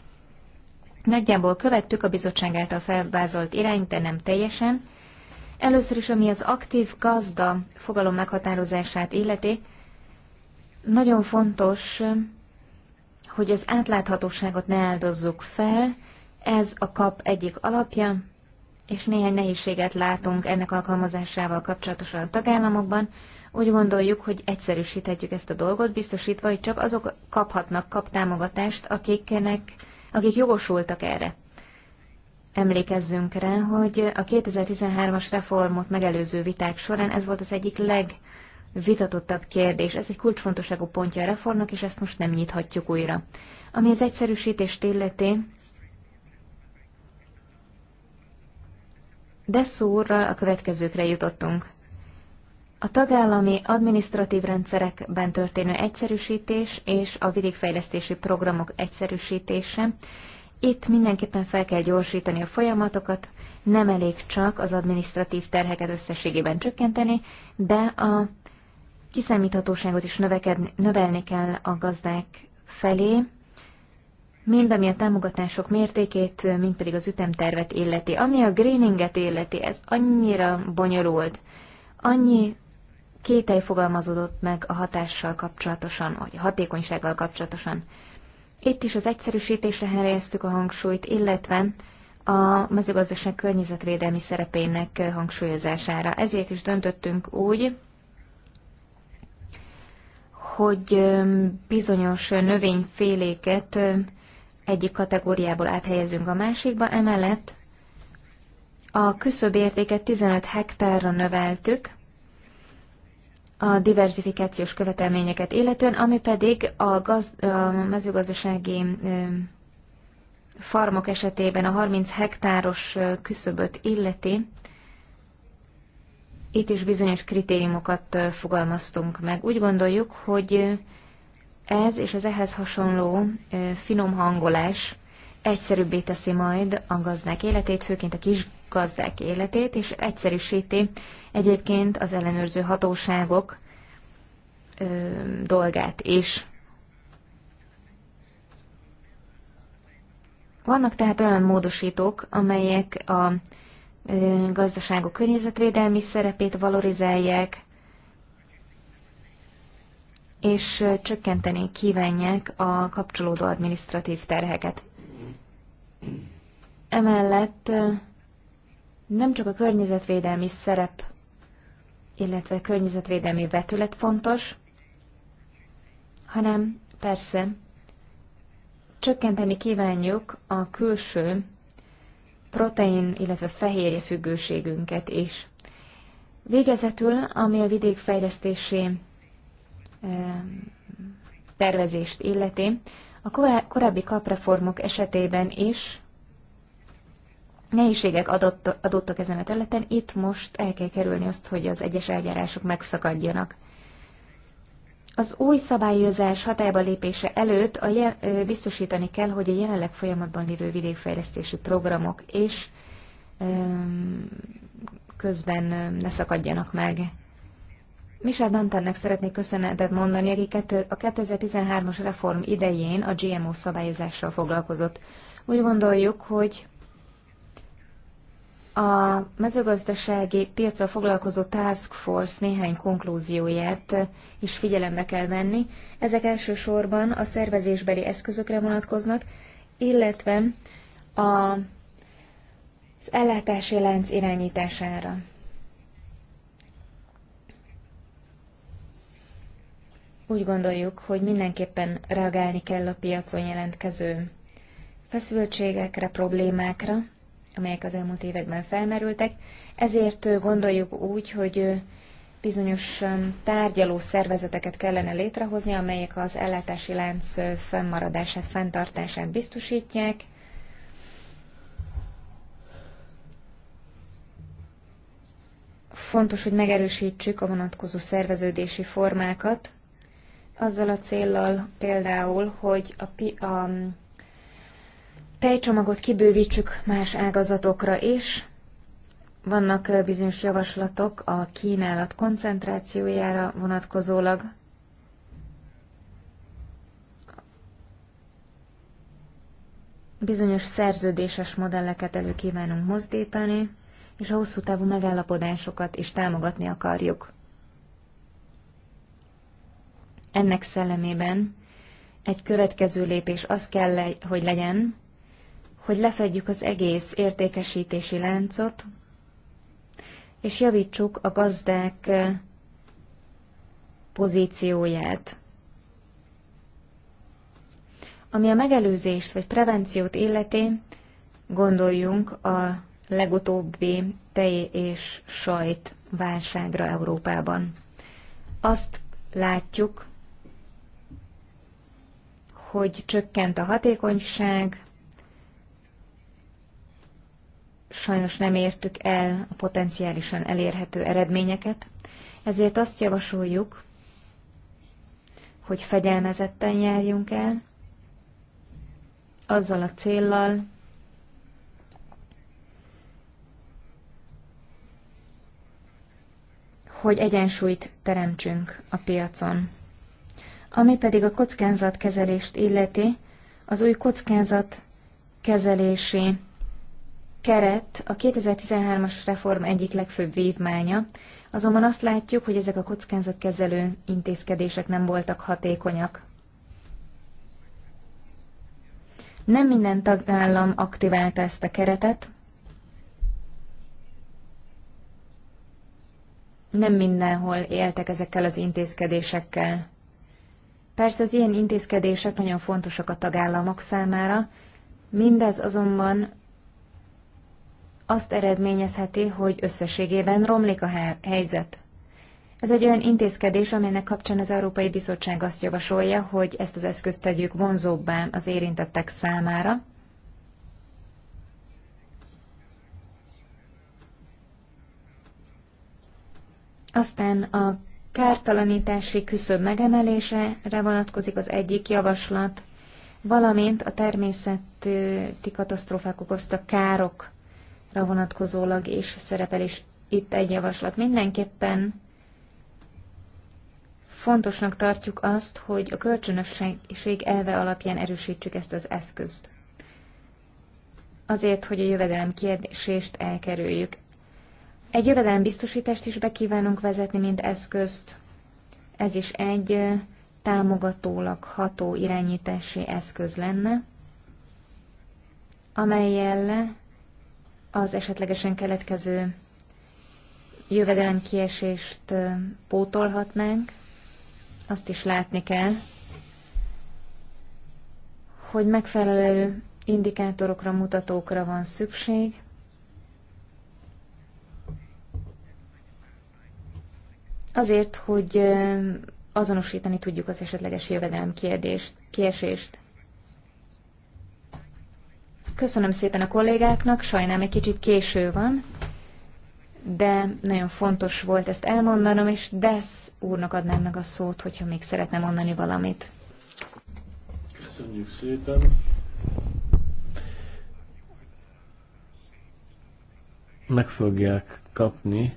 Nagyjából követtük a bizottság által felvázolt irányt, de nem teljesen. Először is, ami az aktív gazda fogalom meghatározását illeti, nagyon fontos hogy az átláthatóságot ne áldozzuk fel, ez a kap egyik alapja, és néhány nehézséget látunk ennek alkalmazásával kapcsolatosan a tagállamokban. Úgy gondoljuk, hogy egyszerűsíthetjük ezt a dolgot, biztosítva, hogy csak azok kaphatnak támogatást, akiknek, akik jogosultak erre. Emlékezzünk rá, hogy a 2013-as reformot megelőző viták során ez volt az egyik leg vitatottabb kérdés. Ez egy kulcsfontosságú pontja a reformnak, és ezt most nem nyithatjuk újra. Ami az egyszerűsítés illeti, de szóra a következőkre jutottunk. A tagállami administratív rendszerekben történő egyszerűsítés és a vidékfejlesztési programok egyszerűsítése. Itt mindenképpen fel kell gyorsítani a folyamatokat, nem elég csak az administratív terheket összességében csökkenteni, de a kiszámíthatóságot is növekedni, növelni kell a gazdák felé, mind ami a támogatások mértékét, mind pedig az ütemtervet illeti. Ami a greeninget illeti, ez annyira bonyolult, annyi kételj fogalmazódott meg a hatással kapcsolatosan, vagy a hatékonysággal kapcsolatosan. Itt is az egyszerűsítésre helyeztük a hangsúlyt, illetve a mezőgazdaság környezetvédelmi szerepének hangsúlyozására. Ezért is döntöttünk úgy, hogy bizonyos növényféléket egyik kategóriából áthelyezünk a másikba, emellett a küszöbértéket 15 hektárra növeltük, a diversifikációs követelményeket illetően, ami pedig a, gaz, a mezőgazdasági farmok esetében a 30 hektáros küszöböt illeti, itt is bizonyos kritériumokat fogalmaztunk meg. Úgy gondoljuk, hogy ez és az ehhez hasonló finom hangolás egyszerűbbé teszi majd a gazdák életét, főként a kis gazdák életét, és egyszerűsíti egyébként az ellenőrző hatóságok dolgát is. Vannak tehát olyan módosítók, amelyek a gazdaságok környezetvédelmi szerepét valorizálják, és csökkenteni kívánják a kapcsolódó administratív terheket. Emellett nem csak a környezetvédelmi szerep, illetve a környezetvédelmi vetület fontos, hanem persze csökkenteni kívánjuk a külső protein, illetve fehérje függőségünket is. Végezetül, ami a vidékfejlesztési tervezést illeti, a korábbi kapreformok esetében is nehézségek adott, adottak ezen a területen, itt most el kell kerülni azt, hogy az egyes eljárások megszakadjanak. Az új szabályozás hatályba lépése előtt a jel, biztosítani kell, hogy a jelenleg folyamatban lévő vidékfejlesztési programok és közben ne szakadjanak meg. Michel Dantannek szeretnék köszönetet mondani, aki a 2013-as reform idején a GMO szabályozással foglalkozott. Úgy gondoljuk, hogy a mezőgazdasági piacsal foglalkozó Task Force néhány konklúzióját is figyelembe kell venni. Ezek elsősorban a szervezésbeli eszközökre vonatkoznak, illetve a, az ellátási lánc irányítására. Úgy gondoljuk, hogy mindenképpen reagálni kell a piacon jelentkező feszültségekre, problémákra, amelyek az elmúlt években felmerültek, ezért gondoljuk úgy, hogy bizonyos tárgyaló szervezeteket kellene létrehozni, amelyek az ellátási lánc fennmaradását, fenntartását biztosítják, fontos, hogy megerősítsük a vonatkozó szerveződési formákat, azzal a céllal például, hogy a, pi- a tejcsomagot kibővítsük más ágazatokra is. Vannak bizonyos javaslatok a kínálat koncentrációjára vonatkozólag. Bizonyos szerződéses modelleket elő kívánunk mozdítani, és a hosszú távú megállapodásokat is támogatni akarjuk. Ennek szellemében egy következő lépés az kell, hogy legyen, hogy lefedjük az egész értékesítési láncot, és javítsuk a gazdák eh, pozícióját. Ami a megelőzést vagy prevenciót illeti, gondoljunk a legutóbbi tej és sajt válságra Európában. Azt látjuk, hogy csökkent a hatékonyság, sajnos nem értük el a potenciálisan elérhető eredményeket, ezért azt javasoljuk, hogy fegyelmezetten járjunk el, azzal a céllal, hogy egyensúlyt teremtsünk a piacon. Ami pedig a kockázatkezelést illeti, az új kezelési keret a 2013-as reform egyik legfőbb vívmánya, azonban azt látjuk, hogy ezek a kockázatkezelő intézkedések nem voltak hatékonyak. Nem minden tagállam aktiválta ezt a keretet, nem mindenhol éltek ezekkel az intézkedésekkel. Persze az ilyen intézkedések nagyon fontosak a tagállamok számára, mindez azonban azt eredményezheti, hogy összességében romlik a helyzet. Ez egy olyan intézkedés, amelynek kapcsán az Európai Bizottság azt javasolja, hogy ezt az eszközt tegyük vonzóbbá az érintettek számára. Aztán a kártalanítási küszöb megemelésére vonatkozik az egyik javaslat, valamint a természeti katasztrófák okozta károk vonatkozólag és szerepel is itt egy javaslat. Mindenképpen fontosnak tartjuk azt, hogy a kölcsönösség elve alapján erősítsük ezt az eszközt. Azért, hogy a jövedelem kérdésést elkerüljük. Egy jövedelembiztosítást is bekívánunk vezetni, mint eszközt. Ez is egy támogatólag ható irányítási eszköz lenne, amelyel az esetlegesen keletkező jövedelemkiesést kiesést pótolhatnánk. Azt is látni kell, hogy megfelelő indikátorokra, mutatókra van szükség, azért, hogy azonosítani tudjuk az esetleges jövedelem kérdést, kiesést. Köszönöm szépen a kollégáknak, sajnálom, egy kicsit késő van, de nagyon fontos volt ezt elmondanom, és Desz úrnak adnám meg a szót, hogyha még szeretne mondani valamit. Köszönjük szépen. Meg fogják kapni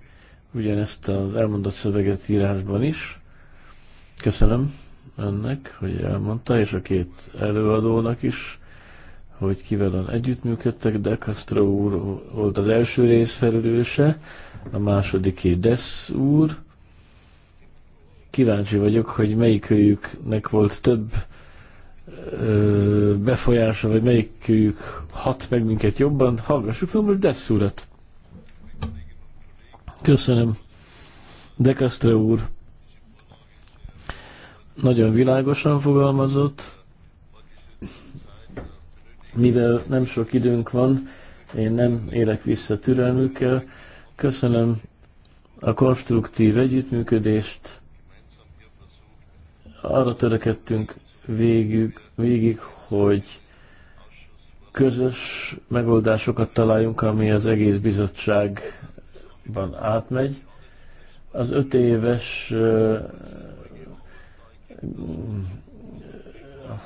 ugyanezt az elmondott szöveget írásban is. Köszönöm önnek, hogy elmondta, és a két előadónak is hogy kivel együttműködtek, de Castro úr volt az első rész felelőse, a másodiké Dess úr. Kíváncsi vagyok, hogy melyikőjüknek volt több ö, befolyása, vagy melyikőjük hat meg minket jobban. Hallgassuk fel most Dess úrat. Köszönöm. De Castro úr nagyon világosan fogalmazott, mivel nem sok időnk van, én nem élek vissza türelmükkel. Köszönöm a konstruktív együttműködést. Arra törekedtünk végig, végig hogy közös megoldásokat találjunk, ami az egész bizottságban átmegy. Az öt éves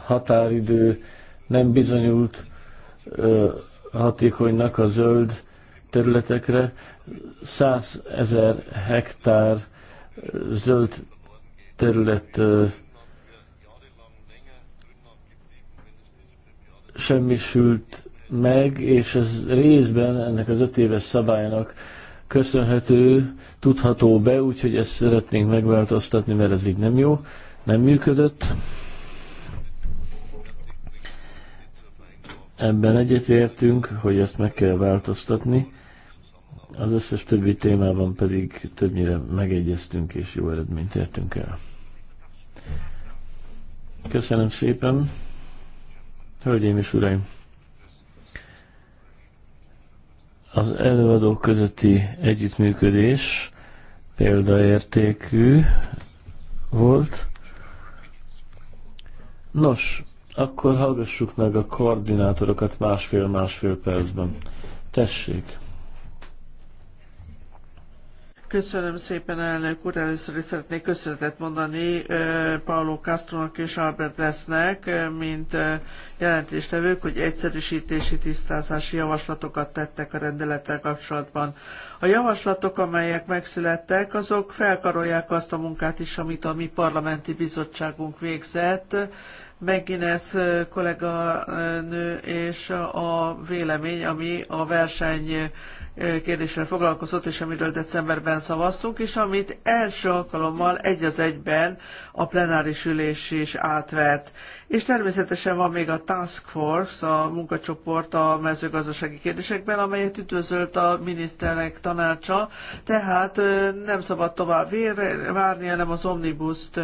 határidő nem bizonyult ö, hatékonynak a zöld területekre. 100 ezer hektár zöld terület ö, semmisült meg, és ez részben ennek az öt éves szabálynak köszönhető, tudható be, úgyhogy ezt szeretnénk megváltoztatni, mert ez így nem jó, nem működött. Ebben egyetértünk, hogy ezt meg kell változtatni, az összes többi témában pedig többnyire megegyeztünk és jó eredményt értünk el. Köszönöm szépen, hölgyeim és uraim! Az előadók közötti együttműködés példaértékű volt. Nos, akkor hallgassuk meg a koordinátorokat másfél-másfél percben. Tessék! Köszönöm szépen, elnök úr. Először is szeretnék köszönetet mondani Paulo Castronak és Albert Lesznek, mint jelentéstevők, hogy egyszerűsítési, tisztázási javaslatokat tettek a rendelettel kapcsolatban. A javaslatok, amelyek megszülettek, azok felkarolják azt a munkát is, amit a mi parlamenti bizottságunk végzett, McGuinness kolléganő és a vélemény, ami a verseny kérdéssel foglalkozott, és amiről decemberben szavaztunk, és amit első alkalommal egy az egyben a plenáris ülés is átvett és természetesen van még a Task Force, a munkacsoport a mezőgazdasági kérdésekben, amelyet üdvözölt a miniszterek tanácsa, tehát nem szabad tovább várni, hanem az omnibuszt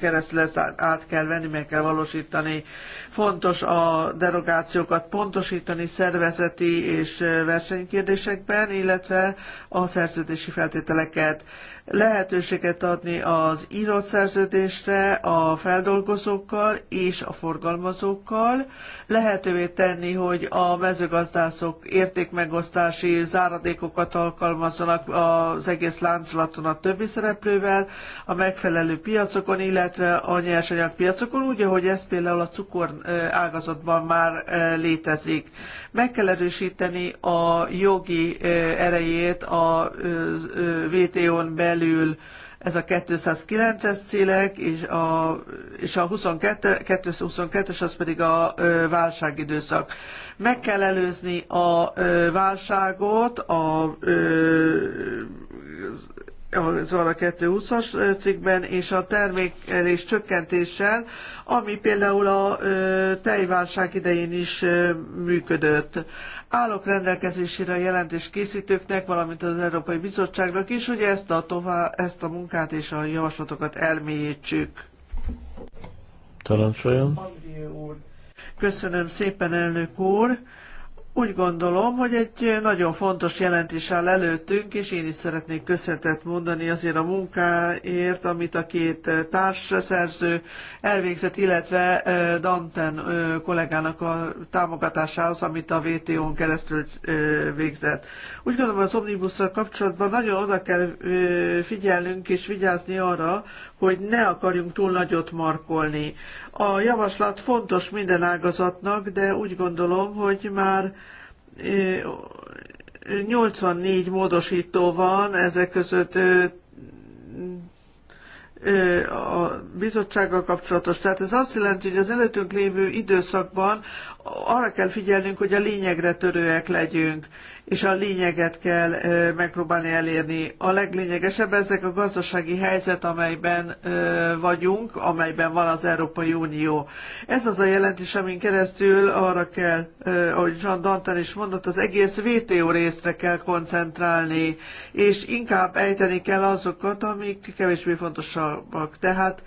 keresztül ezt át kell venni, meg kell valósítani. Fontos a derogációkat pontosítani szervezeti és versenykérdésekben, illetve a szerződési feltételeket lehetőséget adni az írott szerződésre a feldolgozókkal és a forgalmazókkal, lehetővé tenni, hogy a mezőgazdászok értékmegosztási záradékokat alkalmazzanak az egész láncolaton a többi szereplővel, a megfelelő piacokon, illetve a nyersanyagpiacokon, úgy, ahogy ez például a cukor ágazatban már létezik. Meg kell erősíteni a jogi erejét a WTO-n belül, belül ez a 209-es célek, és a, és a 22, 222-es az pedig a ö, válságidőszak. Meg kell előzni a ö, válságot, a, ö, szóval a 220-as cikkben, és a termékelés csökkentéssel, ami például a tejválság idején is működött állok rendelkezésére a jelentés készítőknek, valamint az Európai Bizottságnak is, hogy ezt a, tovább, ezt a munkát és a javaslatokat elmélyítsük. Parancsoljon. Köszönöm szépen, elnök úr. Úgy gondolom, hogy egy nagyon fontos jelentés áll előttünk, és én is szeretnék köszönetet mondani azért a munkáért, amit a két eh, társszerző elvégzett, illetve eh, Danten eh, kollégának a támogatásához, amit a WTO-n keresztül végzett. Úgy gondolom, az omnibusszal kapcsolatban nagyon oda kell figyelnünk és vigyázni arra, hogy ne akarjunk túl nagyot markolni. A javaslat fontos minden ágazatnak, de úgy gondolom, hogy már 84 eh, módosító van, ezek között eh, eh, a bizottsággal kapcsolatos. Tehát ez azt jelenti, hogy az előttünk lévő időszakban arra kell figyelnünk, hogy a lényegre törőek legyünk, és a lényeget kell megpróbálni elérni. A leglényegesebb ezek a gazdasági helyzet, amelyben vagyunk, amelyben van az Európai Unió. Ez az a jelentés, amin keresztül arra kell, ahogy Jean Dantan is mondott, az egész WTO részre kell koncentrálni, és inkább ejteni kell azokat, amik kevésbé fontosabbak. Tehát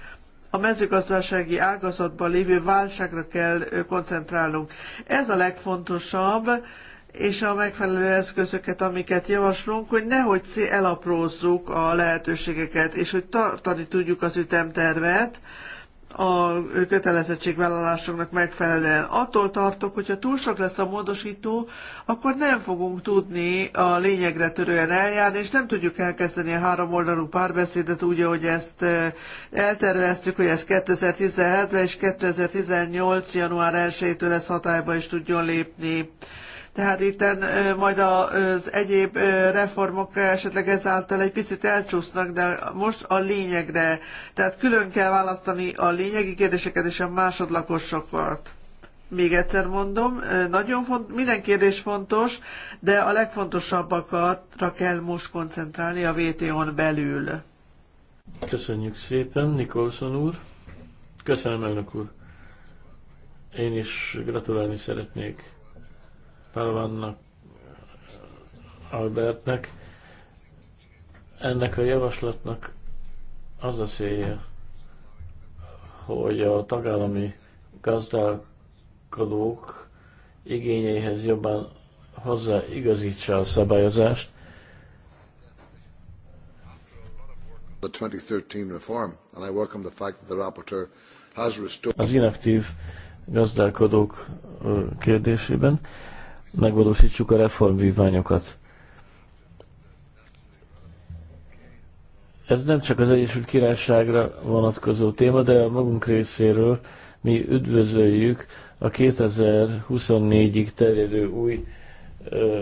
a mezőgazdasági ágazatban lévő válságra kell koncentrálnunk. Ez a legfontosabb, és a megfelelő eszközöket, amiket javaslunk, hogy nehogy elaprózzuk a lehetőségeket, és hogy tartani tudjuk az ütemtervet, a kötelezettségvállalásoknak megfelelően. Attól tartok, hogyha túl sok lesz a módosító, akkor nem fogunk tudni a lényegre törően eljárni, és nem tudjuk elkezdeni a három oldalú párbeszédet úgy, ahogy ezt eh, elterveztük, hogy ez 2017-ben és 2018. január 1-től ez hatályba is tudjon lépni. Tehát itt majd az egyéb reformok esetleg ezáltal egy picit elcsúsznak, de most a lényegre. Tehát külön kell választani a lényegi kérdéseket és a másodlakosokat. Még egyszer mondom, nagyon font, minden kérdés fontos, de a legfontosabbakatra kell most koncentrálni a VTO-n belül. Köszönjük szépen, Nikolson úr. Köszönöm, elnök úr. Én is gratulálni szeretnék vannak Albertnek. Ennek a javaslatnak az a célja, hogy a tagállami gazdálkodók igényeihez jobban hozzáigazítsa a szabályozást. The 2013 reform, and I welcome the fact that the rapporteur has restored... Az inaktív gazdálkodók kérdésében megvalósítsuk a reformvívványokat. Ez nem csak az Egyesült Királyságra vonatkozó téma, de a magunk részéről mi üdvözöljük a 2024-ig terjedő új ö,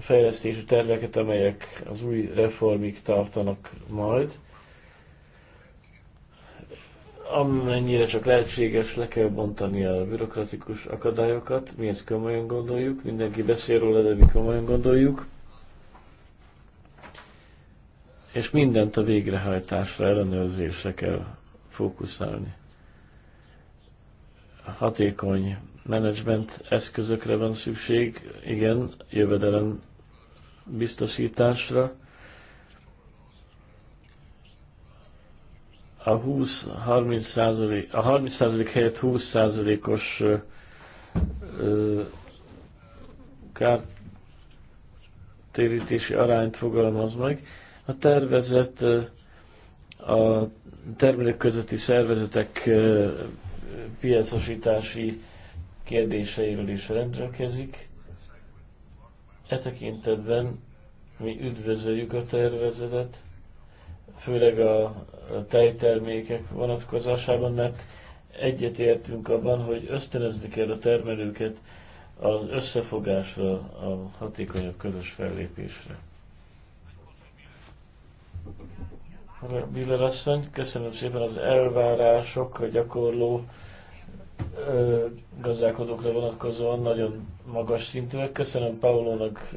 fejlesztési terveket, amelyek az új reformig tartanak majd amennyire csak lehetséges, le kell bontani a bürokratikus akadályokat. Mi ezt komolyan gondoljuk, mindenki beszél róla, de mi komolyan gondoljuk. És mindent a végrehajtásra, ellenőrzésre kell fókuszálni. Hatékony menedzsment eszközökre van szükség, igen, jövedelem biztosításra, a 20-30 a 30 százalék helyett 20 százalékos kártérítési arányt fogalmaz meg. A tervezet a termelők közötti szervezetek piacosítási kérdéseiről is rendelkezik. E tekintetben mi üdvözöljük a tervezetet, főleg a tejtermékek vonatkozásában, mert egyetértünk abban, hogy ösztönözni kell a termelőket az összefogásra, a hatékonyabb közös fellépésre. Miller asszony, köszönöm szépen az elvárások, a gyakorló ö, gazdálkodókra vonatkozóan nagyon magas szintűek. Köszönöm Paulónak,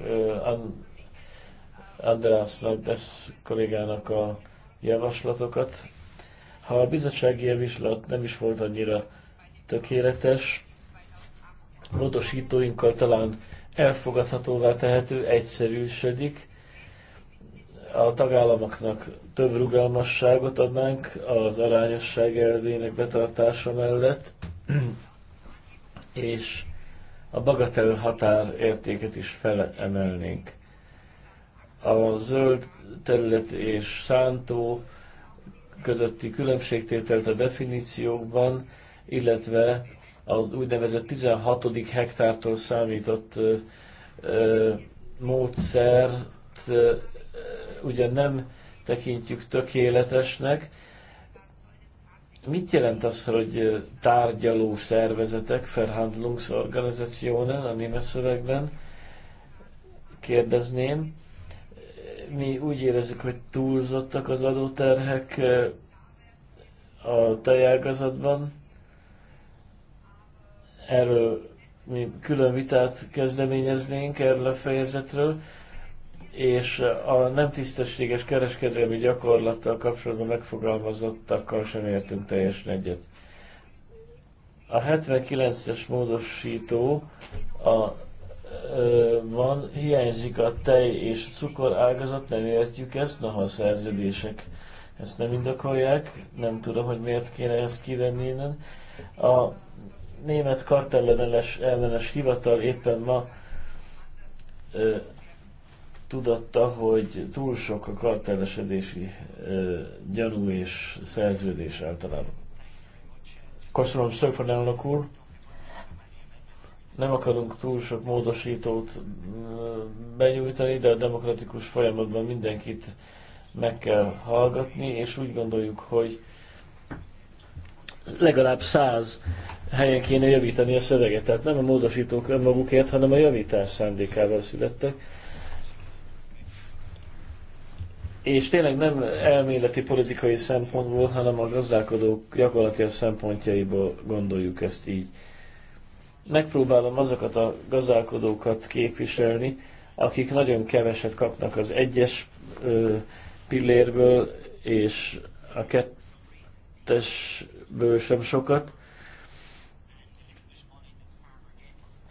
Andrásnak, Desz kollégának a javaslatokat. Ha a bizottsági javaslat nem is volt annyira tökéletes, módosítóinkkal talán elfogadhatóvá tehető, egyszerűsödik. A tagállamoknak több rugalmasságot adnánk az arányosság elvének betartása mellett, és a bagatel határ értéket is felemelnénk. A zöld terület és szántó közötti különbségtételt a definíciókban, illetve az úgynevezett 16. hektártól számított ö, ö, módszert ö, ugyan nem tekintjük tökéletesnek. Mit jelent az, hogy tárgyaló szervezetek, Verhandlungsorganisationen a német szövegben, kérdezném, mi úgy érezzük, hogy túlzottak az adóterhek eh, a tejágazatban. Erről mi külön vitát kezdeményeznénk erről a fejezetről, és a nem tisztességes kereskedelmi gyakorlattal kapcsolatban megfogalmazottakkal sem értünk teljesen egyet. A 79-es módosító a van, hiányzik a tej és a cukor ágazat, nem értjük ezt, noha a szerződések ezt nem indokolják, nem tudom, hogy miért kéne ezt kivenni innen. A német kartellenes ellenes hivatal éppen ma ö, tudatta, hogy túl sok a kartellesedési ö, gyanú és szerződés általában. Köszönöm szépen, elnök úr! nem akarunk túl sok módosítót mm, benyújtani, de a demokratikus folyamatban mindenkit meg kell hallgatni, és úgy gondoljuk, hogy legalább száz helyen kéne javítani a szöveget. Tehát nem a módosítók önmagukért, hanem a javítás szándékával születtek. És tényleg nem elméleti politikai szempontból, hanem a gazdálkodók gyakorlatilag szempontjaiból gondoljuk ezt így megpróbálom azokat a gazdálkodókat képviselni, akik nagyon keveset kapnak az egyes pillérből, és a kettesből sem sokat.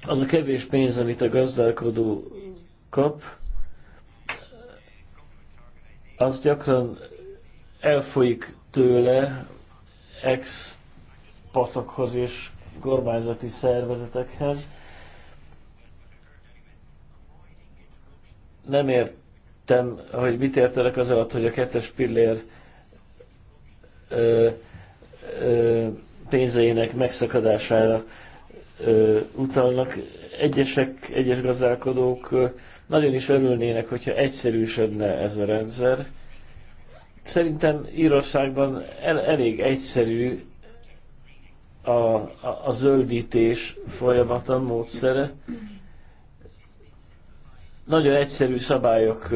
Az a kevés pénz, amit a gazdálkodó kap, az gyakran elfolyik tőle ex patokhoz és kormányzati szervezetekhez. Nem értem, hogy mit értelek az alatt, hogy a kettes pillér ö, ö, pénzeinek megszakadására ö, utalnak. Egyesek, egyes gazdálkodók ö, nagyon is örülnének, hogyha egyszerűsödne ez a rendszer. Szerintem Írországban el, elég egyszerű a, a, a zöldítés folyamata, módszere. Nagyon egyszerű szabályok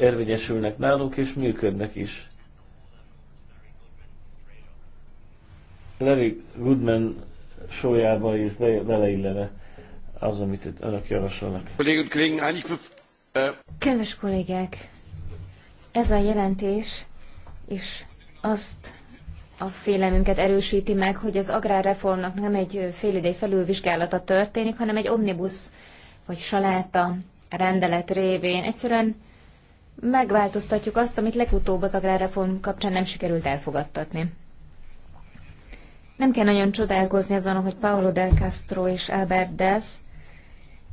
érvényesülnek nálunk, és működnek is. Larry Goodman sójába is be, beleillene az, amit önök javasolnak. Kedves kollégák, ez a jelentés, és azt a félelmünket erősíti meg, hogy az agrárreformnak nem egy félidei felülvizsgálata történik, hanem egy omnibus vagy saláta rendelet révén. Egyszerűen megváltoztatjuk azt, amit legutóbb az agrárreform kapcsán nem sikerült elfogadtatni. Nem kell nagyon csodálkozni azon, hogy Paolo Del Castro és Albert Dess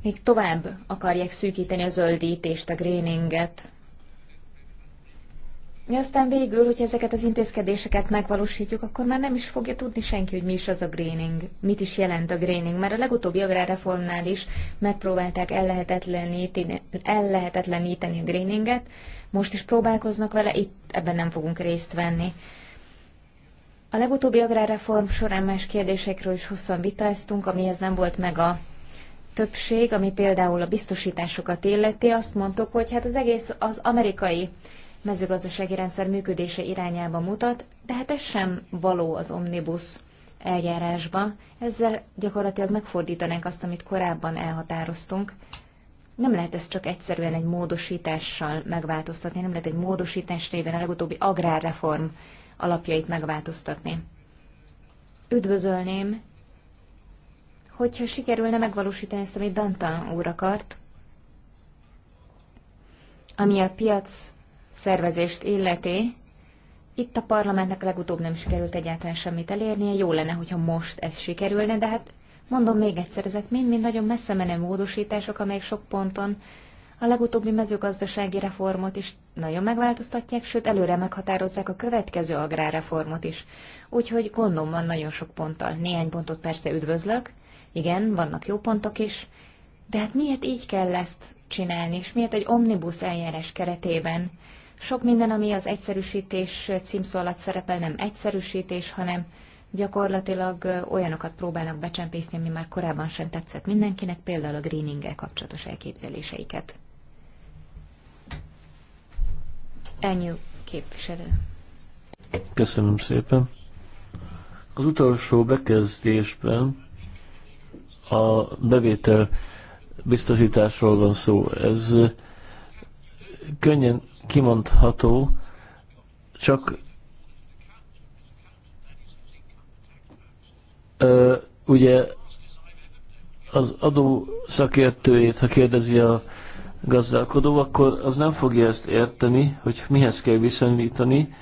még tovább akarják szűkíteni a zöldítést, a greeninget. Aztán végül, hogy ezeket az intézkedéseket megvalósítjuk, akkor már nem is fogja tudni senki, hogy mi is az a greening, mit is jelent a greening. mert a legutóbbi agrárreformnál is megpróbálták ellehetetleníteni, ellehetetleníteni a greeninget, most is próbálkoznak vele, itt ebben nem fogunk részt venni. A legutóbbi agrárreform során más kérdésekről is hosszan vitáztunk, amihez nem volt meg a többség, ami például a biztosításokat illeti, azt mondtuk, hogy hát az egész az amerikai mezőgazdasági rendszer működése irányába mutat, de hát ez sem való az omnibus eljárásba. Ezzel gyakorlatilag megfordítanánk azt, amit korábban elhatároztunk. Nem lehet ezt csak egyszerűen egy módosítással megváltoztatni, nem lehet egy módosítás révén a legutóbbi agrárreform alapjait megváltoztatni. Üdvözölném, hogyha sikerülne megvalósítani ezt, amit Dantan úr akart, ami a piac szervezést illeti, itt a parlamentnek legutóbb nem sikerült egyáltalán semmit elérnie, jó lenne, hogyha most ez sikerülne, de hát mondom még egyszer, ezek mind-mind nagyon messze menő módosítások, amelyek sok ponton a legutóbbi mezőgazdasági reformot is nagyon megváltoztatják, sőt előre meghatározzák a következő agrárreformot is. Úgyhogy gondom van nagyon sok ponttal. Néhány pontot persze üdvözlök, igen, vannak jó pontok is, de hát miért így kell ezt csinálni, és miért egy omnibus eljárás keretében sok minden, ami az egyszerűsítés címszó alatt szerepel, nem egyszerűsítés, hanem gyakorlatilag olyanokat próbálnak becsempészni, ami már korábban sem tetszett mindenkinek, például a greeninggel kapcsolatos elképzeléseiket. Ennyi képviselő. Köszönöm szépen. Az utolsó bekezdésben a bevétel biztosításról van szó. Ez könnyen kimondható, csak ö, ugye az adó szakértőjét, ha kérdezi a gazdálkodó, akkor az nem fogja ezt érteni, hogy mihez kell viszonyítani.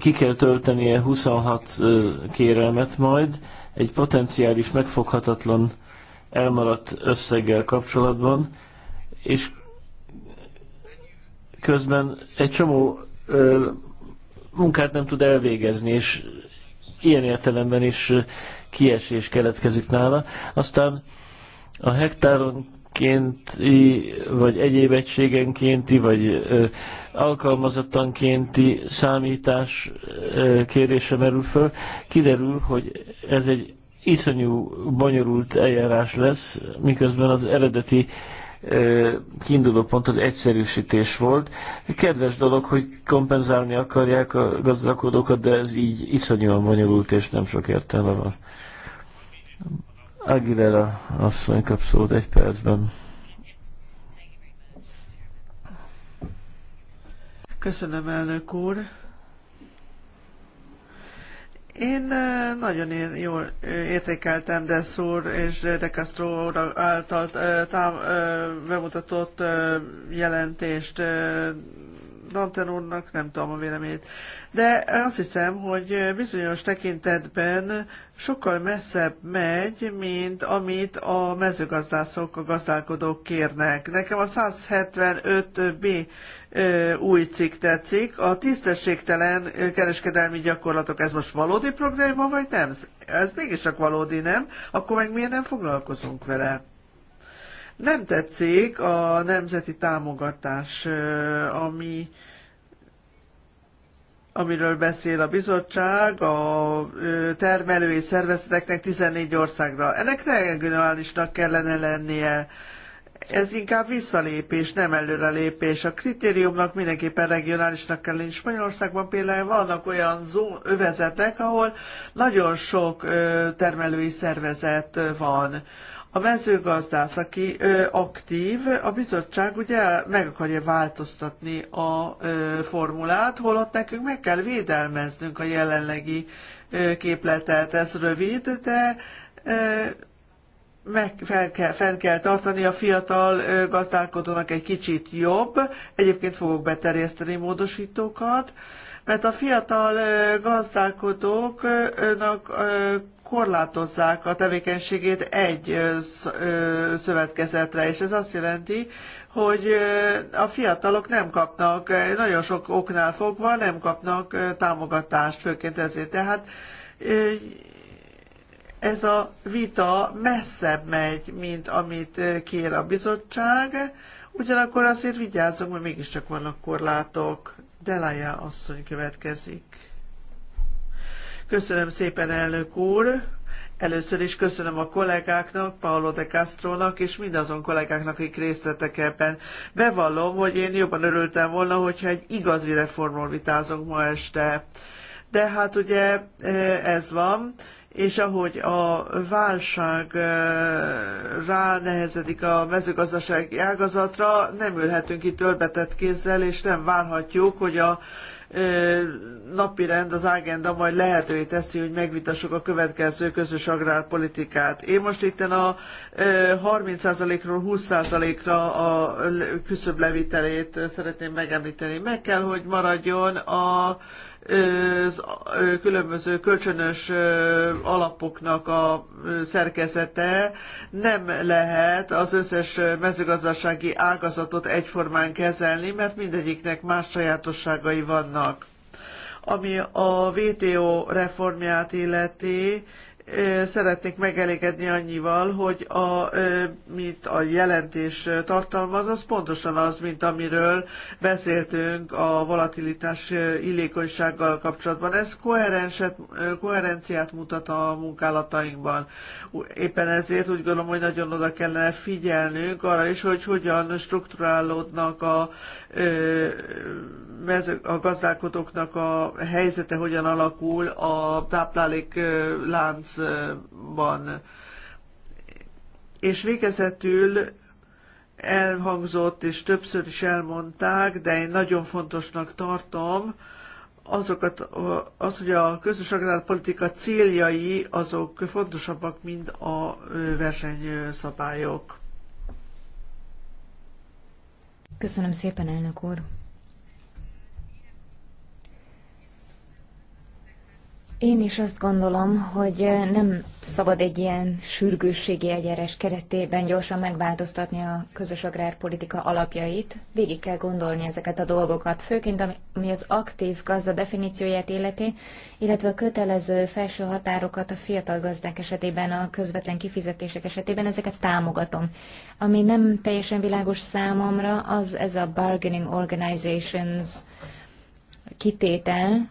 Ki kell töltenie 26 kérelmet majd egy potenciális megfoghatatlan elmaradt összeggel kapcsolatban, és közben egy csomó ö, munkát nem tud elvégezni, és ilyen értelemben is kiesés keletkezik nála. Aztán a hektáronkénti, vagy egyéb egységenkénti, vagy ö, alkalmazattankénti számítás ö, kérése merül föl. Kiderül, hogy ez egy iszonyú bonyolult eljárás lesz, miközben az eredeti ö, kiinduló pont az egyszerűsítés volt. Kedves dolog, hogy kompenzálni akarják a gazdálkodókat, de ez így iszonyúan bonyolult, és nem sok értelme van. Aguilera asszony kap szót egy percben. Köszönöm, elnök úr! Én nagyon jól értékeltem Dessur és De Castro által tám, bemutatott jelentést Danten úrnak nem tudom a véleményét. De azt hiszem, hogy bizonyos tekintetben sokkal messzebb megy, mint amit a mezőgazdászok, a gazdálkodók kérnek. Nekem a 175b új cikk tetszik. A tisztességtelen kereskedelmi gyakorlatok, ez most valódi probléma, vagy nem? Ez mégiscsak valódi, nem? Akkor meg miért nem foglalkozunk vele? Nem tetszik a nemzeti támogatás, ami amiről beszél a bizottság, a termelői szervezeteknek 14 országra. Ennek regionálisnak kellene lennie. Ez inkább visszalépés, nem előrelépés. A kritériumnak mindenképpen regionálisnak kell lenni. Spanyolországban például vannak olyan övezetek, ahol nagyon sok termelői szervezet van a mezőgazdász, aki ö, aktív, a bizottság ugye meg akarja változtatni a ö, formulát, holott nekünk meg kell védelmeznünk a jelenlegi ö, képletet. Ez rövid, de ö, meg fel kell, fel kell tartani a fiatal ö, gazdálkodónak egy kicsit jobb. Egyébként fogok beterjeszteni módosítókat. mert a fiatal gazdálkodóknak korlátozzák a tevékenységét egy szövetkezetre, és ez azt jelenti, hogy a fiatalok nem kapnak, nagyon sok oknál fogva nem kapnak támogatást, főként ezért. Tehát ez a vita messzebb megy, mint amit kér a bizottság, ugyanakkor azért vigyázzunk, mert mégiscsak vannak korlátok. Delája asszony következik. Köszönöm szépen, elnök úr! Először is köszönöm a kollégáknak, Paolo de Castro-nak és mindazon kollégáknak, akik részt vettek ebben. Bevallom, hogy én jobban örültem volna, hogyha egy igazi reformról vitázunk ma este. De hát ugye e, ez van, és ahogy a válság e, ránehezedik a mezőgazdasági ágazatra, nem ülhetünk itt törbetett kézzel, és nem várhatjuk, hogy a napirend, az ágenda majd lehetővé teszi, hogy megvitassuk a következő közös agrárpolitikát. Én most itt a 30%-ról 20%-ra a küszöb levitelét szeretném megemlíteni. Meg kell, hogy maradjon a az különböző kölcsönös alapoknak a szerkezete nem lehet az összes mezőgazdasági ágazatot egyformán kezelni, mert mindegyiknek más sajátosságai vannak. Ami a WTO reformját illeti, szeretnék megelégedni annyival, hogy a, mit a jelentés tartalmaz, az pontosan az, mint amiről beszéltünk a volatilitás illékonysággal kapcsolatban. Ez koherenciát mutat a munkálatainkban. Éppen ezért úgy gondolom, hogy nagyon oda kellene figyelnünk arra is, hogy hogyan strukturálódnak a a gazdálkodóknak a helyzete hogyan alakul a táplálék láncban. És végezetül elhangzott, és többször is elmondták, de én nagyon fontosnak tartom, azokat, az, hogy a közös agrárpolitika céljai azok fontosabbak, mint a versenyszabályok. Köszönöm szépen, elnök úr! Én is azt gondolom, hogy nem szabad egy ilyen sürgősségi eljárás keretében gyorsan megváltoztatni a közös agrárpolitika alapjait. Végig kell gondolni ezeket a dolgokat, főként ami az aktív gazda definícióját illeti, illetve a kötelező felső határokat a fiatal gazdák esetében, a közvetlen kifizetések esetében, ezeket támogatom. Ami nem teljesen világos számomra, az ez a bargaining organizations kitétel,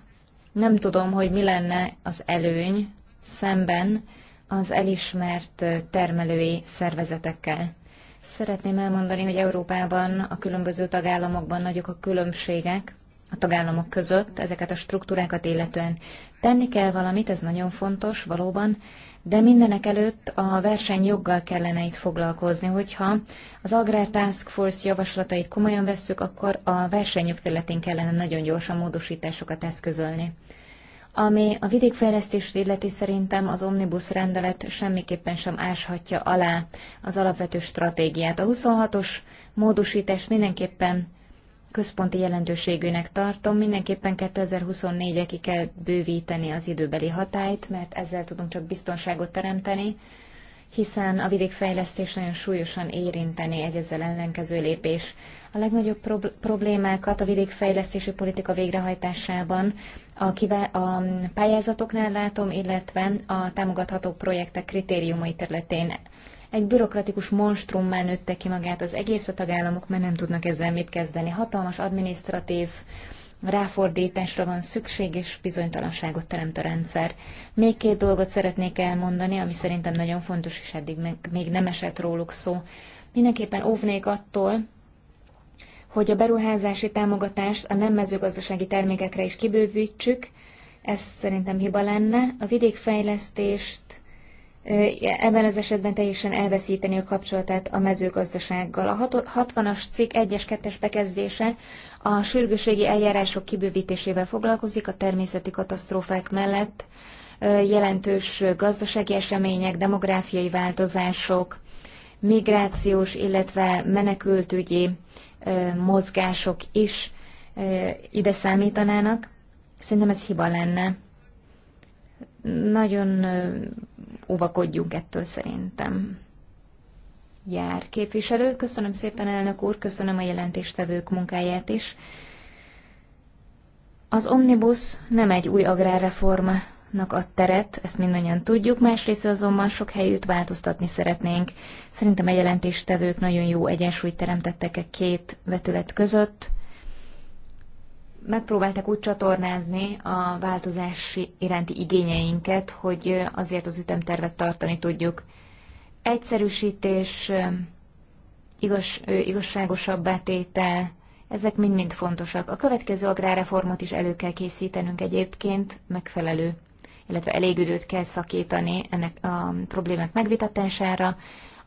nem tudom, hogy mi lenne az előny szemben az elismert termelői szervezetekkel. Szeretném elmondani, hogy Európában a különböző tagállamokban nagyok a különbségek a tagállamok között, ezeket a struktúrákat illetően. Tenni kell valamit, ez nagyon fontos valóban, de mindenek előtt a versenyjoggal kellene itt foglalkozni, hogyha az Agrár Task Force javaslatait komolyan vesszük, akkor a versenyjog területén kellene nagyon gyorsan módosításokat eszközölni. Ami a vidékfejlesztést illeti szerintem az omnibus rendelet semmiképpen sem áshatja alá az alapvető stratégiát. A 26-os módosítás mindenképpen központi jelentőségűnek tartom. Mindenképpen 2024-re ki kell bővíteni az időbeli hatályt, mert ezzel tudunk csak biztonságot teremteni, hiszen a vidékfejlesztés nagyon súlyosan érinteni egy ezzel ellenkező lépés. A legnagyobb prob- problémákat a vidékfejlesztési politika végrehajtásában a, kive a pályázatoknál látom, illetve a támogatható projektek kritériumai területén egy bürokratikus monstrummá nőtte ki magát az egész, a tagállamok mert nem tudnak ezzel mit kezdeni. Hatalmas administratív ráfordításra van szükség, és bizonytalanságot teremt a rendszer. Még két dolgot szeretnék elmondani, ami szerintem nagyon fontos, és eddig még nem esett róluk szó. Mindenképpen óvnék attól, hogy a beruházási támogatást a nem mezőgazdasági termékekre is kibővítsük, ez szerintem hiba lenne. A vidékfejlesztést ebben az esetben teljesen elveszíteni a kapcsolatát a mezőgazdasággal. A 60-as cikk 1-es 2-es bekezdése a sürgőségi eljárások kibővítésével foglalkozik a természeti katasztrófák mellett jelentős gazdasági események, demográfiai változások, migrációs, illetve menekültügyi mozgások is ide számítanának. Szerintem ez hiba lenne nagyon óvakodjunk ettől szerintem. Jár képviselő, köszönöm szépen elnök úr, köszönöm a jelentéstevők munkáját is. Az Omnibus nem egy új agrárreformnak ad teret, ezt mindannyian tudjuk, másrészt azonban sok helyütt változtatni szeretnénk. Szerintem a jelentéstevők nagyon jó egyensúlyt teremtettek a e két vetület között, megpróbáltak úgy csatornázni a változási iránti igényeinket, hogy azért az ütemtervet tartani tudjuk. Egyszerűsítés, igaz, igazságosabb betétel, ezek mind-mind fontosak. A következő agrárreformot is elő kell készítenünk egyébként, megfelelő, illetve elég időt kell szakítani ennek a problémák megvitatására.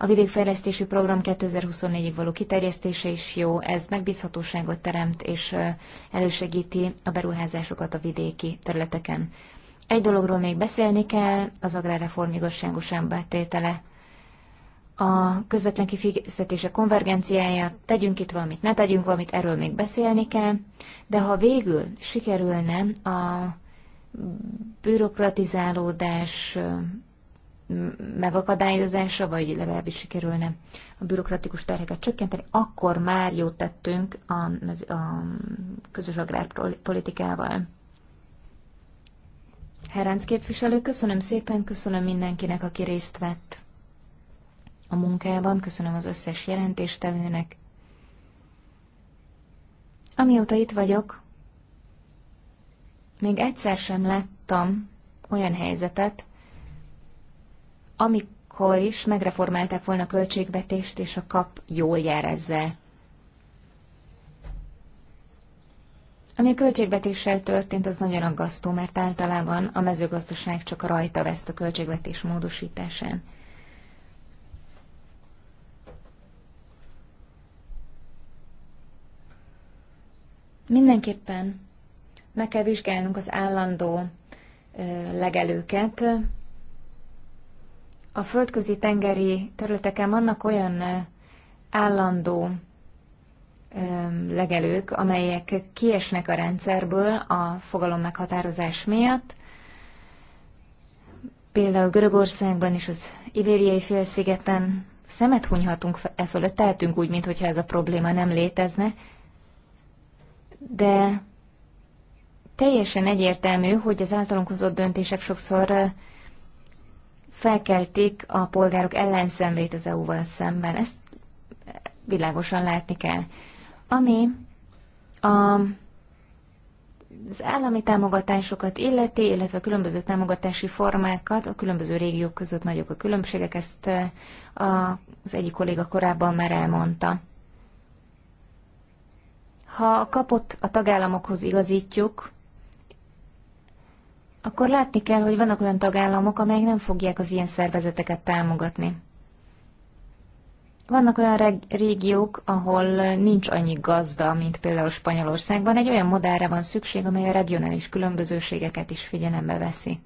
A vidékfejlesztési program 2024-ig való kiterjesztése is jó, ez megbízhatóságot teremt és elősegíti a beruházásokat a vidéki területeken. Egy dologról még beszélni kell, az agrárreform igazságosan betétele. A közvetlen kifizetése konvergenciája, tegyünk itt valamit, ne tegyünk valamit, erről még beszélni kell, de ha végül sikerülne a bürokratizálódás megakadályozása, vagy legalábbis sikerülne a bürokratikus terheket csökkenteni, akkor már jót tettünk a, a közös agrárpolitikával. Herenc képviselő, köszönöm szépen, köszönöm mindenkinek, aki részt vett a munkában, köszönöm az összes jelentéstevőnek. Amióta itt vagyok, még egyszer sem láttam olyan helyzetet, amikor is megreformálták volna a költségvetést, és a kap jól jár ezzel. Ami a költségvetéssel történt, az nagyon aggasztó, mert általában a mezőgazdaság csak rajta veszt a költségvetés módosításán. Mindenképpen meg kell vizsgálnunk az állandó legelőket, a földközi tengeri területeken vannak olyan állandó legelők, amelyek kiesnek a rendszerből a fogalom meghatározás miatt. Például Görögországban és az Ibériai félszigeten szemet hunyhatunk e fölött, tehetünk úgy, mintha ez a probléma nem létezne, de teljesen egyértelmű, hogy az általunk hozott döntések sokszor felkeltik a polgárok ellenszenvét az EU-val szemben. Ezt világosan látni kell. Ami a, az állami támogatásokat illeti, illetve a különböző támogatási formákat, a különböző régiók között nagyok a különbségek, ezt eh, az egyik kolléga korábban már elmondta. Ha a kapott a tagállamokhoz igazítjuk, akkor látni kell, hogy vannak olyan tagállamok, amelyek nem fogják az ilyen szervezeteket támogatni. Vannak olyan régiók, ahol nincs annyi gazda, mint például Spanyolországban. Egy olyan modellre van szükség, amely a regionális különbözőségeket is figyelembe veszi.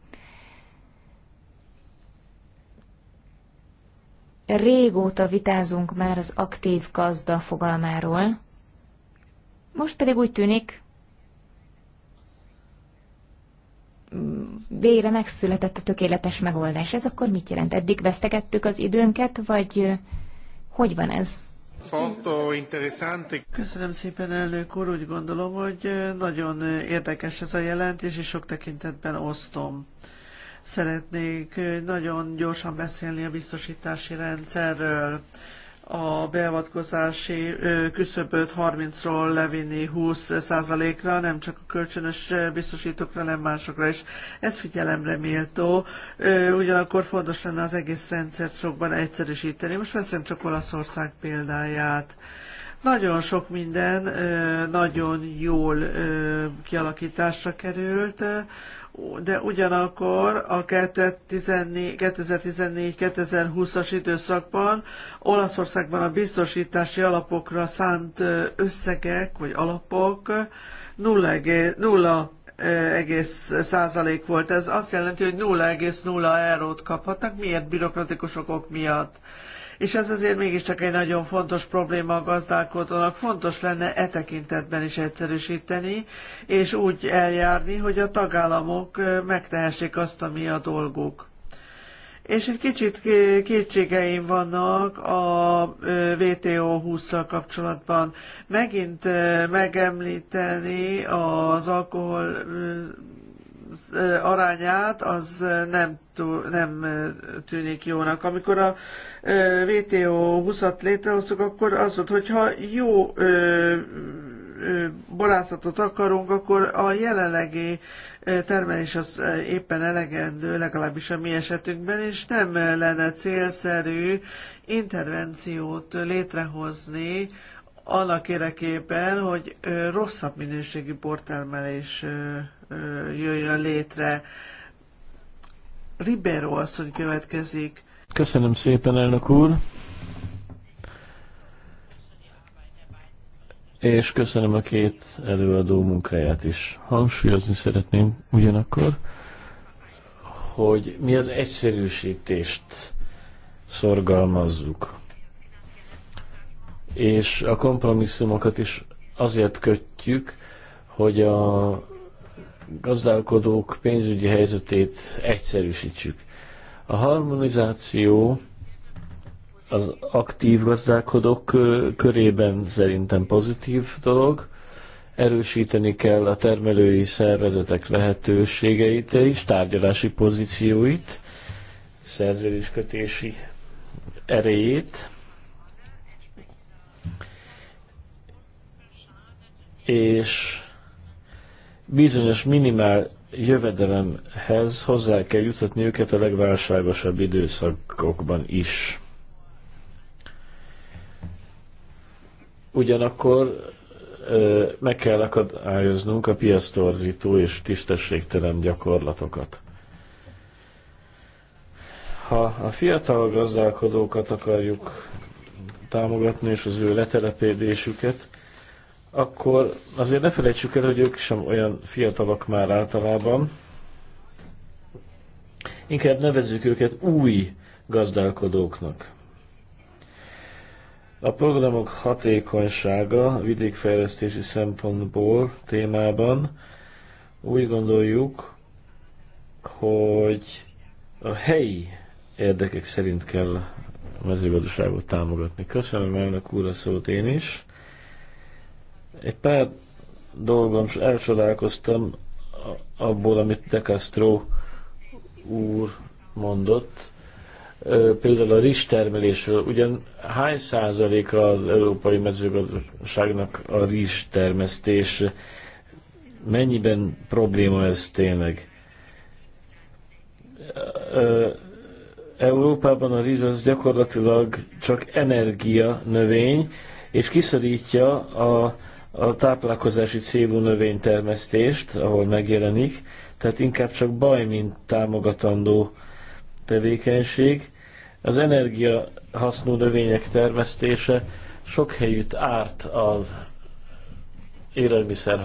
Régóta vitázunk már az aktív gazda fogalmáról, most pedig úgy tűnik, végre megszületett a tökéletes megoldás. Ez akkor mit jelent? Eddig vesztegettük az időnket, vagy hogy van ez? Köszönöm szépen, elnök úr. Úgy gondolom, hogy nagyon érdekes ez a jelentés, és sok tekintetben osztom. Szeretnék nagyon gyorsan beszélni a biztosítási rendszerről a beavatkozási küszöböt 30-ról levinni 20%-ra, nem csak a kölcsönös biztosítókra, hanem másokra is. Ez figyelemre méltó. Ugyanakkor fontos lenne az egész rendszert sokban egyszerűsíteni. Most veszem csak Olaszország példáját nagyon sok minden nagyon jól kialakításra került de ugyanakkor a 2014-2020-as időszakban Olaszországban a biztosítási alapokra szánt összegek vagy alapok 0, 0,1 százalék volt. Ez azt jelenti, hogy 0,0 eurót kaphatnak. Miért? Bürokratikus okok miatt és ez azért mégiscsak egy nagyon fontos probléma a gazdálkodónak. Fontos lenne e tekintetben is egyszerűsíteni, és úgy eljárni, hogy a tagállamok megtehessék azt, ami a dolguk. És egy kicsit kétségeim vannak a VTO 20-szal kapcsolatban. Megint megemlíteni az alkohol arányát, az nem, túl, nem tűnik jónak. Amikor a VTO 20-at létrehoztuk, akkor az volt, hogyha jó borászatot akarunk, akkor a jelenlegi termelés az éppen elegendő, legalábbis a mi esetünkben, és nem lenne célszerű intervenciót létrehozni annak érdekében, hogy rosszabb minőségű bortermelés jöjjön létre. Ribeiro asszony következik. Köszönöm szépen, elnök úr! És köszönöm a két előadó munkáját is. Hangsúlyozni szeretném ugyanakkor, hogy mi az egyszerűsítést szorgalmazzuk. És a kompromisszumokat is azért kötjük, hogy a gazdálkodók pénzügyi helyzetét egyszerűsítsük. A harmonizáció az aktív gazdálkodók körében szerintem pozitív dolog. Erősíteni kell a termelői szervezetek lehetőségeit és tárgyalási pozícióit, szerződéskötési erejét. És bizonyos minimál jövedelemhez hozzá kell jutatni őket a legválságosabb időszakokban is. Ugyanakkor meg kell akadályoznunk a piasztorzító és tisztességtelen gyakorlatokat. Ha a fiatal gazdálkodókat akarjuk támogatni és az ő letelepédésüket, akkor azért ne felejtsük el, hogy ők sem olyan fiatalok már általában. Inkább nevezzük őket új gazdálkodóknak. A programok hatékonysága vidékfejlesztési szempontból témában úgy gondoljuk, hogy a helyi érdekek szerint kell a mezőgazdaságot támogatni. Köszönöm elnök úr a szót én is. Egy pár dolgon elcsodálkoztam abból, amit De Castro úr mondott, például a rizs termelésről. Ugyan hány százaléka az európai mezőgazdaságnak a rizs termesztés? Mennyiben probléma ez tényleg? Európában a rizs az gyakorlatilag csak energia növény, és kiszorítja a a táplálkozási célú növénytermesztést, ahol megjelenik, tehát inkább csak baj, mint támogatandó tevékenység. Az energiahasznú növények termesztése sok helyütt árt az élelmiszer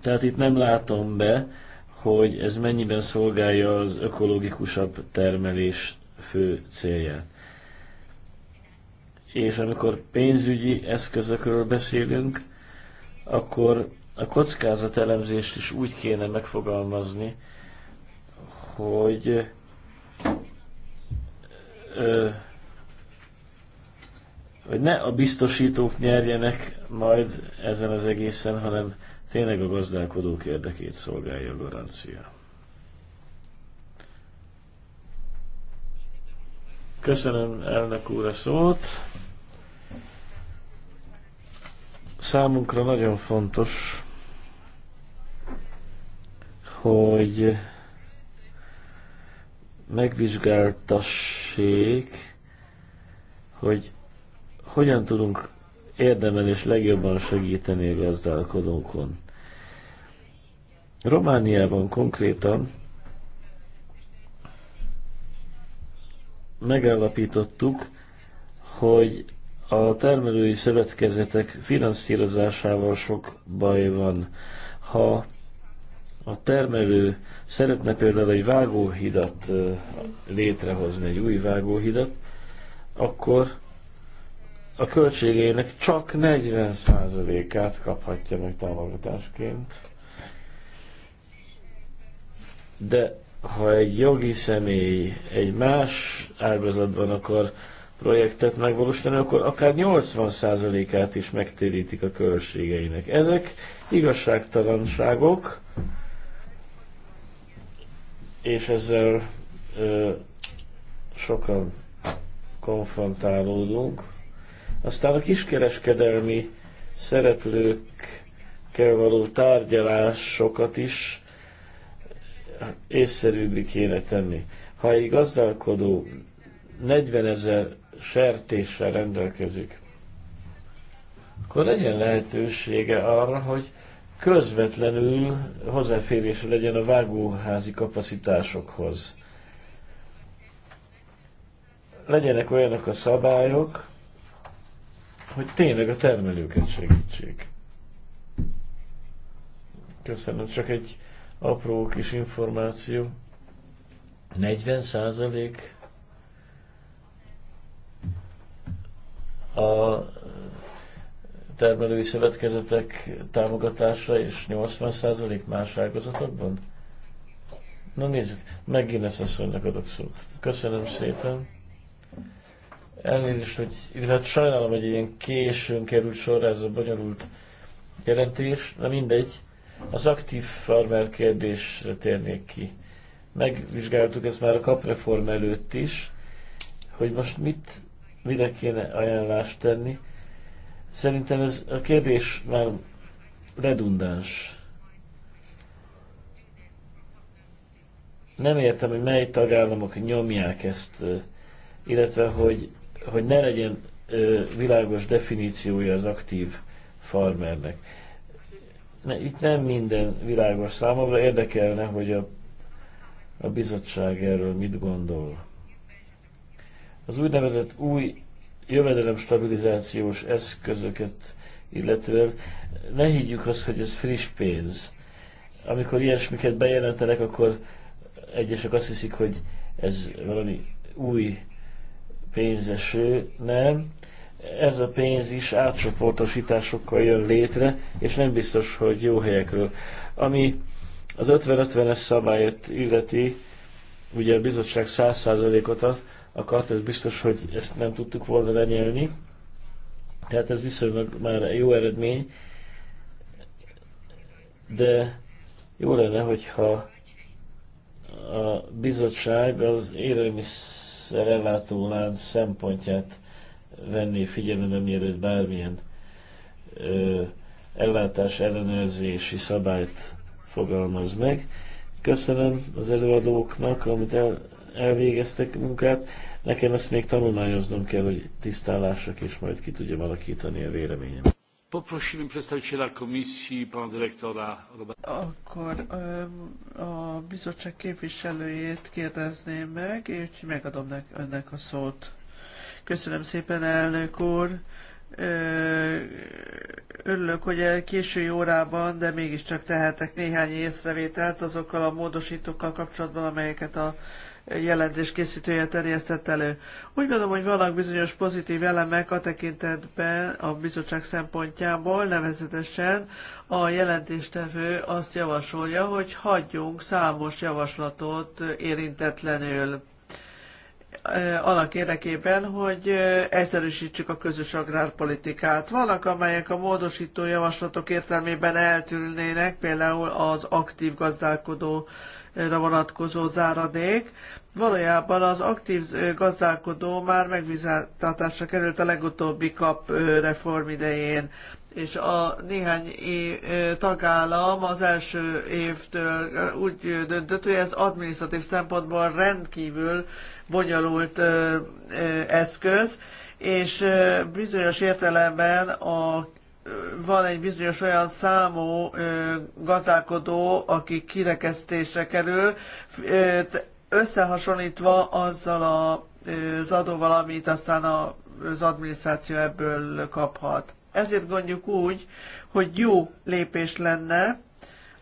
Tehát itt nem látom be, hogy ez mennyiben szolgálja az ökológikusabb termelés fő célját és amikor pénzügyi eszközökről beszélünk, akkor a kockázatelemzést is úgy kéne megfogalmazni, hogy ö, hogy ne a biztosítók nyerjenek majd ezen az egészen, hanem tényleg a gazdálkodók érdekét szolgálja a garancia. Köszönöm elnök úr a szót. Számunkra nagyon fontos, hogy megvizsgáltassék, hogy hogyan tudunk érdemel és legjobban segíteni a gazdálkodókon. Romániában konkrétan megállapítottuk, hogy a termelői szövetkezetek finanszírozásával sok baj van. Ha a termelő szeretne például egy vágóhidat létrehozni, egy új vágóhidat, akkor a költségének csak 40%-át kaphatja meg támogatásként. De ha egy jogi személy egy más ágazatban akar projektet megvalósítani, akkor akár 80%-át is megtérítik a költségeinek. Ezek igazságtalanságok, és ezzel ö, sokan konfrontálódunk. Aztán a kiskereskedelmi szereplőkkel való tárgyalásokat is észszerűbbé kéne tenni. Ha egy gazdálkodó 40 ezer sertéssel rendelkezik, akkor legyen lehetősége arra, hogy közvetlenül hozzáférése legyen a vágóházi kapacitásokhoz. Legyenek olyanok a szabályok, hogy tényleg a termelőket segítsék. Köszönöm, csak egy apró kis információ. 40 százalék a termelői szövetkezetek támogatása és 80% más ágazatokban? Na nézzük, megint lesz asszonynak adok szót. Köszönöm szépen. Elnézést, hogy hát sajnálom, hogy ilyen későn került sorra ez a bonyolult jelentés, na mindegy. Az aktív farmer kérdésre térnék ki. Megvizsgáltuk ezt már a kapreform előtt is, hogy most mit mire kéne ajánlást tenni. Szerintem ez a kérdés már redundáns. Nem értem, hogy mely tagállamok nyomják ezt, illetve hogy, hogy ne legyen világos definíciója az aktív farmernek. Ne, itt nem minden világos számomra, érdekelne, hogy a, a bizottság erről mit gondol. Az úgynevezett új jövedelemstabilizációs eszközöket illetően ne higgyük azt, hogy ez friss pénz. Amikor ilyesmiket bejelentenek, akkor egyesek azt hiszik, hogy ez valami új pénzeső, nem. Ez a pénz is átcsoportosításokkal jön létre, és nem biztos, hogy jó helyekről. Ami az 50-50-es szabályt illeti, ugye a bizottság 100%-ot ad, akart, ez biztos, hogy ezt nem tudtuk volna lenyelni. Tehát ez viszonylag már jó eredmény, de jó lenne, hogyha a bizottság az élelmiszer ellátó lánc szempontját venné figyelembe, mielőtt bármilyen ö, ellátás ellenőrzési szabályt fogalmaz meg. Köszönöm az előadóknak, amit el, elvégeztek munkát. Nekem ezt még tanulmányoznom kell, hogy tisztálások, és majd ki tudja alakítani a véleményem. Akkor a bizottság képviselőjét kérdezném meg, és megadom önnek a szót. Köszönöm szépen, elnök úr. Örülök, hogy késői órában, de mégiscsak tehetek néhány észrevételt azokkal a módosítókkal kapcsolatban, amelyeket a jelentés készítője terjesztett elő. Úgy gondolom, hogy vannak bizonyos pozitív elemek a tekintetben a bizottság szempontjából, nevezetesen a jelentéstevő azt javasolja, hogy hagyjunk számos javaslatot érintetlenül annak érdekében, hogy egyszerűsítsük a közös agrárpolitikát. Vannak, amelyek a módosító javaslatok értelmében eltűnnének, például az aktív gazdálkodóra vonatkozó záradék, Valójában az aktív gazdálkodó már megvizsgáltatásra került a legutóbbi kap reform idején, és a néhány év, tagállam az első évtől úgy döntött, hogy ez administratív szempontból rendkívül bonyolult eszköz, és bizonyos értelemben a van egy bizonyos olyan számú gazdálkodó, aki kirekesztésre kerül, összehasonlítva azzal a, az adóval, amit aztán az adminisztráció ebből kaphat. Ezért gondoljuk úgy, hogy jó lépés lenne,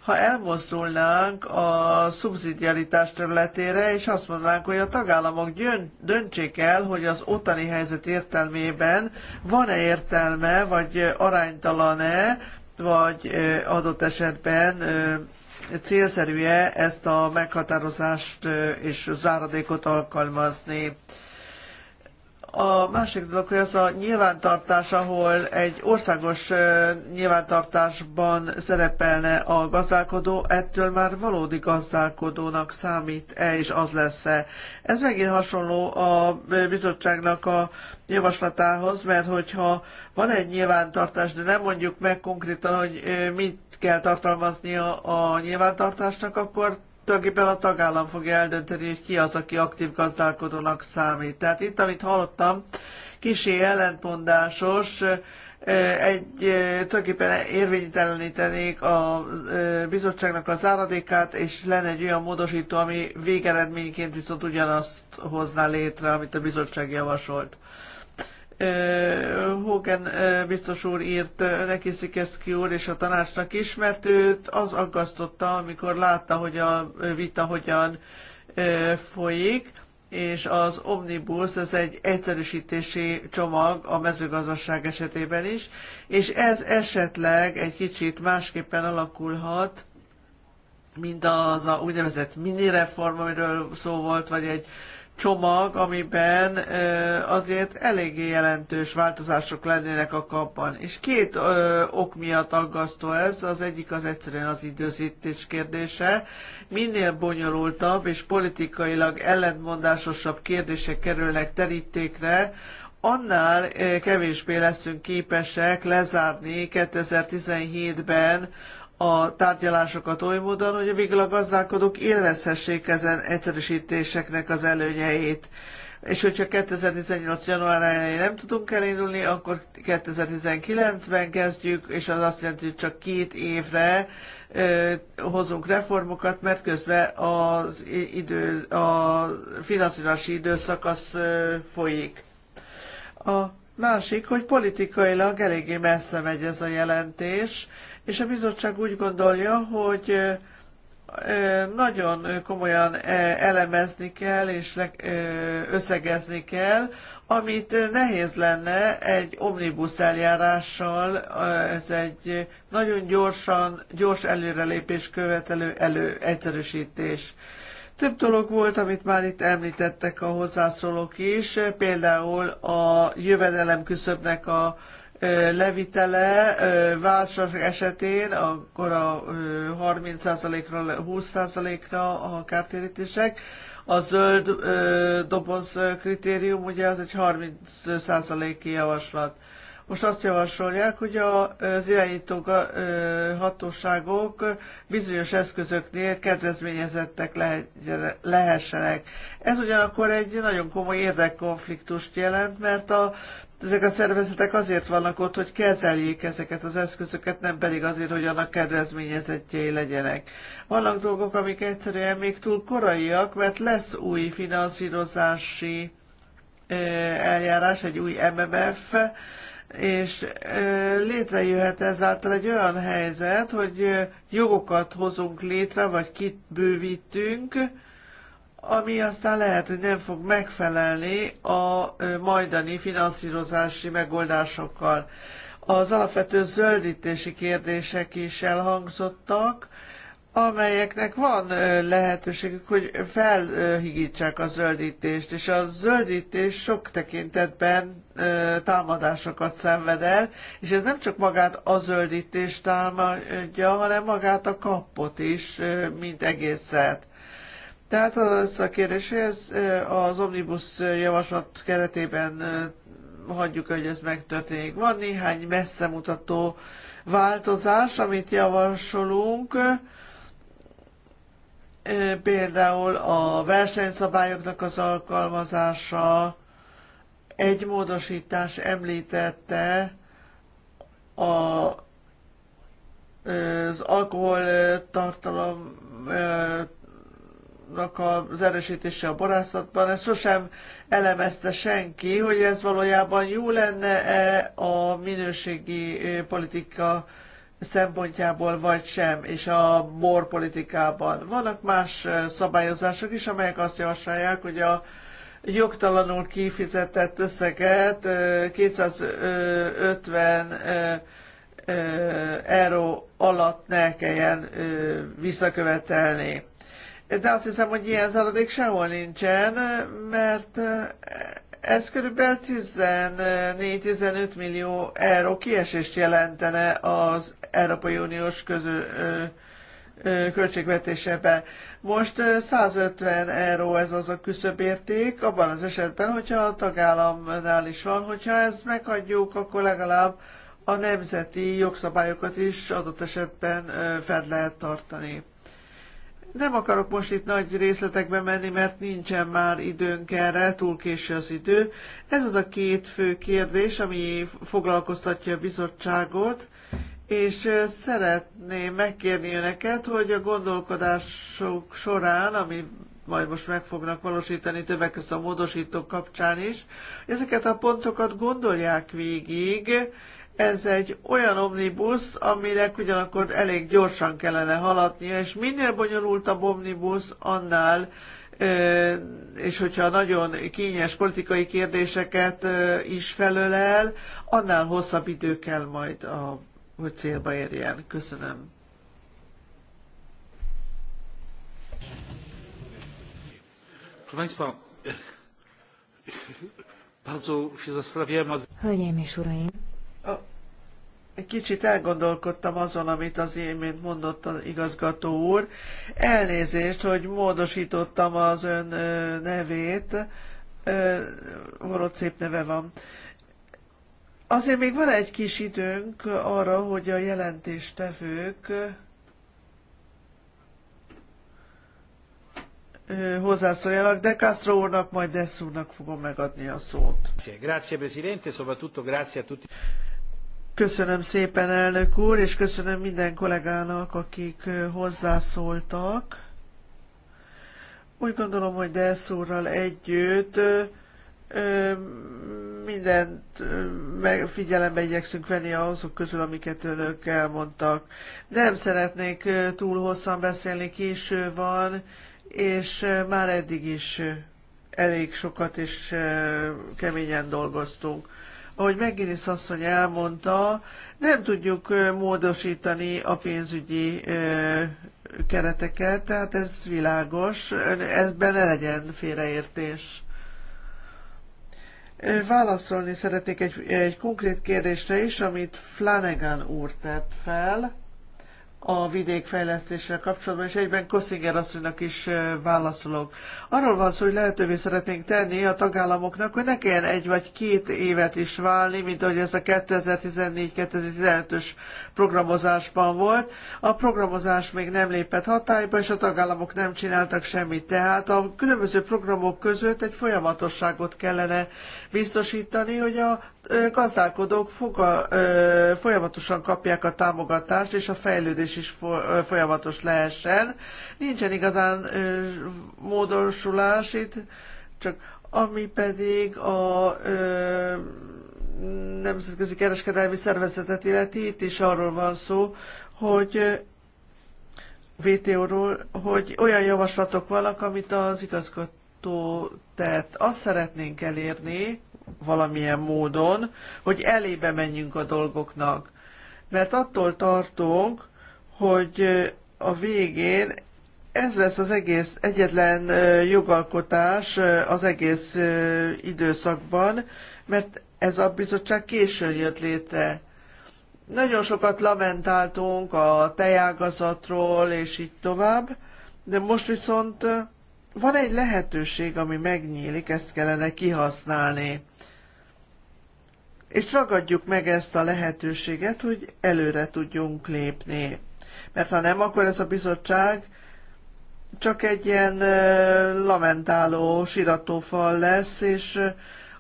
ha elmozdulnánk a szubszidiaritás területére, és azt mondanánk, hogy a tagállamok döntsék el, hogy az ottani helyzet értelmében van-e értelme, vagy aránytalan-e, vagy adott esetben célszerű-e ezt a meghatározást és záradékot alkalmazni. A másik dolog, hogy az a nyilvántartás, ahol egy országos nyilvántartásban szerepelne a gazdálkodó, ettől már valódi gazdálkodónak számít-e, és az lesz-e. Ez megint hasonló a bizottságnak a javaslatához, mert hogyha van egy nyilvántartás, de nem mondjuk meg konkrétan, hogy mit kell tartalmaznia a nyilvántartásnak, akkor tulajdonképpen a tagállam fogja eldönteni, hogy ki az, aki aktív gazdálkodónak számít. Tehát itt, amit hallottam, kisé ellentmondásos, egy tulajdonképpen érvénytelenítenék a bizottságnak az záradékát, és lenne egy olyan módosító, ami végeredményként viszont ugyanazt hozná létre, amit a bizottság javasolt. Hogan biztos úr írt neki Szikeszki úr és a tanácsnak is, mert őt az aggasztotta, amikor látta, hogy a vita hogyan folyik, és az Omnibus, ez egy egyszerűsítési csomag a mezőgazdaság esetében is, és ez esetleg egy kicsit másképpen alakulhat, mint az a úgynevezett mini reform, amiről szó volt, vagy egy csomag, amiben azért eléggé jelentős változások lennének a kapban. És két ok miatt aggasztó ez, az egyik az egyszerűen az időzítés kérdése. Minél bonyolultabb és politikailag ellentmondásosabb kérdések kerülnek terítékre, annál kevésbé leszünk képesek lezárni 2017-ben a tárgyalásokat oly módon, hogy végül a gazdálkodók élvezhessék ezen egyszerűsítéseknek az előnyeit. És hogyha 2018. januárjáig nem tudunk elindulni, akkor 2019-ben kezdjük, és az azt jelenti, hogy csak két évre ö, hozunk reformokat, mert közben az idő, a finanszírozási időszak az ö, folyik. A másik, hogy politikailag eléggé messze megy ez a jelentés, és a bizottság úgy gondolja, hogy nagyon komolyan elemezni kell és összegezni kell, amit nehéz lenne egy omnibus eljárással, ez egy nagyon gyorsan, gyors előrelépés követelő elő, egyszerűsítés. Több dolog volt, amit már itt említettek a hozzászólók is, például a jövedelem küszöbnek a levitele válság esetén, akkor a 30%-ra, 20%-ra a kártérítések. A zöld doboz kritérium ugye az egy 30%-i javaslat. Most azt javasolják, hogy az irányító hatóságok bizonyos eszközöknél kedvezményezettek lehessenek. Ez ugyanakkor egy nagyon komoly érdekkonfliktust jelent, mert a ezek a szervezetek azért vannak ott, hogy kezeljék ezeket az eszközöket, nem pedig azért, hogy annak kedvezményezettjei legyenek. Vannak dolgok, amik egyszerűen még túl koraiak, mert lesz új finanszírozási eljárás, egy új MMF, és létrejöhet ezáltal egy olyan helyzet, hogy jogokat hozunk létre, vagy kibővítünk, ami aztán lehet, hogy nem fog megfelelni a majdani finanszírozási megoldásokkal. Az alapvető zöldítési kérdések is elhangzottak, amelyeknek van lehetőségük, hogy felhigítsák a zöldítést, és a zöldítés sok tekintetben támadásokat szenved el, és ez nem csak magát a zöldítést támadja, hanem magát a kapot is, mint egészet. Tehát az a kérdés, hogy ez az omnibus javaslat keretében hagyjuk, hogy ez megtörténik. Van néhány messzemutató változás, amit javasolunk, például a versenyszabályoknak az alkalmazása, egy módosítás említette a, az alkohol tartalom az erősítése a borászatban, ezt sosem elemezte senki, hogy ez valójában jó lenne-e a minőségi politika szempontjából vagy sem, és a borpolitikában. Vannak más szabályozások is, amelyek azt javasolják, hogy a jogtalanul kifizetett összeget 250 euró alatt ne kelljen visszakövetelni de azt hiszem, hogy ilyen zaradék sehol nincsen, mert eh, ez körülbelül 14-15 millió euró kiesést jelentene az Európai Uniós közö, eh, eh, költségvetésebe. Most 150 euró ez az a küszöbérték, abban az esetben, hogyha a tagállamnál is van, hogyha ezt meghagyjuk, akkor legalább a nemzeti jogszabályokat is adott esetben fed lehet tartani. Nem akarok most itt nagy részletekbe menni, mert nincsen már időnk erre, túl késő az idő. Ez az a két fő kérdés, ami foglalkoztatja a bizottságot, és szeretném megkérni önöket, hogy a gondolkodások során, ami majd most meg fognak valósítani többek között a módosítók kapcsán is, ezeket a pontokat gondolják végig, ez egy olyan omnibusz, aminek ugyanakkor elég gyorsan kellene haladnia, és minél bonyolultabb omnibusz, annál és hogyha nagyon kényes politikai kérdéseket is felölel, annál hosszabb idő kell majd, a, hogy célba érjen. Köszönöm. Hölgyeim és uraim! egy kicsit elgondolkodtam azon, amit az imént mondott az igazgató úr. Elnézést, hogy módosítottam az ön nevét, holott szép neve van. Azért még van egy kis időnk arra, hogy a jelentéstevők hozzászóljanak, de Castro úrnak, majd Dess úrnak fogom megadni a szót. Grazie, grazie Presidente, soprattutto grazie a tutti. Köszönöm szépen, elnök úr, és köszönöm minden kollégának, akik hozzászóltak. Úgy gondolom, hogy Delsz úrral együtt mindent figyelembe igyekszünk venni azok közül, amiket önök elmondtak. Nem szeretnék túl hosszan beszélni, késő van, és már eddig is elég sokat és keményen dolgoztunk. Ahogy Megginis asszony elmondta, nem tudjuk módosítani a pénzügyi kereteket, tehát ez világos, ebben ne legyen félreértés. Válaszolni szeretnék egy, egy konkrét kérdésre is, amit Flanagan úr tett fel a vidékfejlesztésre kapcsolatban, és egyben kosszinger asszonynak is válaszolok. Arról van szó, hogy lehetővé szeretnénk tenni a tagállamoknak, hogy ne kelljen egy vagy két évet is válni, mint ahogy ez a 2014-2015-ös programozásban volt. A programozás még nem lépett hatályba, és a tagállamok nem csináltak semmit. Tehát a különböző programok között egy folyamatosságot kellene biztosítani, hogy a gazdálkodók foga, folyamatosan kapják a támogatást, és a fejlődés is folyamatos lehessen. Nincsen igazán módosulás itt, csak ami pedig a nemzetközi kereskedelmi szervezetet illeti, itt is arról van szó, hogy VTO-ról, hogy olyan javaslatok vannak, amit az igazgató tett. Azt szeretnénk elérni, valamilyen módon, hogy elébe menjünk a dolgoknak. Mert attól tartunk, hogy a végén ez lesz az egész egyetlen jogalkotás az egész időszakban, mert ez a bizottság későn jött létre. Nagyon sokat lamentáltunk a tejágazatról, és így tovább, de most viszont van egy lehetőség, ami megnyílik, ezt kellene kihasználni. És ragadjuk meg ezt a lehetőséget, hogy előre tudjunk lépni. Mert ha nem, akkor ez a bizottság csak egy ilyen lamentáló siratófal lesz, és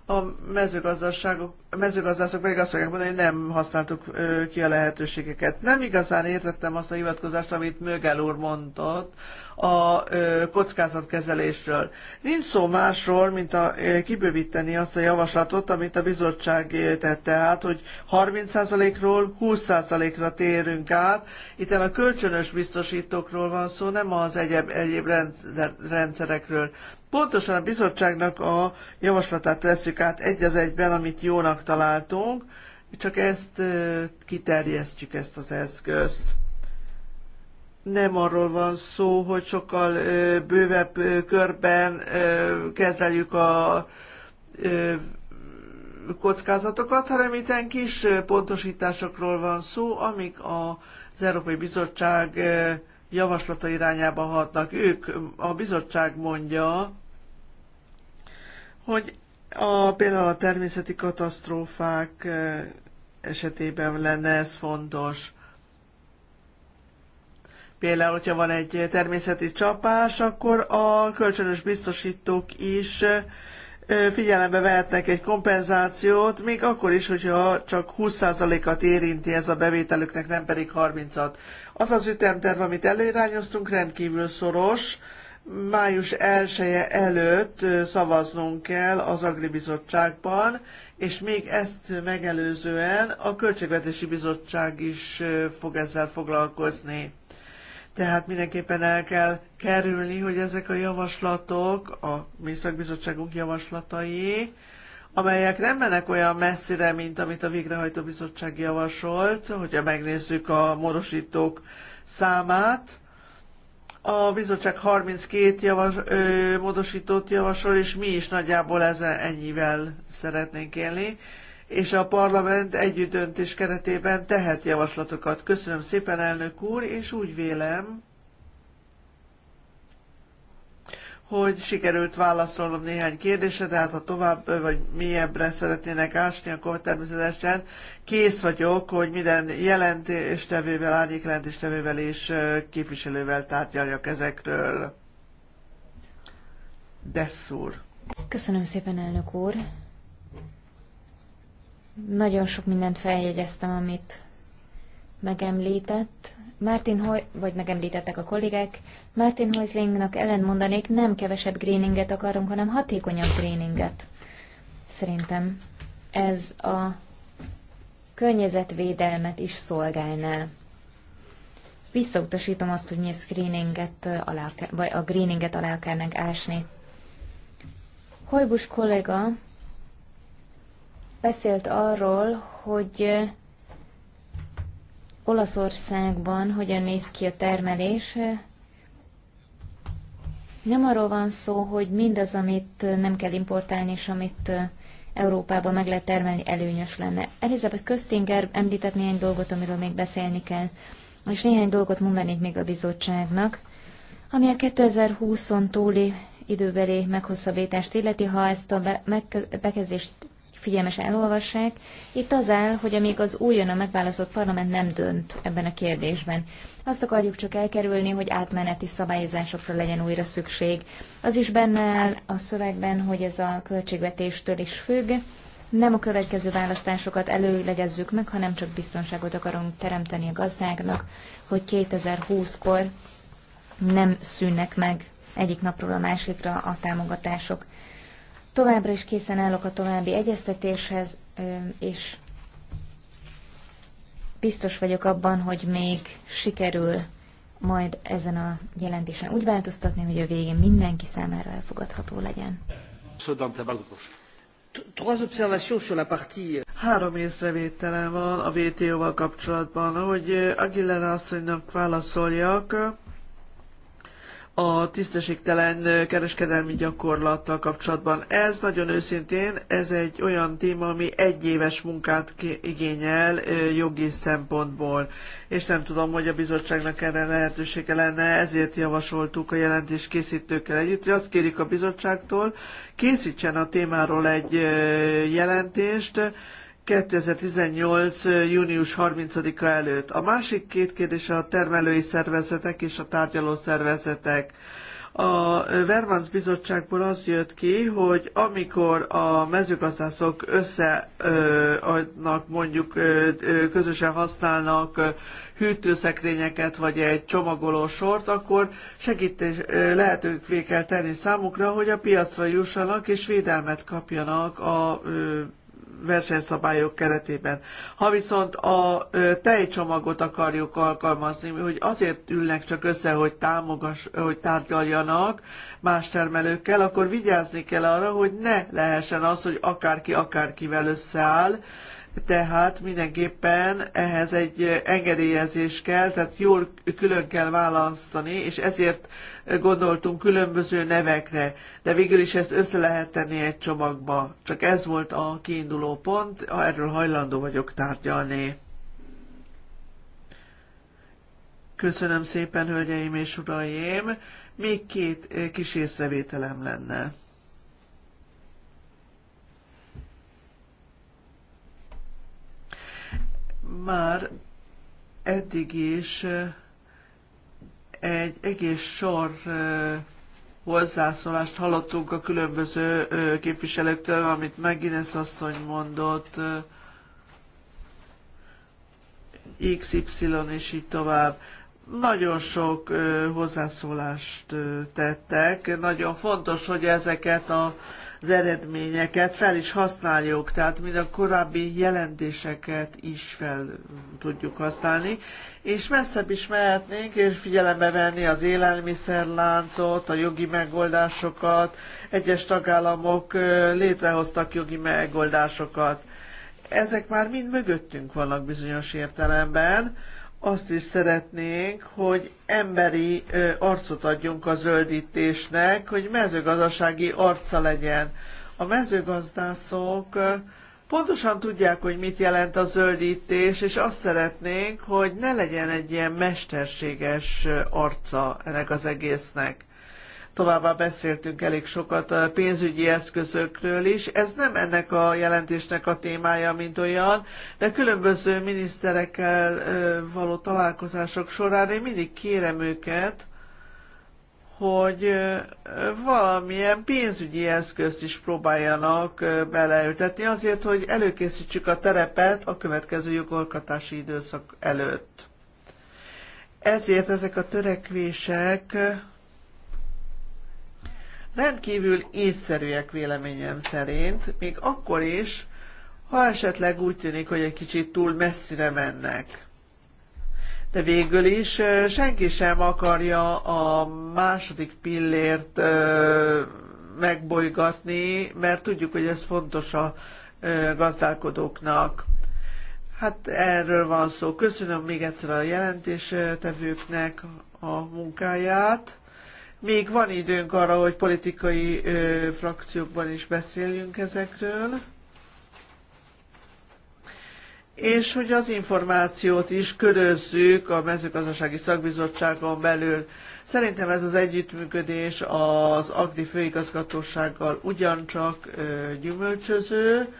a mezőgazdaságok, a mezőgazdászok pedig azt fogják mondani, hogy nem használtuk ki a lehetőségeket. Nem igazán értettem azt a hivatkozást, amit Mögel úr mondott a kockázatkezelésről. Nincs szó másról, mint a, kibővíteni azt a javaslatot, amit a bizottság tette át, hogy 30%-ról 20%-ra térünk át. Itt a kölcsönös biztosítókról van szó, nem az egyéb, egyéb rendszerekről. Pontosan a bizottságnak a javaslatát veszük át egy az egyben, amit jónak találtunk, csak ezt kiterjesztjük, ezt az eszközt nem arról van szó, hogy sokkal bővebb körben kezeljük a kockázatokat, hanem itt kis pontosításokról van szó, amik az Európai Bizottság javaslata irányába hatnak. Ők, a bizottság mondja, hogy a, például a természeti katasztrófák esetében lenne ez fontos. Például, hogyha van egy természeti csapás, akkor a kölcsönös biztosítók is figyelembe vehetnek egy kompenzációt, még akkor is, hogyha csak 20%-at érinti ez a bevételüknek, nem pedig 30-at. Az az ütemterv, amit előirányoztunk, rendkívül szoros. Május 1 -e előtt szavaznunk kell az Agribizottságban, és még ezt megelőzően a Költségvetési Bizottság is fog ezzel foglalkozni. Tehát mindenképpen el kell kerülni, hogy ezek a javaslatok, a mi szakbizottságunk javaslatai, amelyek nem mennek olyan messzire, mint amit a végrehajtó bizottság javasolt, hogyha megnézzük a morosítók számát. A bizottság 32 javas, ö, módosítót javasol, és mi is nagyjából ezen ennyivel szeretnénk élni és a parlament együttdöntés keretében tehet javaslatokat. Köszönöm szépen, elnök úr, és úgy vélem, hogy sikerült válaszolnom néhány kérdésre, de hát ha tovább vagy mélyebbre szeretnének ásni, akkor természetesen kész vagyok, hogy minden jelentéstevővel, árnyék és képviselővel tárgyaljak ezekről. Desszúr. Köszönöm szépen, elnök úr. Nagyon sok mindent feljegyeztem, amit megemlített. Martin Hoy, vagy megemlítettek a kollégák, Martin Hoislingnak mondanék, nem kevesebb greeninget akarunk, hanem hatékonyabb greeninget. Szerintem ez a környezetvédelmet is szolgálná. Visszautasítom azt, hogy mi a screeninget alá, vagy a greeninget alá akarnánk ásni. Hojbus kollega beszélt arról, hogy Olaszországban hogyan néz ki a termelés. Nem arról van szó, hogy mindaz, amit nem kell importálni, és amit Európában meg lehet termelni, előnyös lenne. Elizabeth Köstinger említett néhány dolgot, amiről még beszélni kell, és néhány dolgot mondanék még a bizottságnak, ami a 2020-on túli időbeli meghosszabbítást illeti, ha ezt a bekezdést figyelmesen elolvassák. Itt az áll, hogy amíg az újonnan megválasztott parlament nem dönt ebben a kérdésben. Azt akarjuk csak elkerülni, hogy átmeneti szabályozásokra legyen újra szükség. Az is benne áll a szövegben, hogy ez a költségvetéstől is függ. Nem a következő választásokat előlegezzük meg, hanem csak biztonságot akarunk teremteni a gazdáknak, hogy 2020-kor nem szűnnek meg egyik napról a másikra a támogatások. Továbbra is készen állok a további egyeztetéshez, és biztos vagyok abban, hogy még sikerül majd ezen a jelentésen úgy változtatni, hogy a végén mindenki számára elfogadható legyen. Euh, Három észrevételem van a WTO-val kapcsolatban. Hogy euh, Aguilera asszonynak válaszoljak, a tisztességtelen kereskedelmi gyakorlattal kapcsolatban. Ez nagyon őszintén, ez egy olyan téma, ami egyéves munkát igényel jogi szempontból, és nem tudom, hogy a bizottságnak erre lehetősége lenne, ezért javasoltuk a jelentés készítőkkel együtt, hogy azt kérjük a bizottságtól, készítsen a témáról egy jelentést, 2018. június 30-a előtt. A másik két kérdés a termelői szervezetek és a tárgyaló szervezetek. A Vermans bizottságból az jött ki, hogy amikor a mezőgazdászok összeadnak, mondjuk közösen használnak hűtőszekrényeket, vagy egy csomagoló sort, akkor segítés lehetővé kell tenni számukra, hogy a piacra jussanak és védelmet kapjanak a versenyszabályok keretében. Ha viszont a tejcsomagot akarjuk alkalmazni, hogy azért ülnek csak össze, hogy, támogass, hogy tárgyaljanak más termelőkkel, akkor vigyázni kell arra, hogy ne lehessen az, hogy akárki akárkivel összeáll, tehát mindenképpen ehhez egy engedélyezés kell, tehát jól külön kell választani, és ezért gondoltunk különböző nevekre, de végül is ezt össze lehet tenni egy csomagba. Csak ez volt a kiinduló pont, erről hajlandó vagyok tárgyalni. Köszönöm szépen, hölgyeim és uraim! Még két kis észrevételem lenne. már eddig is egy egész sor hozzászólást hallottunk a különböző képviselőktől, amit Megines asszony mondott, XY és így tovább. Nagyon sok hozzászólást tettek. Nagyon fontos, hogy ezeket a az eredményeket fel is használjuk, tehát mind a korábbi jelentéseket is fel tudjuk használni, és messzebb is mehetnénk, és figyelembe venni az élelmiszerláncot, a jogi megoldásokat, egyes tagállamok létrehoztak jogi megoldásokat. Ezek már mind mögöttünk vannak bizonyos értelemben, azt is szeretnénk, hogy emberi arcot adjunk a zöldítésnek, hogy mezőgazdasági arca legyen. A mezőgazdászok pontosan tudják, hogy mit jelent a zöldítés, és azt szeretnénk, hogy ne legyen egy ilyen mesterséges arca ennek az egésznek. Továbbá beszéltünk elég sokat a pénzügyi eszközökről is. Ez nem ennek a jelentésnek a témája, mint olyan, de különböző miniszterekkel való találkozások során én mindig kérem őket, hogy valamilyen pénzügyi eszközt is próbáljanak beleültetni azért, hogy előkészítsük a terepet a következő jogolkatási időszak előtt. Ezért ezek a törekvések rendkívül észszerűek véleményem szerint, még akkor is, ha esetleg úgy tűnik, hogy egy kicsit túl messzire mennek. De végül is senki sem akarja a második pillért megbolygatni, mert tudjuk, hogy ez fontos a gazdálkodóknak. Hát erről van szó. Köszönöm még egyszer a jelentéstevőknek a munkáját. Még van időnk arra, hogy politikai ö, frakciókban is beszéljünk ezekről, és hogy az információt is körözzük a mezőgazdasági szakbizottságon belül. Szerintem ez az együttműködés az Agdi főigazgatósággal ugyancsak ö, gyümölcsöző,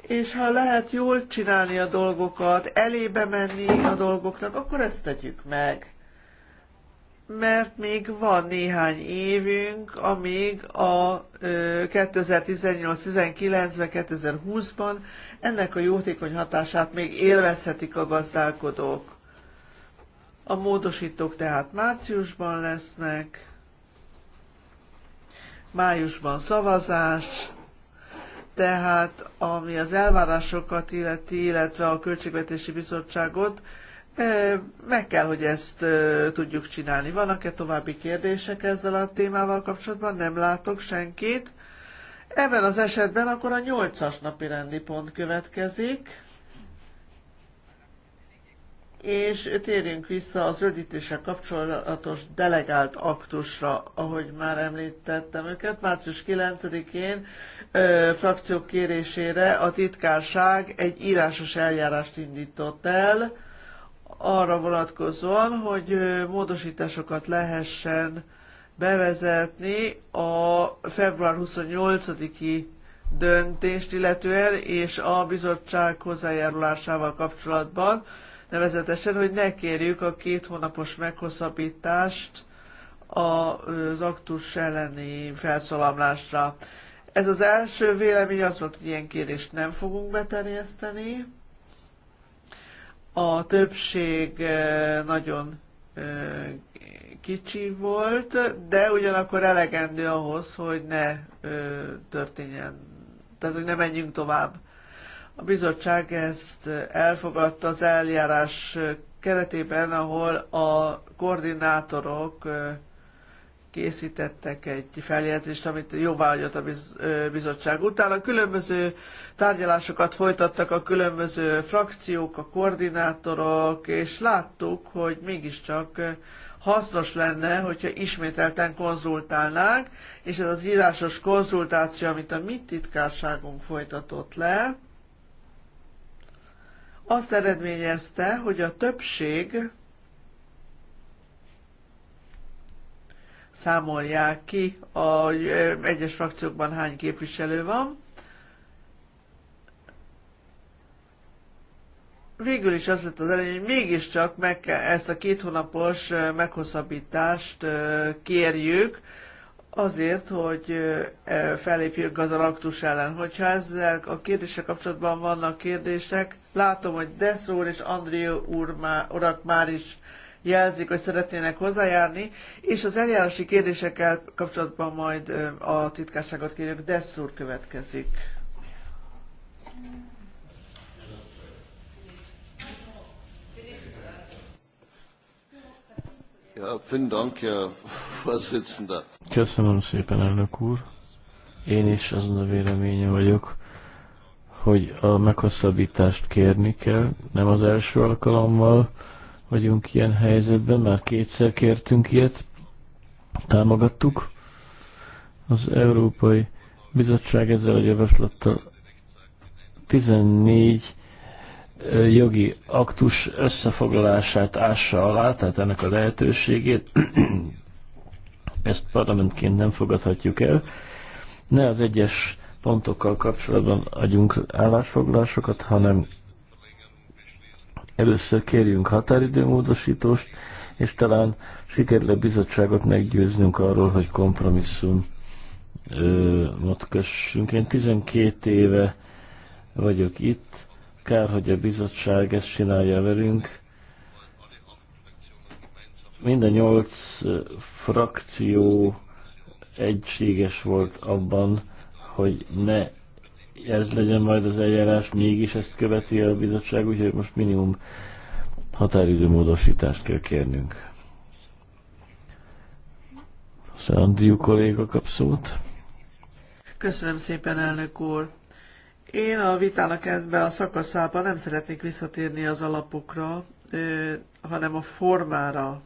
és ha lehet jól csinálni a dolgokat, elébe menni a dolgoknak, akkor ezt tegyük meg mert még van néhány évünk, amíg a 2018-19-ben, 2020-ban ennek a jótékony hatását még élvezhetik a gazdálkodók. A módosítók tehát márciusban lesznek, májusban szavazás, tehát ami az elvárásokat illeti, illetve a Költségvetési Bizottságot, meg kell, hogy ezt tudjuk csinálni. Vannak-e további kérdések ezzel a témával kapcsolatban? Nem látok senkit. Ebben az esetben akkor a nyolcas napi rendi pont következik, és térjünk vissza az ördítése kapcsolatos delegált aktusra, ahogy már említettem őket. Március 9-én ö, frakciók kérésére a titkárság egy írásos eljárást indított el, arra vonatkozóan, hogy módosításokat lehessen bevezetni a február 28-i döntést illetően és a bizottság hozzájárulásával kapcsolatban, nevezetesen, hogy ne kérjük a két hónapos meghosszabbítást az aktus elleni felszólalásra. Ez az első vélemény az volt, hogy ilyen kérést nem fogunk beterjeszteni a többség nagyon kicsi volt, de ugyanakkor elegendő ahhoz, hogy ne történjen, tehát hogy ne menjünk tovább. A bizottság ezt elfogadta az eljárás keretében, ahol a koordinátorok készítettek egy feljegyzést, amit jóváhagyott a bizottság. Utána különböző tárgyalásokat folytattak a különböző frakciók, a koordinátorok, és láttuk, hogy mégiscsak hasznos lenne, hogyha ismételten konzultálnánk, és ez az írásos konzultáció, amit a mi titkárságunk folytatott le, azt eredményezte, hogy a többség számolják ki, a egyes frakciókban hány képviselő van. Végül is az lett az eredmény, hogy mégiscsak meg kell, ezt a két hónapos meghosszabbítást kérjük, azért, hogy fellépjünk az alaktus ellen. Hogyha ezzel a kérdések kapcsolatban vannak kérdések, látom, hogy Desz és Andrió úr urak már is jelzik, hogy szeretnének hozzájárni, és az eljárási kérdésekkel kapcsolatban majd a titkárságot kérjük. Desszúr következik. Köszönöm szépen, elnök úr. Én is azon a véleménye vagyok, hogy a meghosszabbítást kérni kell, nem az első alkalommal, vagyunk ilyen helyzetben, már kétszer kértünk ilyet, támogattuk. Az Európai Bizottság ezzel a javaslattal 14 jogi aktus összefoglalását ássa alá, tehát ennek a lehetőségét, *clears throat* ezt parlamentként nem fogadhatjuk el. Ne az egyes pontokkal kapcsolatban adjunk állásfoglalásokat, hanem Először kérjünk határidőmódosítóst, és talán sikerül a bizottságot meggyőznünk arról, hogy kompromisszum kössünk. Én 12 éve vagyok itt, kár, hogy a bizottság ezt csinálja velünk. Minden nyolc frakció egységes volt abban, hogy ne ez legyen majd az eljárás, mégis ezt követi a bizottság, úgyhogy most minimum határidő módosítást kell kérnünk. Szandiu kolléga kap szót. Köszönöm szépen, elnök úr. Én a vitának ebben a szakaszában nem szeretnék visszatérni az alapokra, hanem a formára,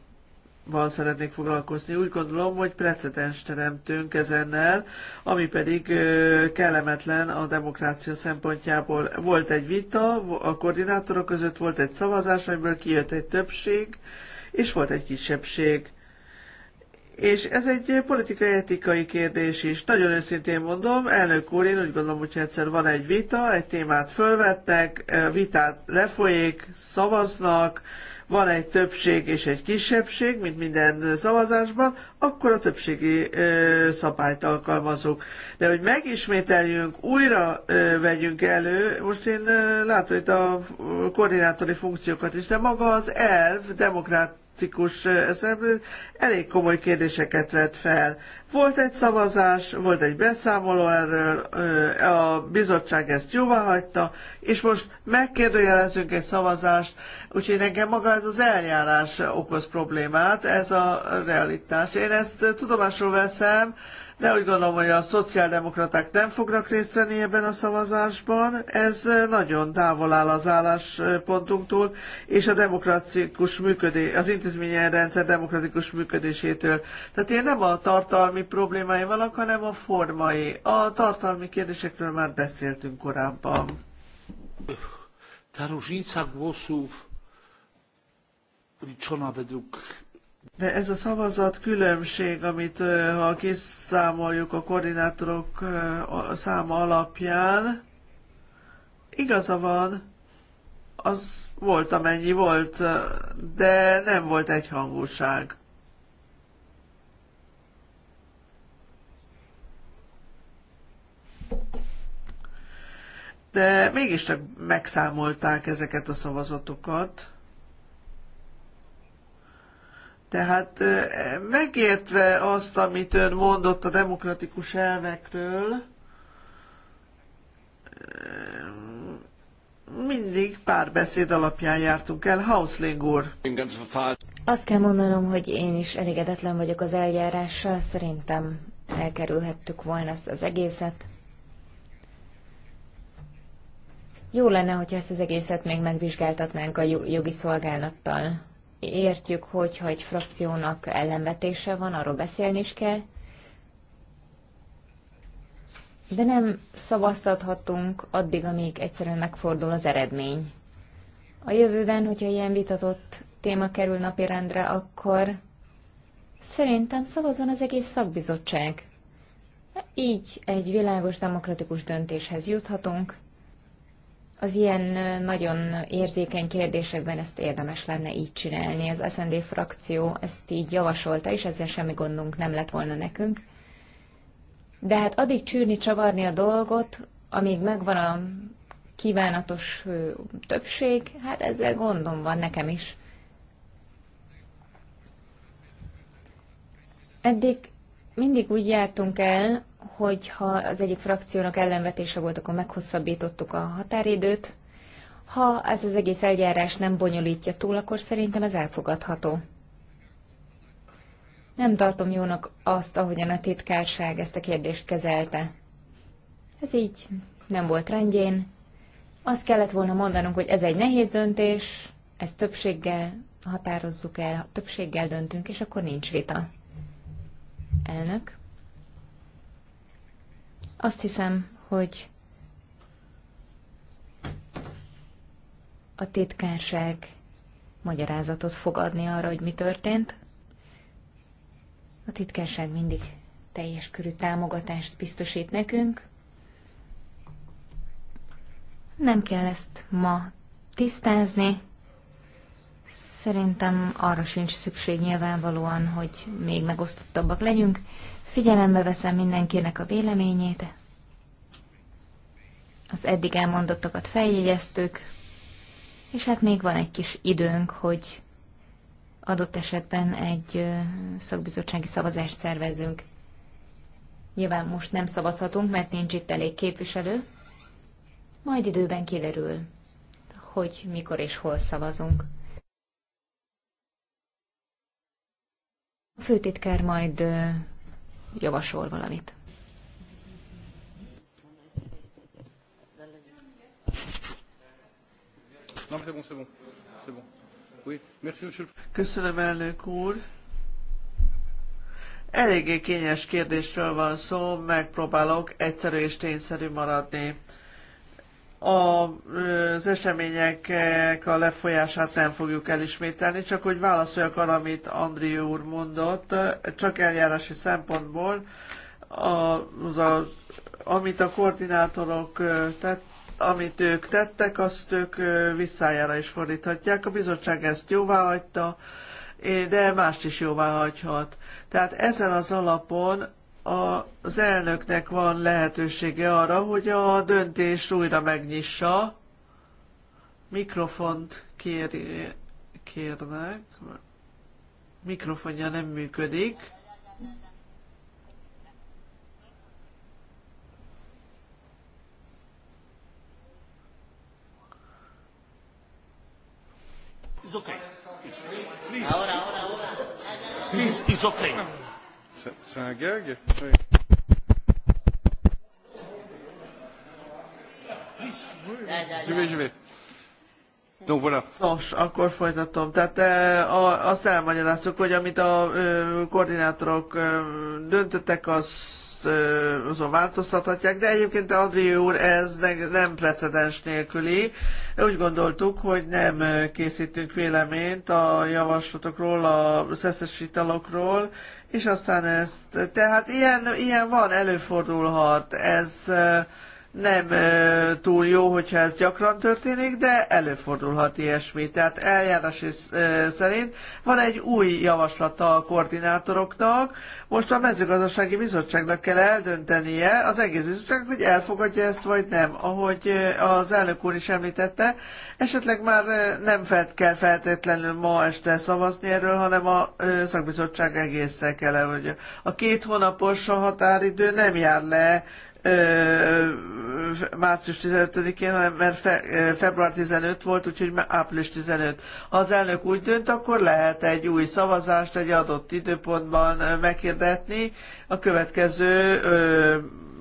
van szeretnék foglalkozni. Úgy gondolom, hogy precedens teremtünk ezennel, ami pedig kellemetlen a demokrácia szempontjából. Volt egy vita, a koordinátorok között volt egy szavazás, amiből kijött egy többség, és volt egy kisebbség. És ez egy politikai etikai kérdés is. Nagyon őszintén mondom, elnök úr, én úgy gondolom, hogy egyszer van egy vita, egy témát fölvettek, vitát lefolyik, szavaznak, van egy többség és egy kisebbség, mint minden szavazásban, akkor a többségi ö, szabályt alkalmazunk. De hogy megismételjünk, újra ö, vegyünk elő, most én ö, látom itt a koordinátori funkciókat is, de maga az elv, demokrát, demokratikus szemlő eh, elég komoly kérdéseket vett fel. Volt egy szavazás, volt egy beszámoló erről, eh, a bizottság ezt hagyta, és most megkérdőjelezünk egy szavazást, úgyhogy nekem maga ez az eljárás okoz problémát, ez a realitás. Én ezt tudomásul veszem, de úgy gondolom, hogy a szociáldemokraták nem fognak részt venni ebben a szavazásban. Ez eh, nagyon távol áll az álláspontunktól, és a demokratikus működés, az rendszer demokratikus működésétől. Tehát én nem a tartalmi problémáival vannak, hanem a formai. A tartalmi kérdésekről már beszéltünk korábban. Ta różnica głosów liczona według de ez a szavazat különbség, amit ha kiszámoljuk a koordinátorok száma alapján, igaza van, az volt amennyi volt, de nem volt egyhangúság. De mégiscsak megszámolták ezeket a szavazatokat. Tehát megértve azt, amit ön mondott a demokratikus elvekről, mindig párbeszéd alapján jártunk el. Hausling úr. Azt kell mondanom, hogy én is elégedetlen vagyok az eljárással. Szerintem elkerülhettük volna ezt az egészet. Jó lenne, hogyha ezt az egészet még megvizsgáltatnánk a jogi szolgálattal értjük, hogyha egy frakciónak ellenvetése van, arról beszélni is kell, de nem szavaztathatunk addig, amíg egyszerűen megfordul az eredmény. A jövőben, hogyha ilyen vitatott téma kerül napirendre, akkor szerintem szavazzon az egész szakbizottság. Így egy világos demokratikus döntéshez juthatunk, az ilyen nagyon érzékeny kérdésekben ezt érdemes lenne így csinálni. Az SND frakció ezt így javasolta, és ezzel semmi gondunk nem lett volna nekünk. De hát addig csűrni, csavarni a dolgot, amíg megvan a kívánatos többség, hát ezzel gondom van nekem is. Eddig mindig úgy jártunk el, hogyha az egyik frakciónak ellenvetése volt, akkor meghosszabbítottuk a határidőt. Ha ez az egész eljárás nem bonyolítja túl, akkor szerintem ez elfogadható. Nem tartom jónak azt, ahogyan a titkárság ezt a kérdést kezelte. Ez így nem volt rendjén. Azt kellett volna mondanunk, hogy ez egy nehéz döntés, ezt többséggel határozzuk el, többséggel döntünk, és akkor nincs vita. Elnök. Azt hiszem, hogy a titkárság magyarázatot fog adni arra, hogy mi történt. A titkárság mindig teljes körű támogatást biztosít nekünk. Nem kell ezt ma tisztázni. Szerintem arra sincs szükség nyilvánvalóan, hogy még megosztottabbak legyünk. Figyelembe veszem mindenkinek a véleményét. Az eddig elmondottakat feljegyeztük, és hát még van egy kis időnk, hogy adott esetben egy szakbizottsági szavazást szervezünk. Nyilván most nem szavazhatunk, mert nincs itt elég képviselő. Majd időben kiderül, hogy mikor és hol szavazunk. A főtitkár majd javasol valamit. Köszönöm, elnök úr. Eléggé kényes kérdésről van szó, megpróbálok egyszerű és tényszerű maradni az eseményeknek a lefolyását nem fogjuk elismételni, csak hogy válaszoljak arra, amit Andri úr mondott, csak eljárási szempontból, az a, amit a koordinátorok tett, amit ők tettek, azt ők visszájára is fordíthatják. A bizottság ezt jóvá hagyta, de mást is jóvá hagyhat. Tehát ezen az alapon az elnöknek van lehetősége arra, hogy a döntés újra megnyissa. Mikrofont kér, kérnek. Mikrofonja nem működik. It's okay. It's, please. Please, it's okay. C'est un gag oui. J'y vais, j'y vais. Donc voilà. Nos, akkor folytatom. Tehát azt elmagyaráztuk, hogy amit a koordinátorok döntöttek, az azt azon változtathatják, de egyébként Andri úr, ez nem precedens nélküli. Úgy gondoltuk, hogy nem készítünk véleményt a javaslatokról, a szeszes italokról, és aztán ezt, tehát ilyen, ilyen van, előfordulhat, ez nem túl jó, hogyha ez gyakran történik, de előfordulhat ilyesmi. Tehát Eljárás szerint van egy új javaslata a koordinátoroknak. Most a mezőgazdasági bizottságnak kell eldöntenie, az egész bizottság hogy elfogadja ezt vagy nem. Ahogy az elnök úr is említette, esetleg már nem felt, kell feltétlenül ma este szavazni erről, hanem a szakbizottság egészen kell, hogy a két hónapos határidő nem jár le március 15-én, hanem mert február 15 volt, úgyhogy április 15. Ha az elnök úgy dönt, akkor lehet egy új szavazást egy adott időpontban meghirdetni a következő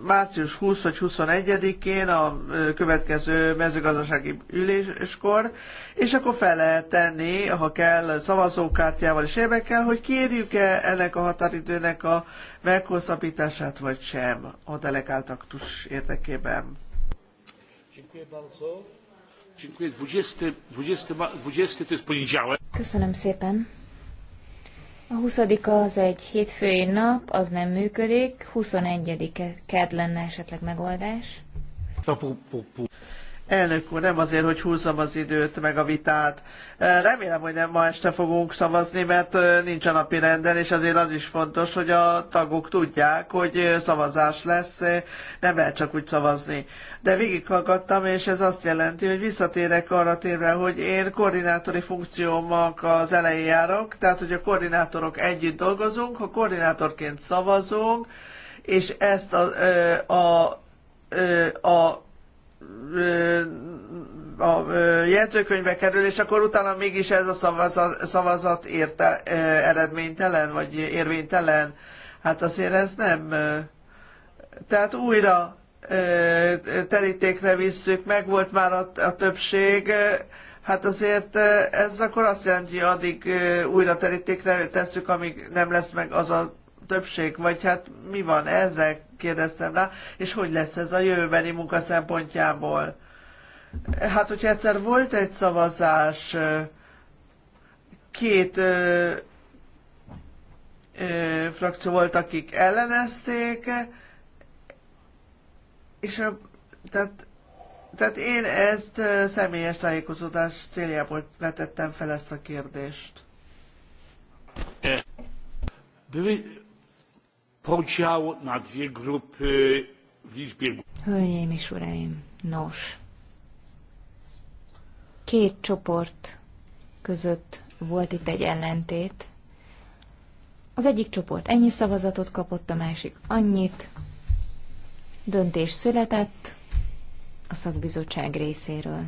március 20 vagy 21-én a következő mezőgazdasági üléskor, és akkor fel lehet tenni, ha kell, szavazókártyával és évekkel, hogy kérjük-e ennek a határidőnek a meghosszabbítását, vagy sem a delegált aktus érdekében. Köszönöm szépen. A 20 az egy hétfői nap, az nem működik, 21 kedd lenne esetleg megoldás. Elnök úr, nem azért, hogy húzzam az időt, meg a vitát. Remélem, hogy nem ma este fogunk szavazni, mert nincs a napi renden, és azért az is fontos, hogy a tagok tudják, hogy szavazás lesz, nem lehet csak úgy szavazni. De végighallgattam, és ez azt jelenti, hogy visszatérek arra térre, hogy én koordinátori funkciómak az elején járok, tehát hogy a koordinátorok együtt dolgozunk, ha koordinátorként szavazunk, és ezt a, a, a, a a jegyzőkönyvbe kerül, és akkor utána mégis ez a szavazat, szavazat érte, eredménytelen, vagy érvénytelen. Hát azért ez nem... Tehát újra terítékre visszük, meg volt már a, a többség, hát azért ez akkor azt jelenti, hogy addig újra terítékre tesszük, amíg nem lesz meg az a többség, vagy hát mi van ezzel, kérdeztem rá, és hogy lesz ez a jövőbeni munka szempontjából. Hát, hogyha egyszer volt egy szavazás, két ö, ö, frakció volt, akik ellenezték, és a, tehát, tehát én ezt személyes tájékozódás céljából letettem fel ezt a kérdést podział na dwie grupy w liczbie... Hölgyeim és uraim, nos, két csoport között volt itt egy ellentét. Az egyik csoport ennyi szavazatot kapott, a másik annyit. Döntés született a szakbizottság részéről.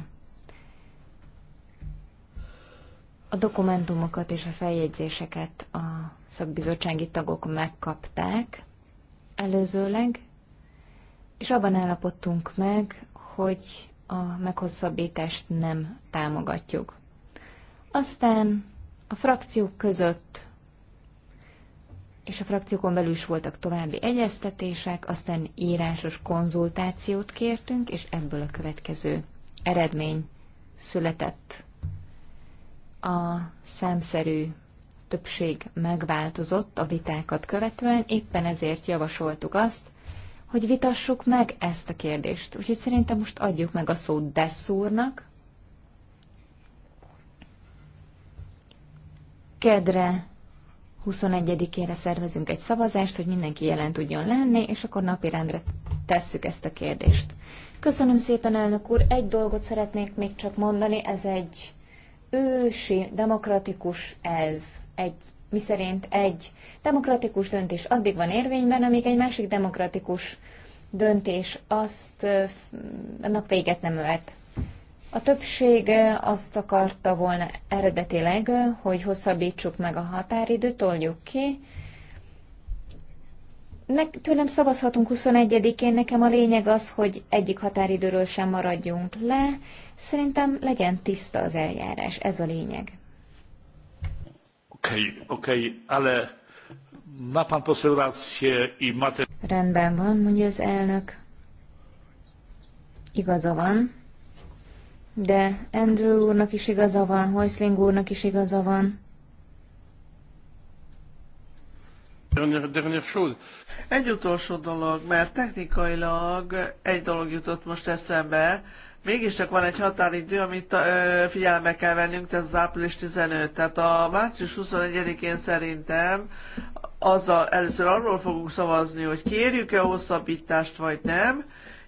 A dokumentumokat és a feljegyzéseket a szakbizottsági tagok megkapták előzőleg, és abban állapodtunk meg, hogy a meghosszabbítást nem támogatjuk. Aztán a frakciók között és a frakciókon belül is voltak további egyeztetések, aztán írásos konzultációt kértünk, és ebből a következő eredmény született a szemszerű többség megváltozott a vitákat követően, éppen ezért javasoltuk azt, hogy vitassuk meg ezt a kérdést. Úgyhogy szerintem most adjuk meg a szót Desszúrnak. Kedre 21-ére szervezünk egy szavazást, hogy mindenki jelen tudjon lenni, és akkor napirendre tesszük ezt a kérdést. Köszönöm szépen, elnök úr. Egy dolgot szeretnék még csak mondani, ez egy ősi demokratikus elv, egy, miszerint egy demokratikus döntés addig van érvényben, amíg egy másik demokratikus döntés azt annak véget nem ölt. A többség azt akarta volna eredetileg, hogy hosszabbítsuk meg a határidőt, toljuk ki. Ne, tőlem szavazhatunk 21-én, nekem a lényeg az, hogy egyik határidőről sem maradjunk le, Szerintem legyen tiszta az eljárás, ez a lényeg. Oké, okay, oké, okay, ale ma pan poseł rację i mate... Rendben van, mondja az elnök. Igaza van. De Andrew úrnak is igaza van, Hoisling úrnak is igaza van. Egy utolsó dolog, mert technikailag egy dolog jutott most eszembe, mégiscsak van egy határidő, amit figyelembe kell vennünk, tehát az április 15. Tehát a március 21-én szerintem az a először arról fogunk szavazni, hogy kérjük-e hosszabbítást vagy nem,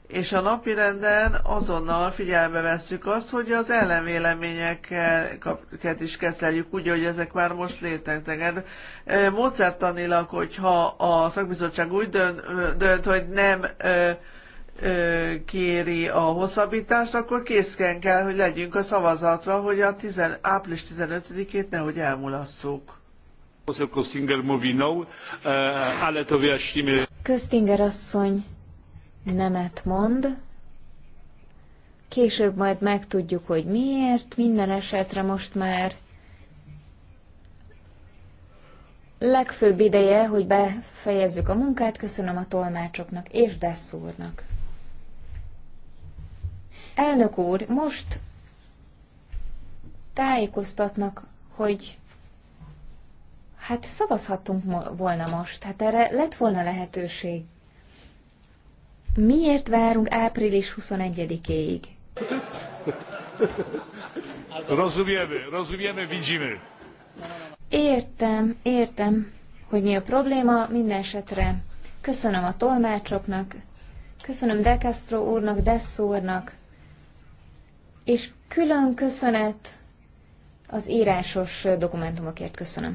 és a renden azonnal figyelembe vesszük azt, hogy az ellenvéleményeket is kezeljük, úgy, hogy ezek már most léteznek. Módszertanilag, hogyha a szakbizottság úgy dönt, dönt hogy nem kéri a hosszabbítást, akkor készken kell, hogy legyünk a szavazatra, hogy a tizen április 15-ét nehogy elmulasszuk. Eh, Köztinger asszony nemet mond. Később majd megtudjuk, hogy miért. Minden esetre most már legfőbb ideje, hogy befejezzük a munkát. Köszönöm a tolmácsoknak és Dessz úrnak. Elnök úr, most tájékoztatnak, hogy hát szavazhattunk volna most, hát erre lett volna lehetőség. Miért várunk április 21-éig? Rozumiemy, rozumiemy, Értem, értem, hogy mi a probléma, minden esetre köszönöm a tolmácsoknak, köszönöm De Castro úrnak, Dessz úrnak, és külön köszönet az írásos dokumentumokért köszönöm.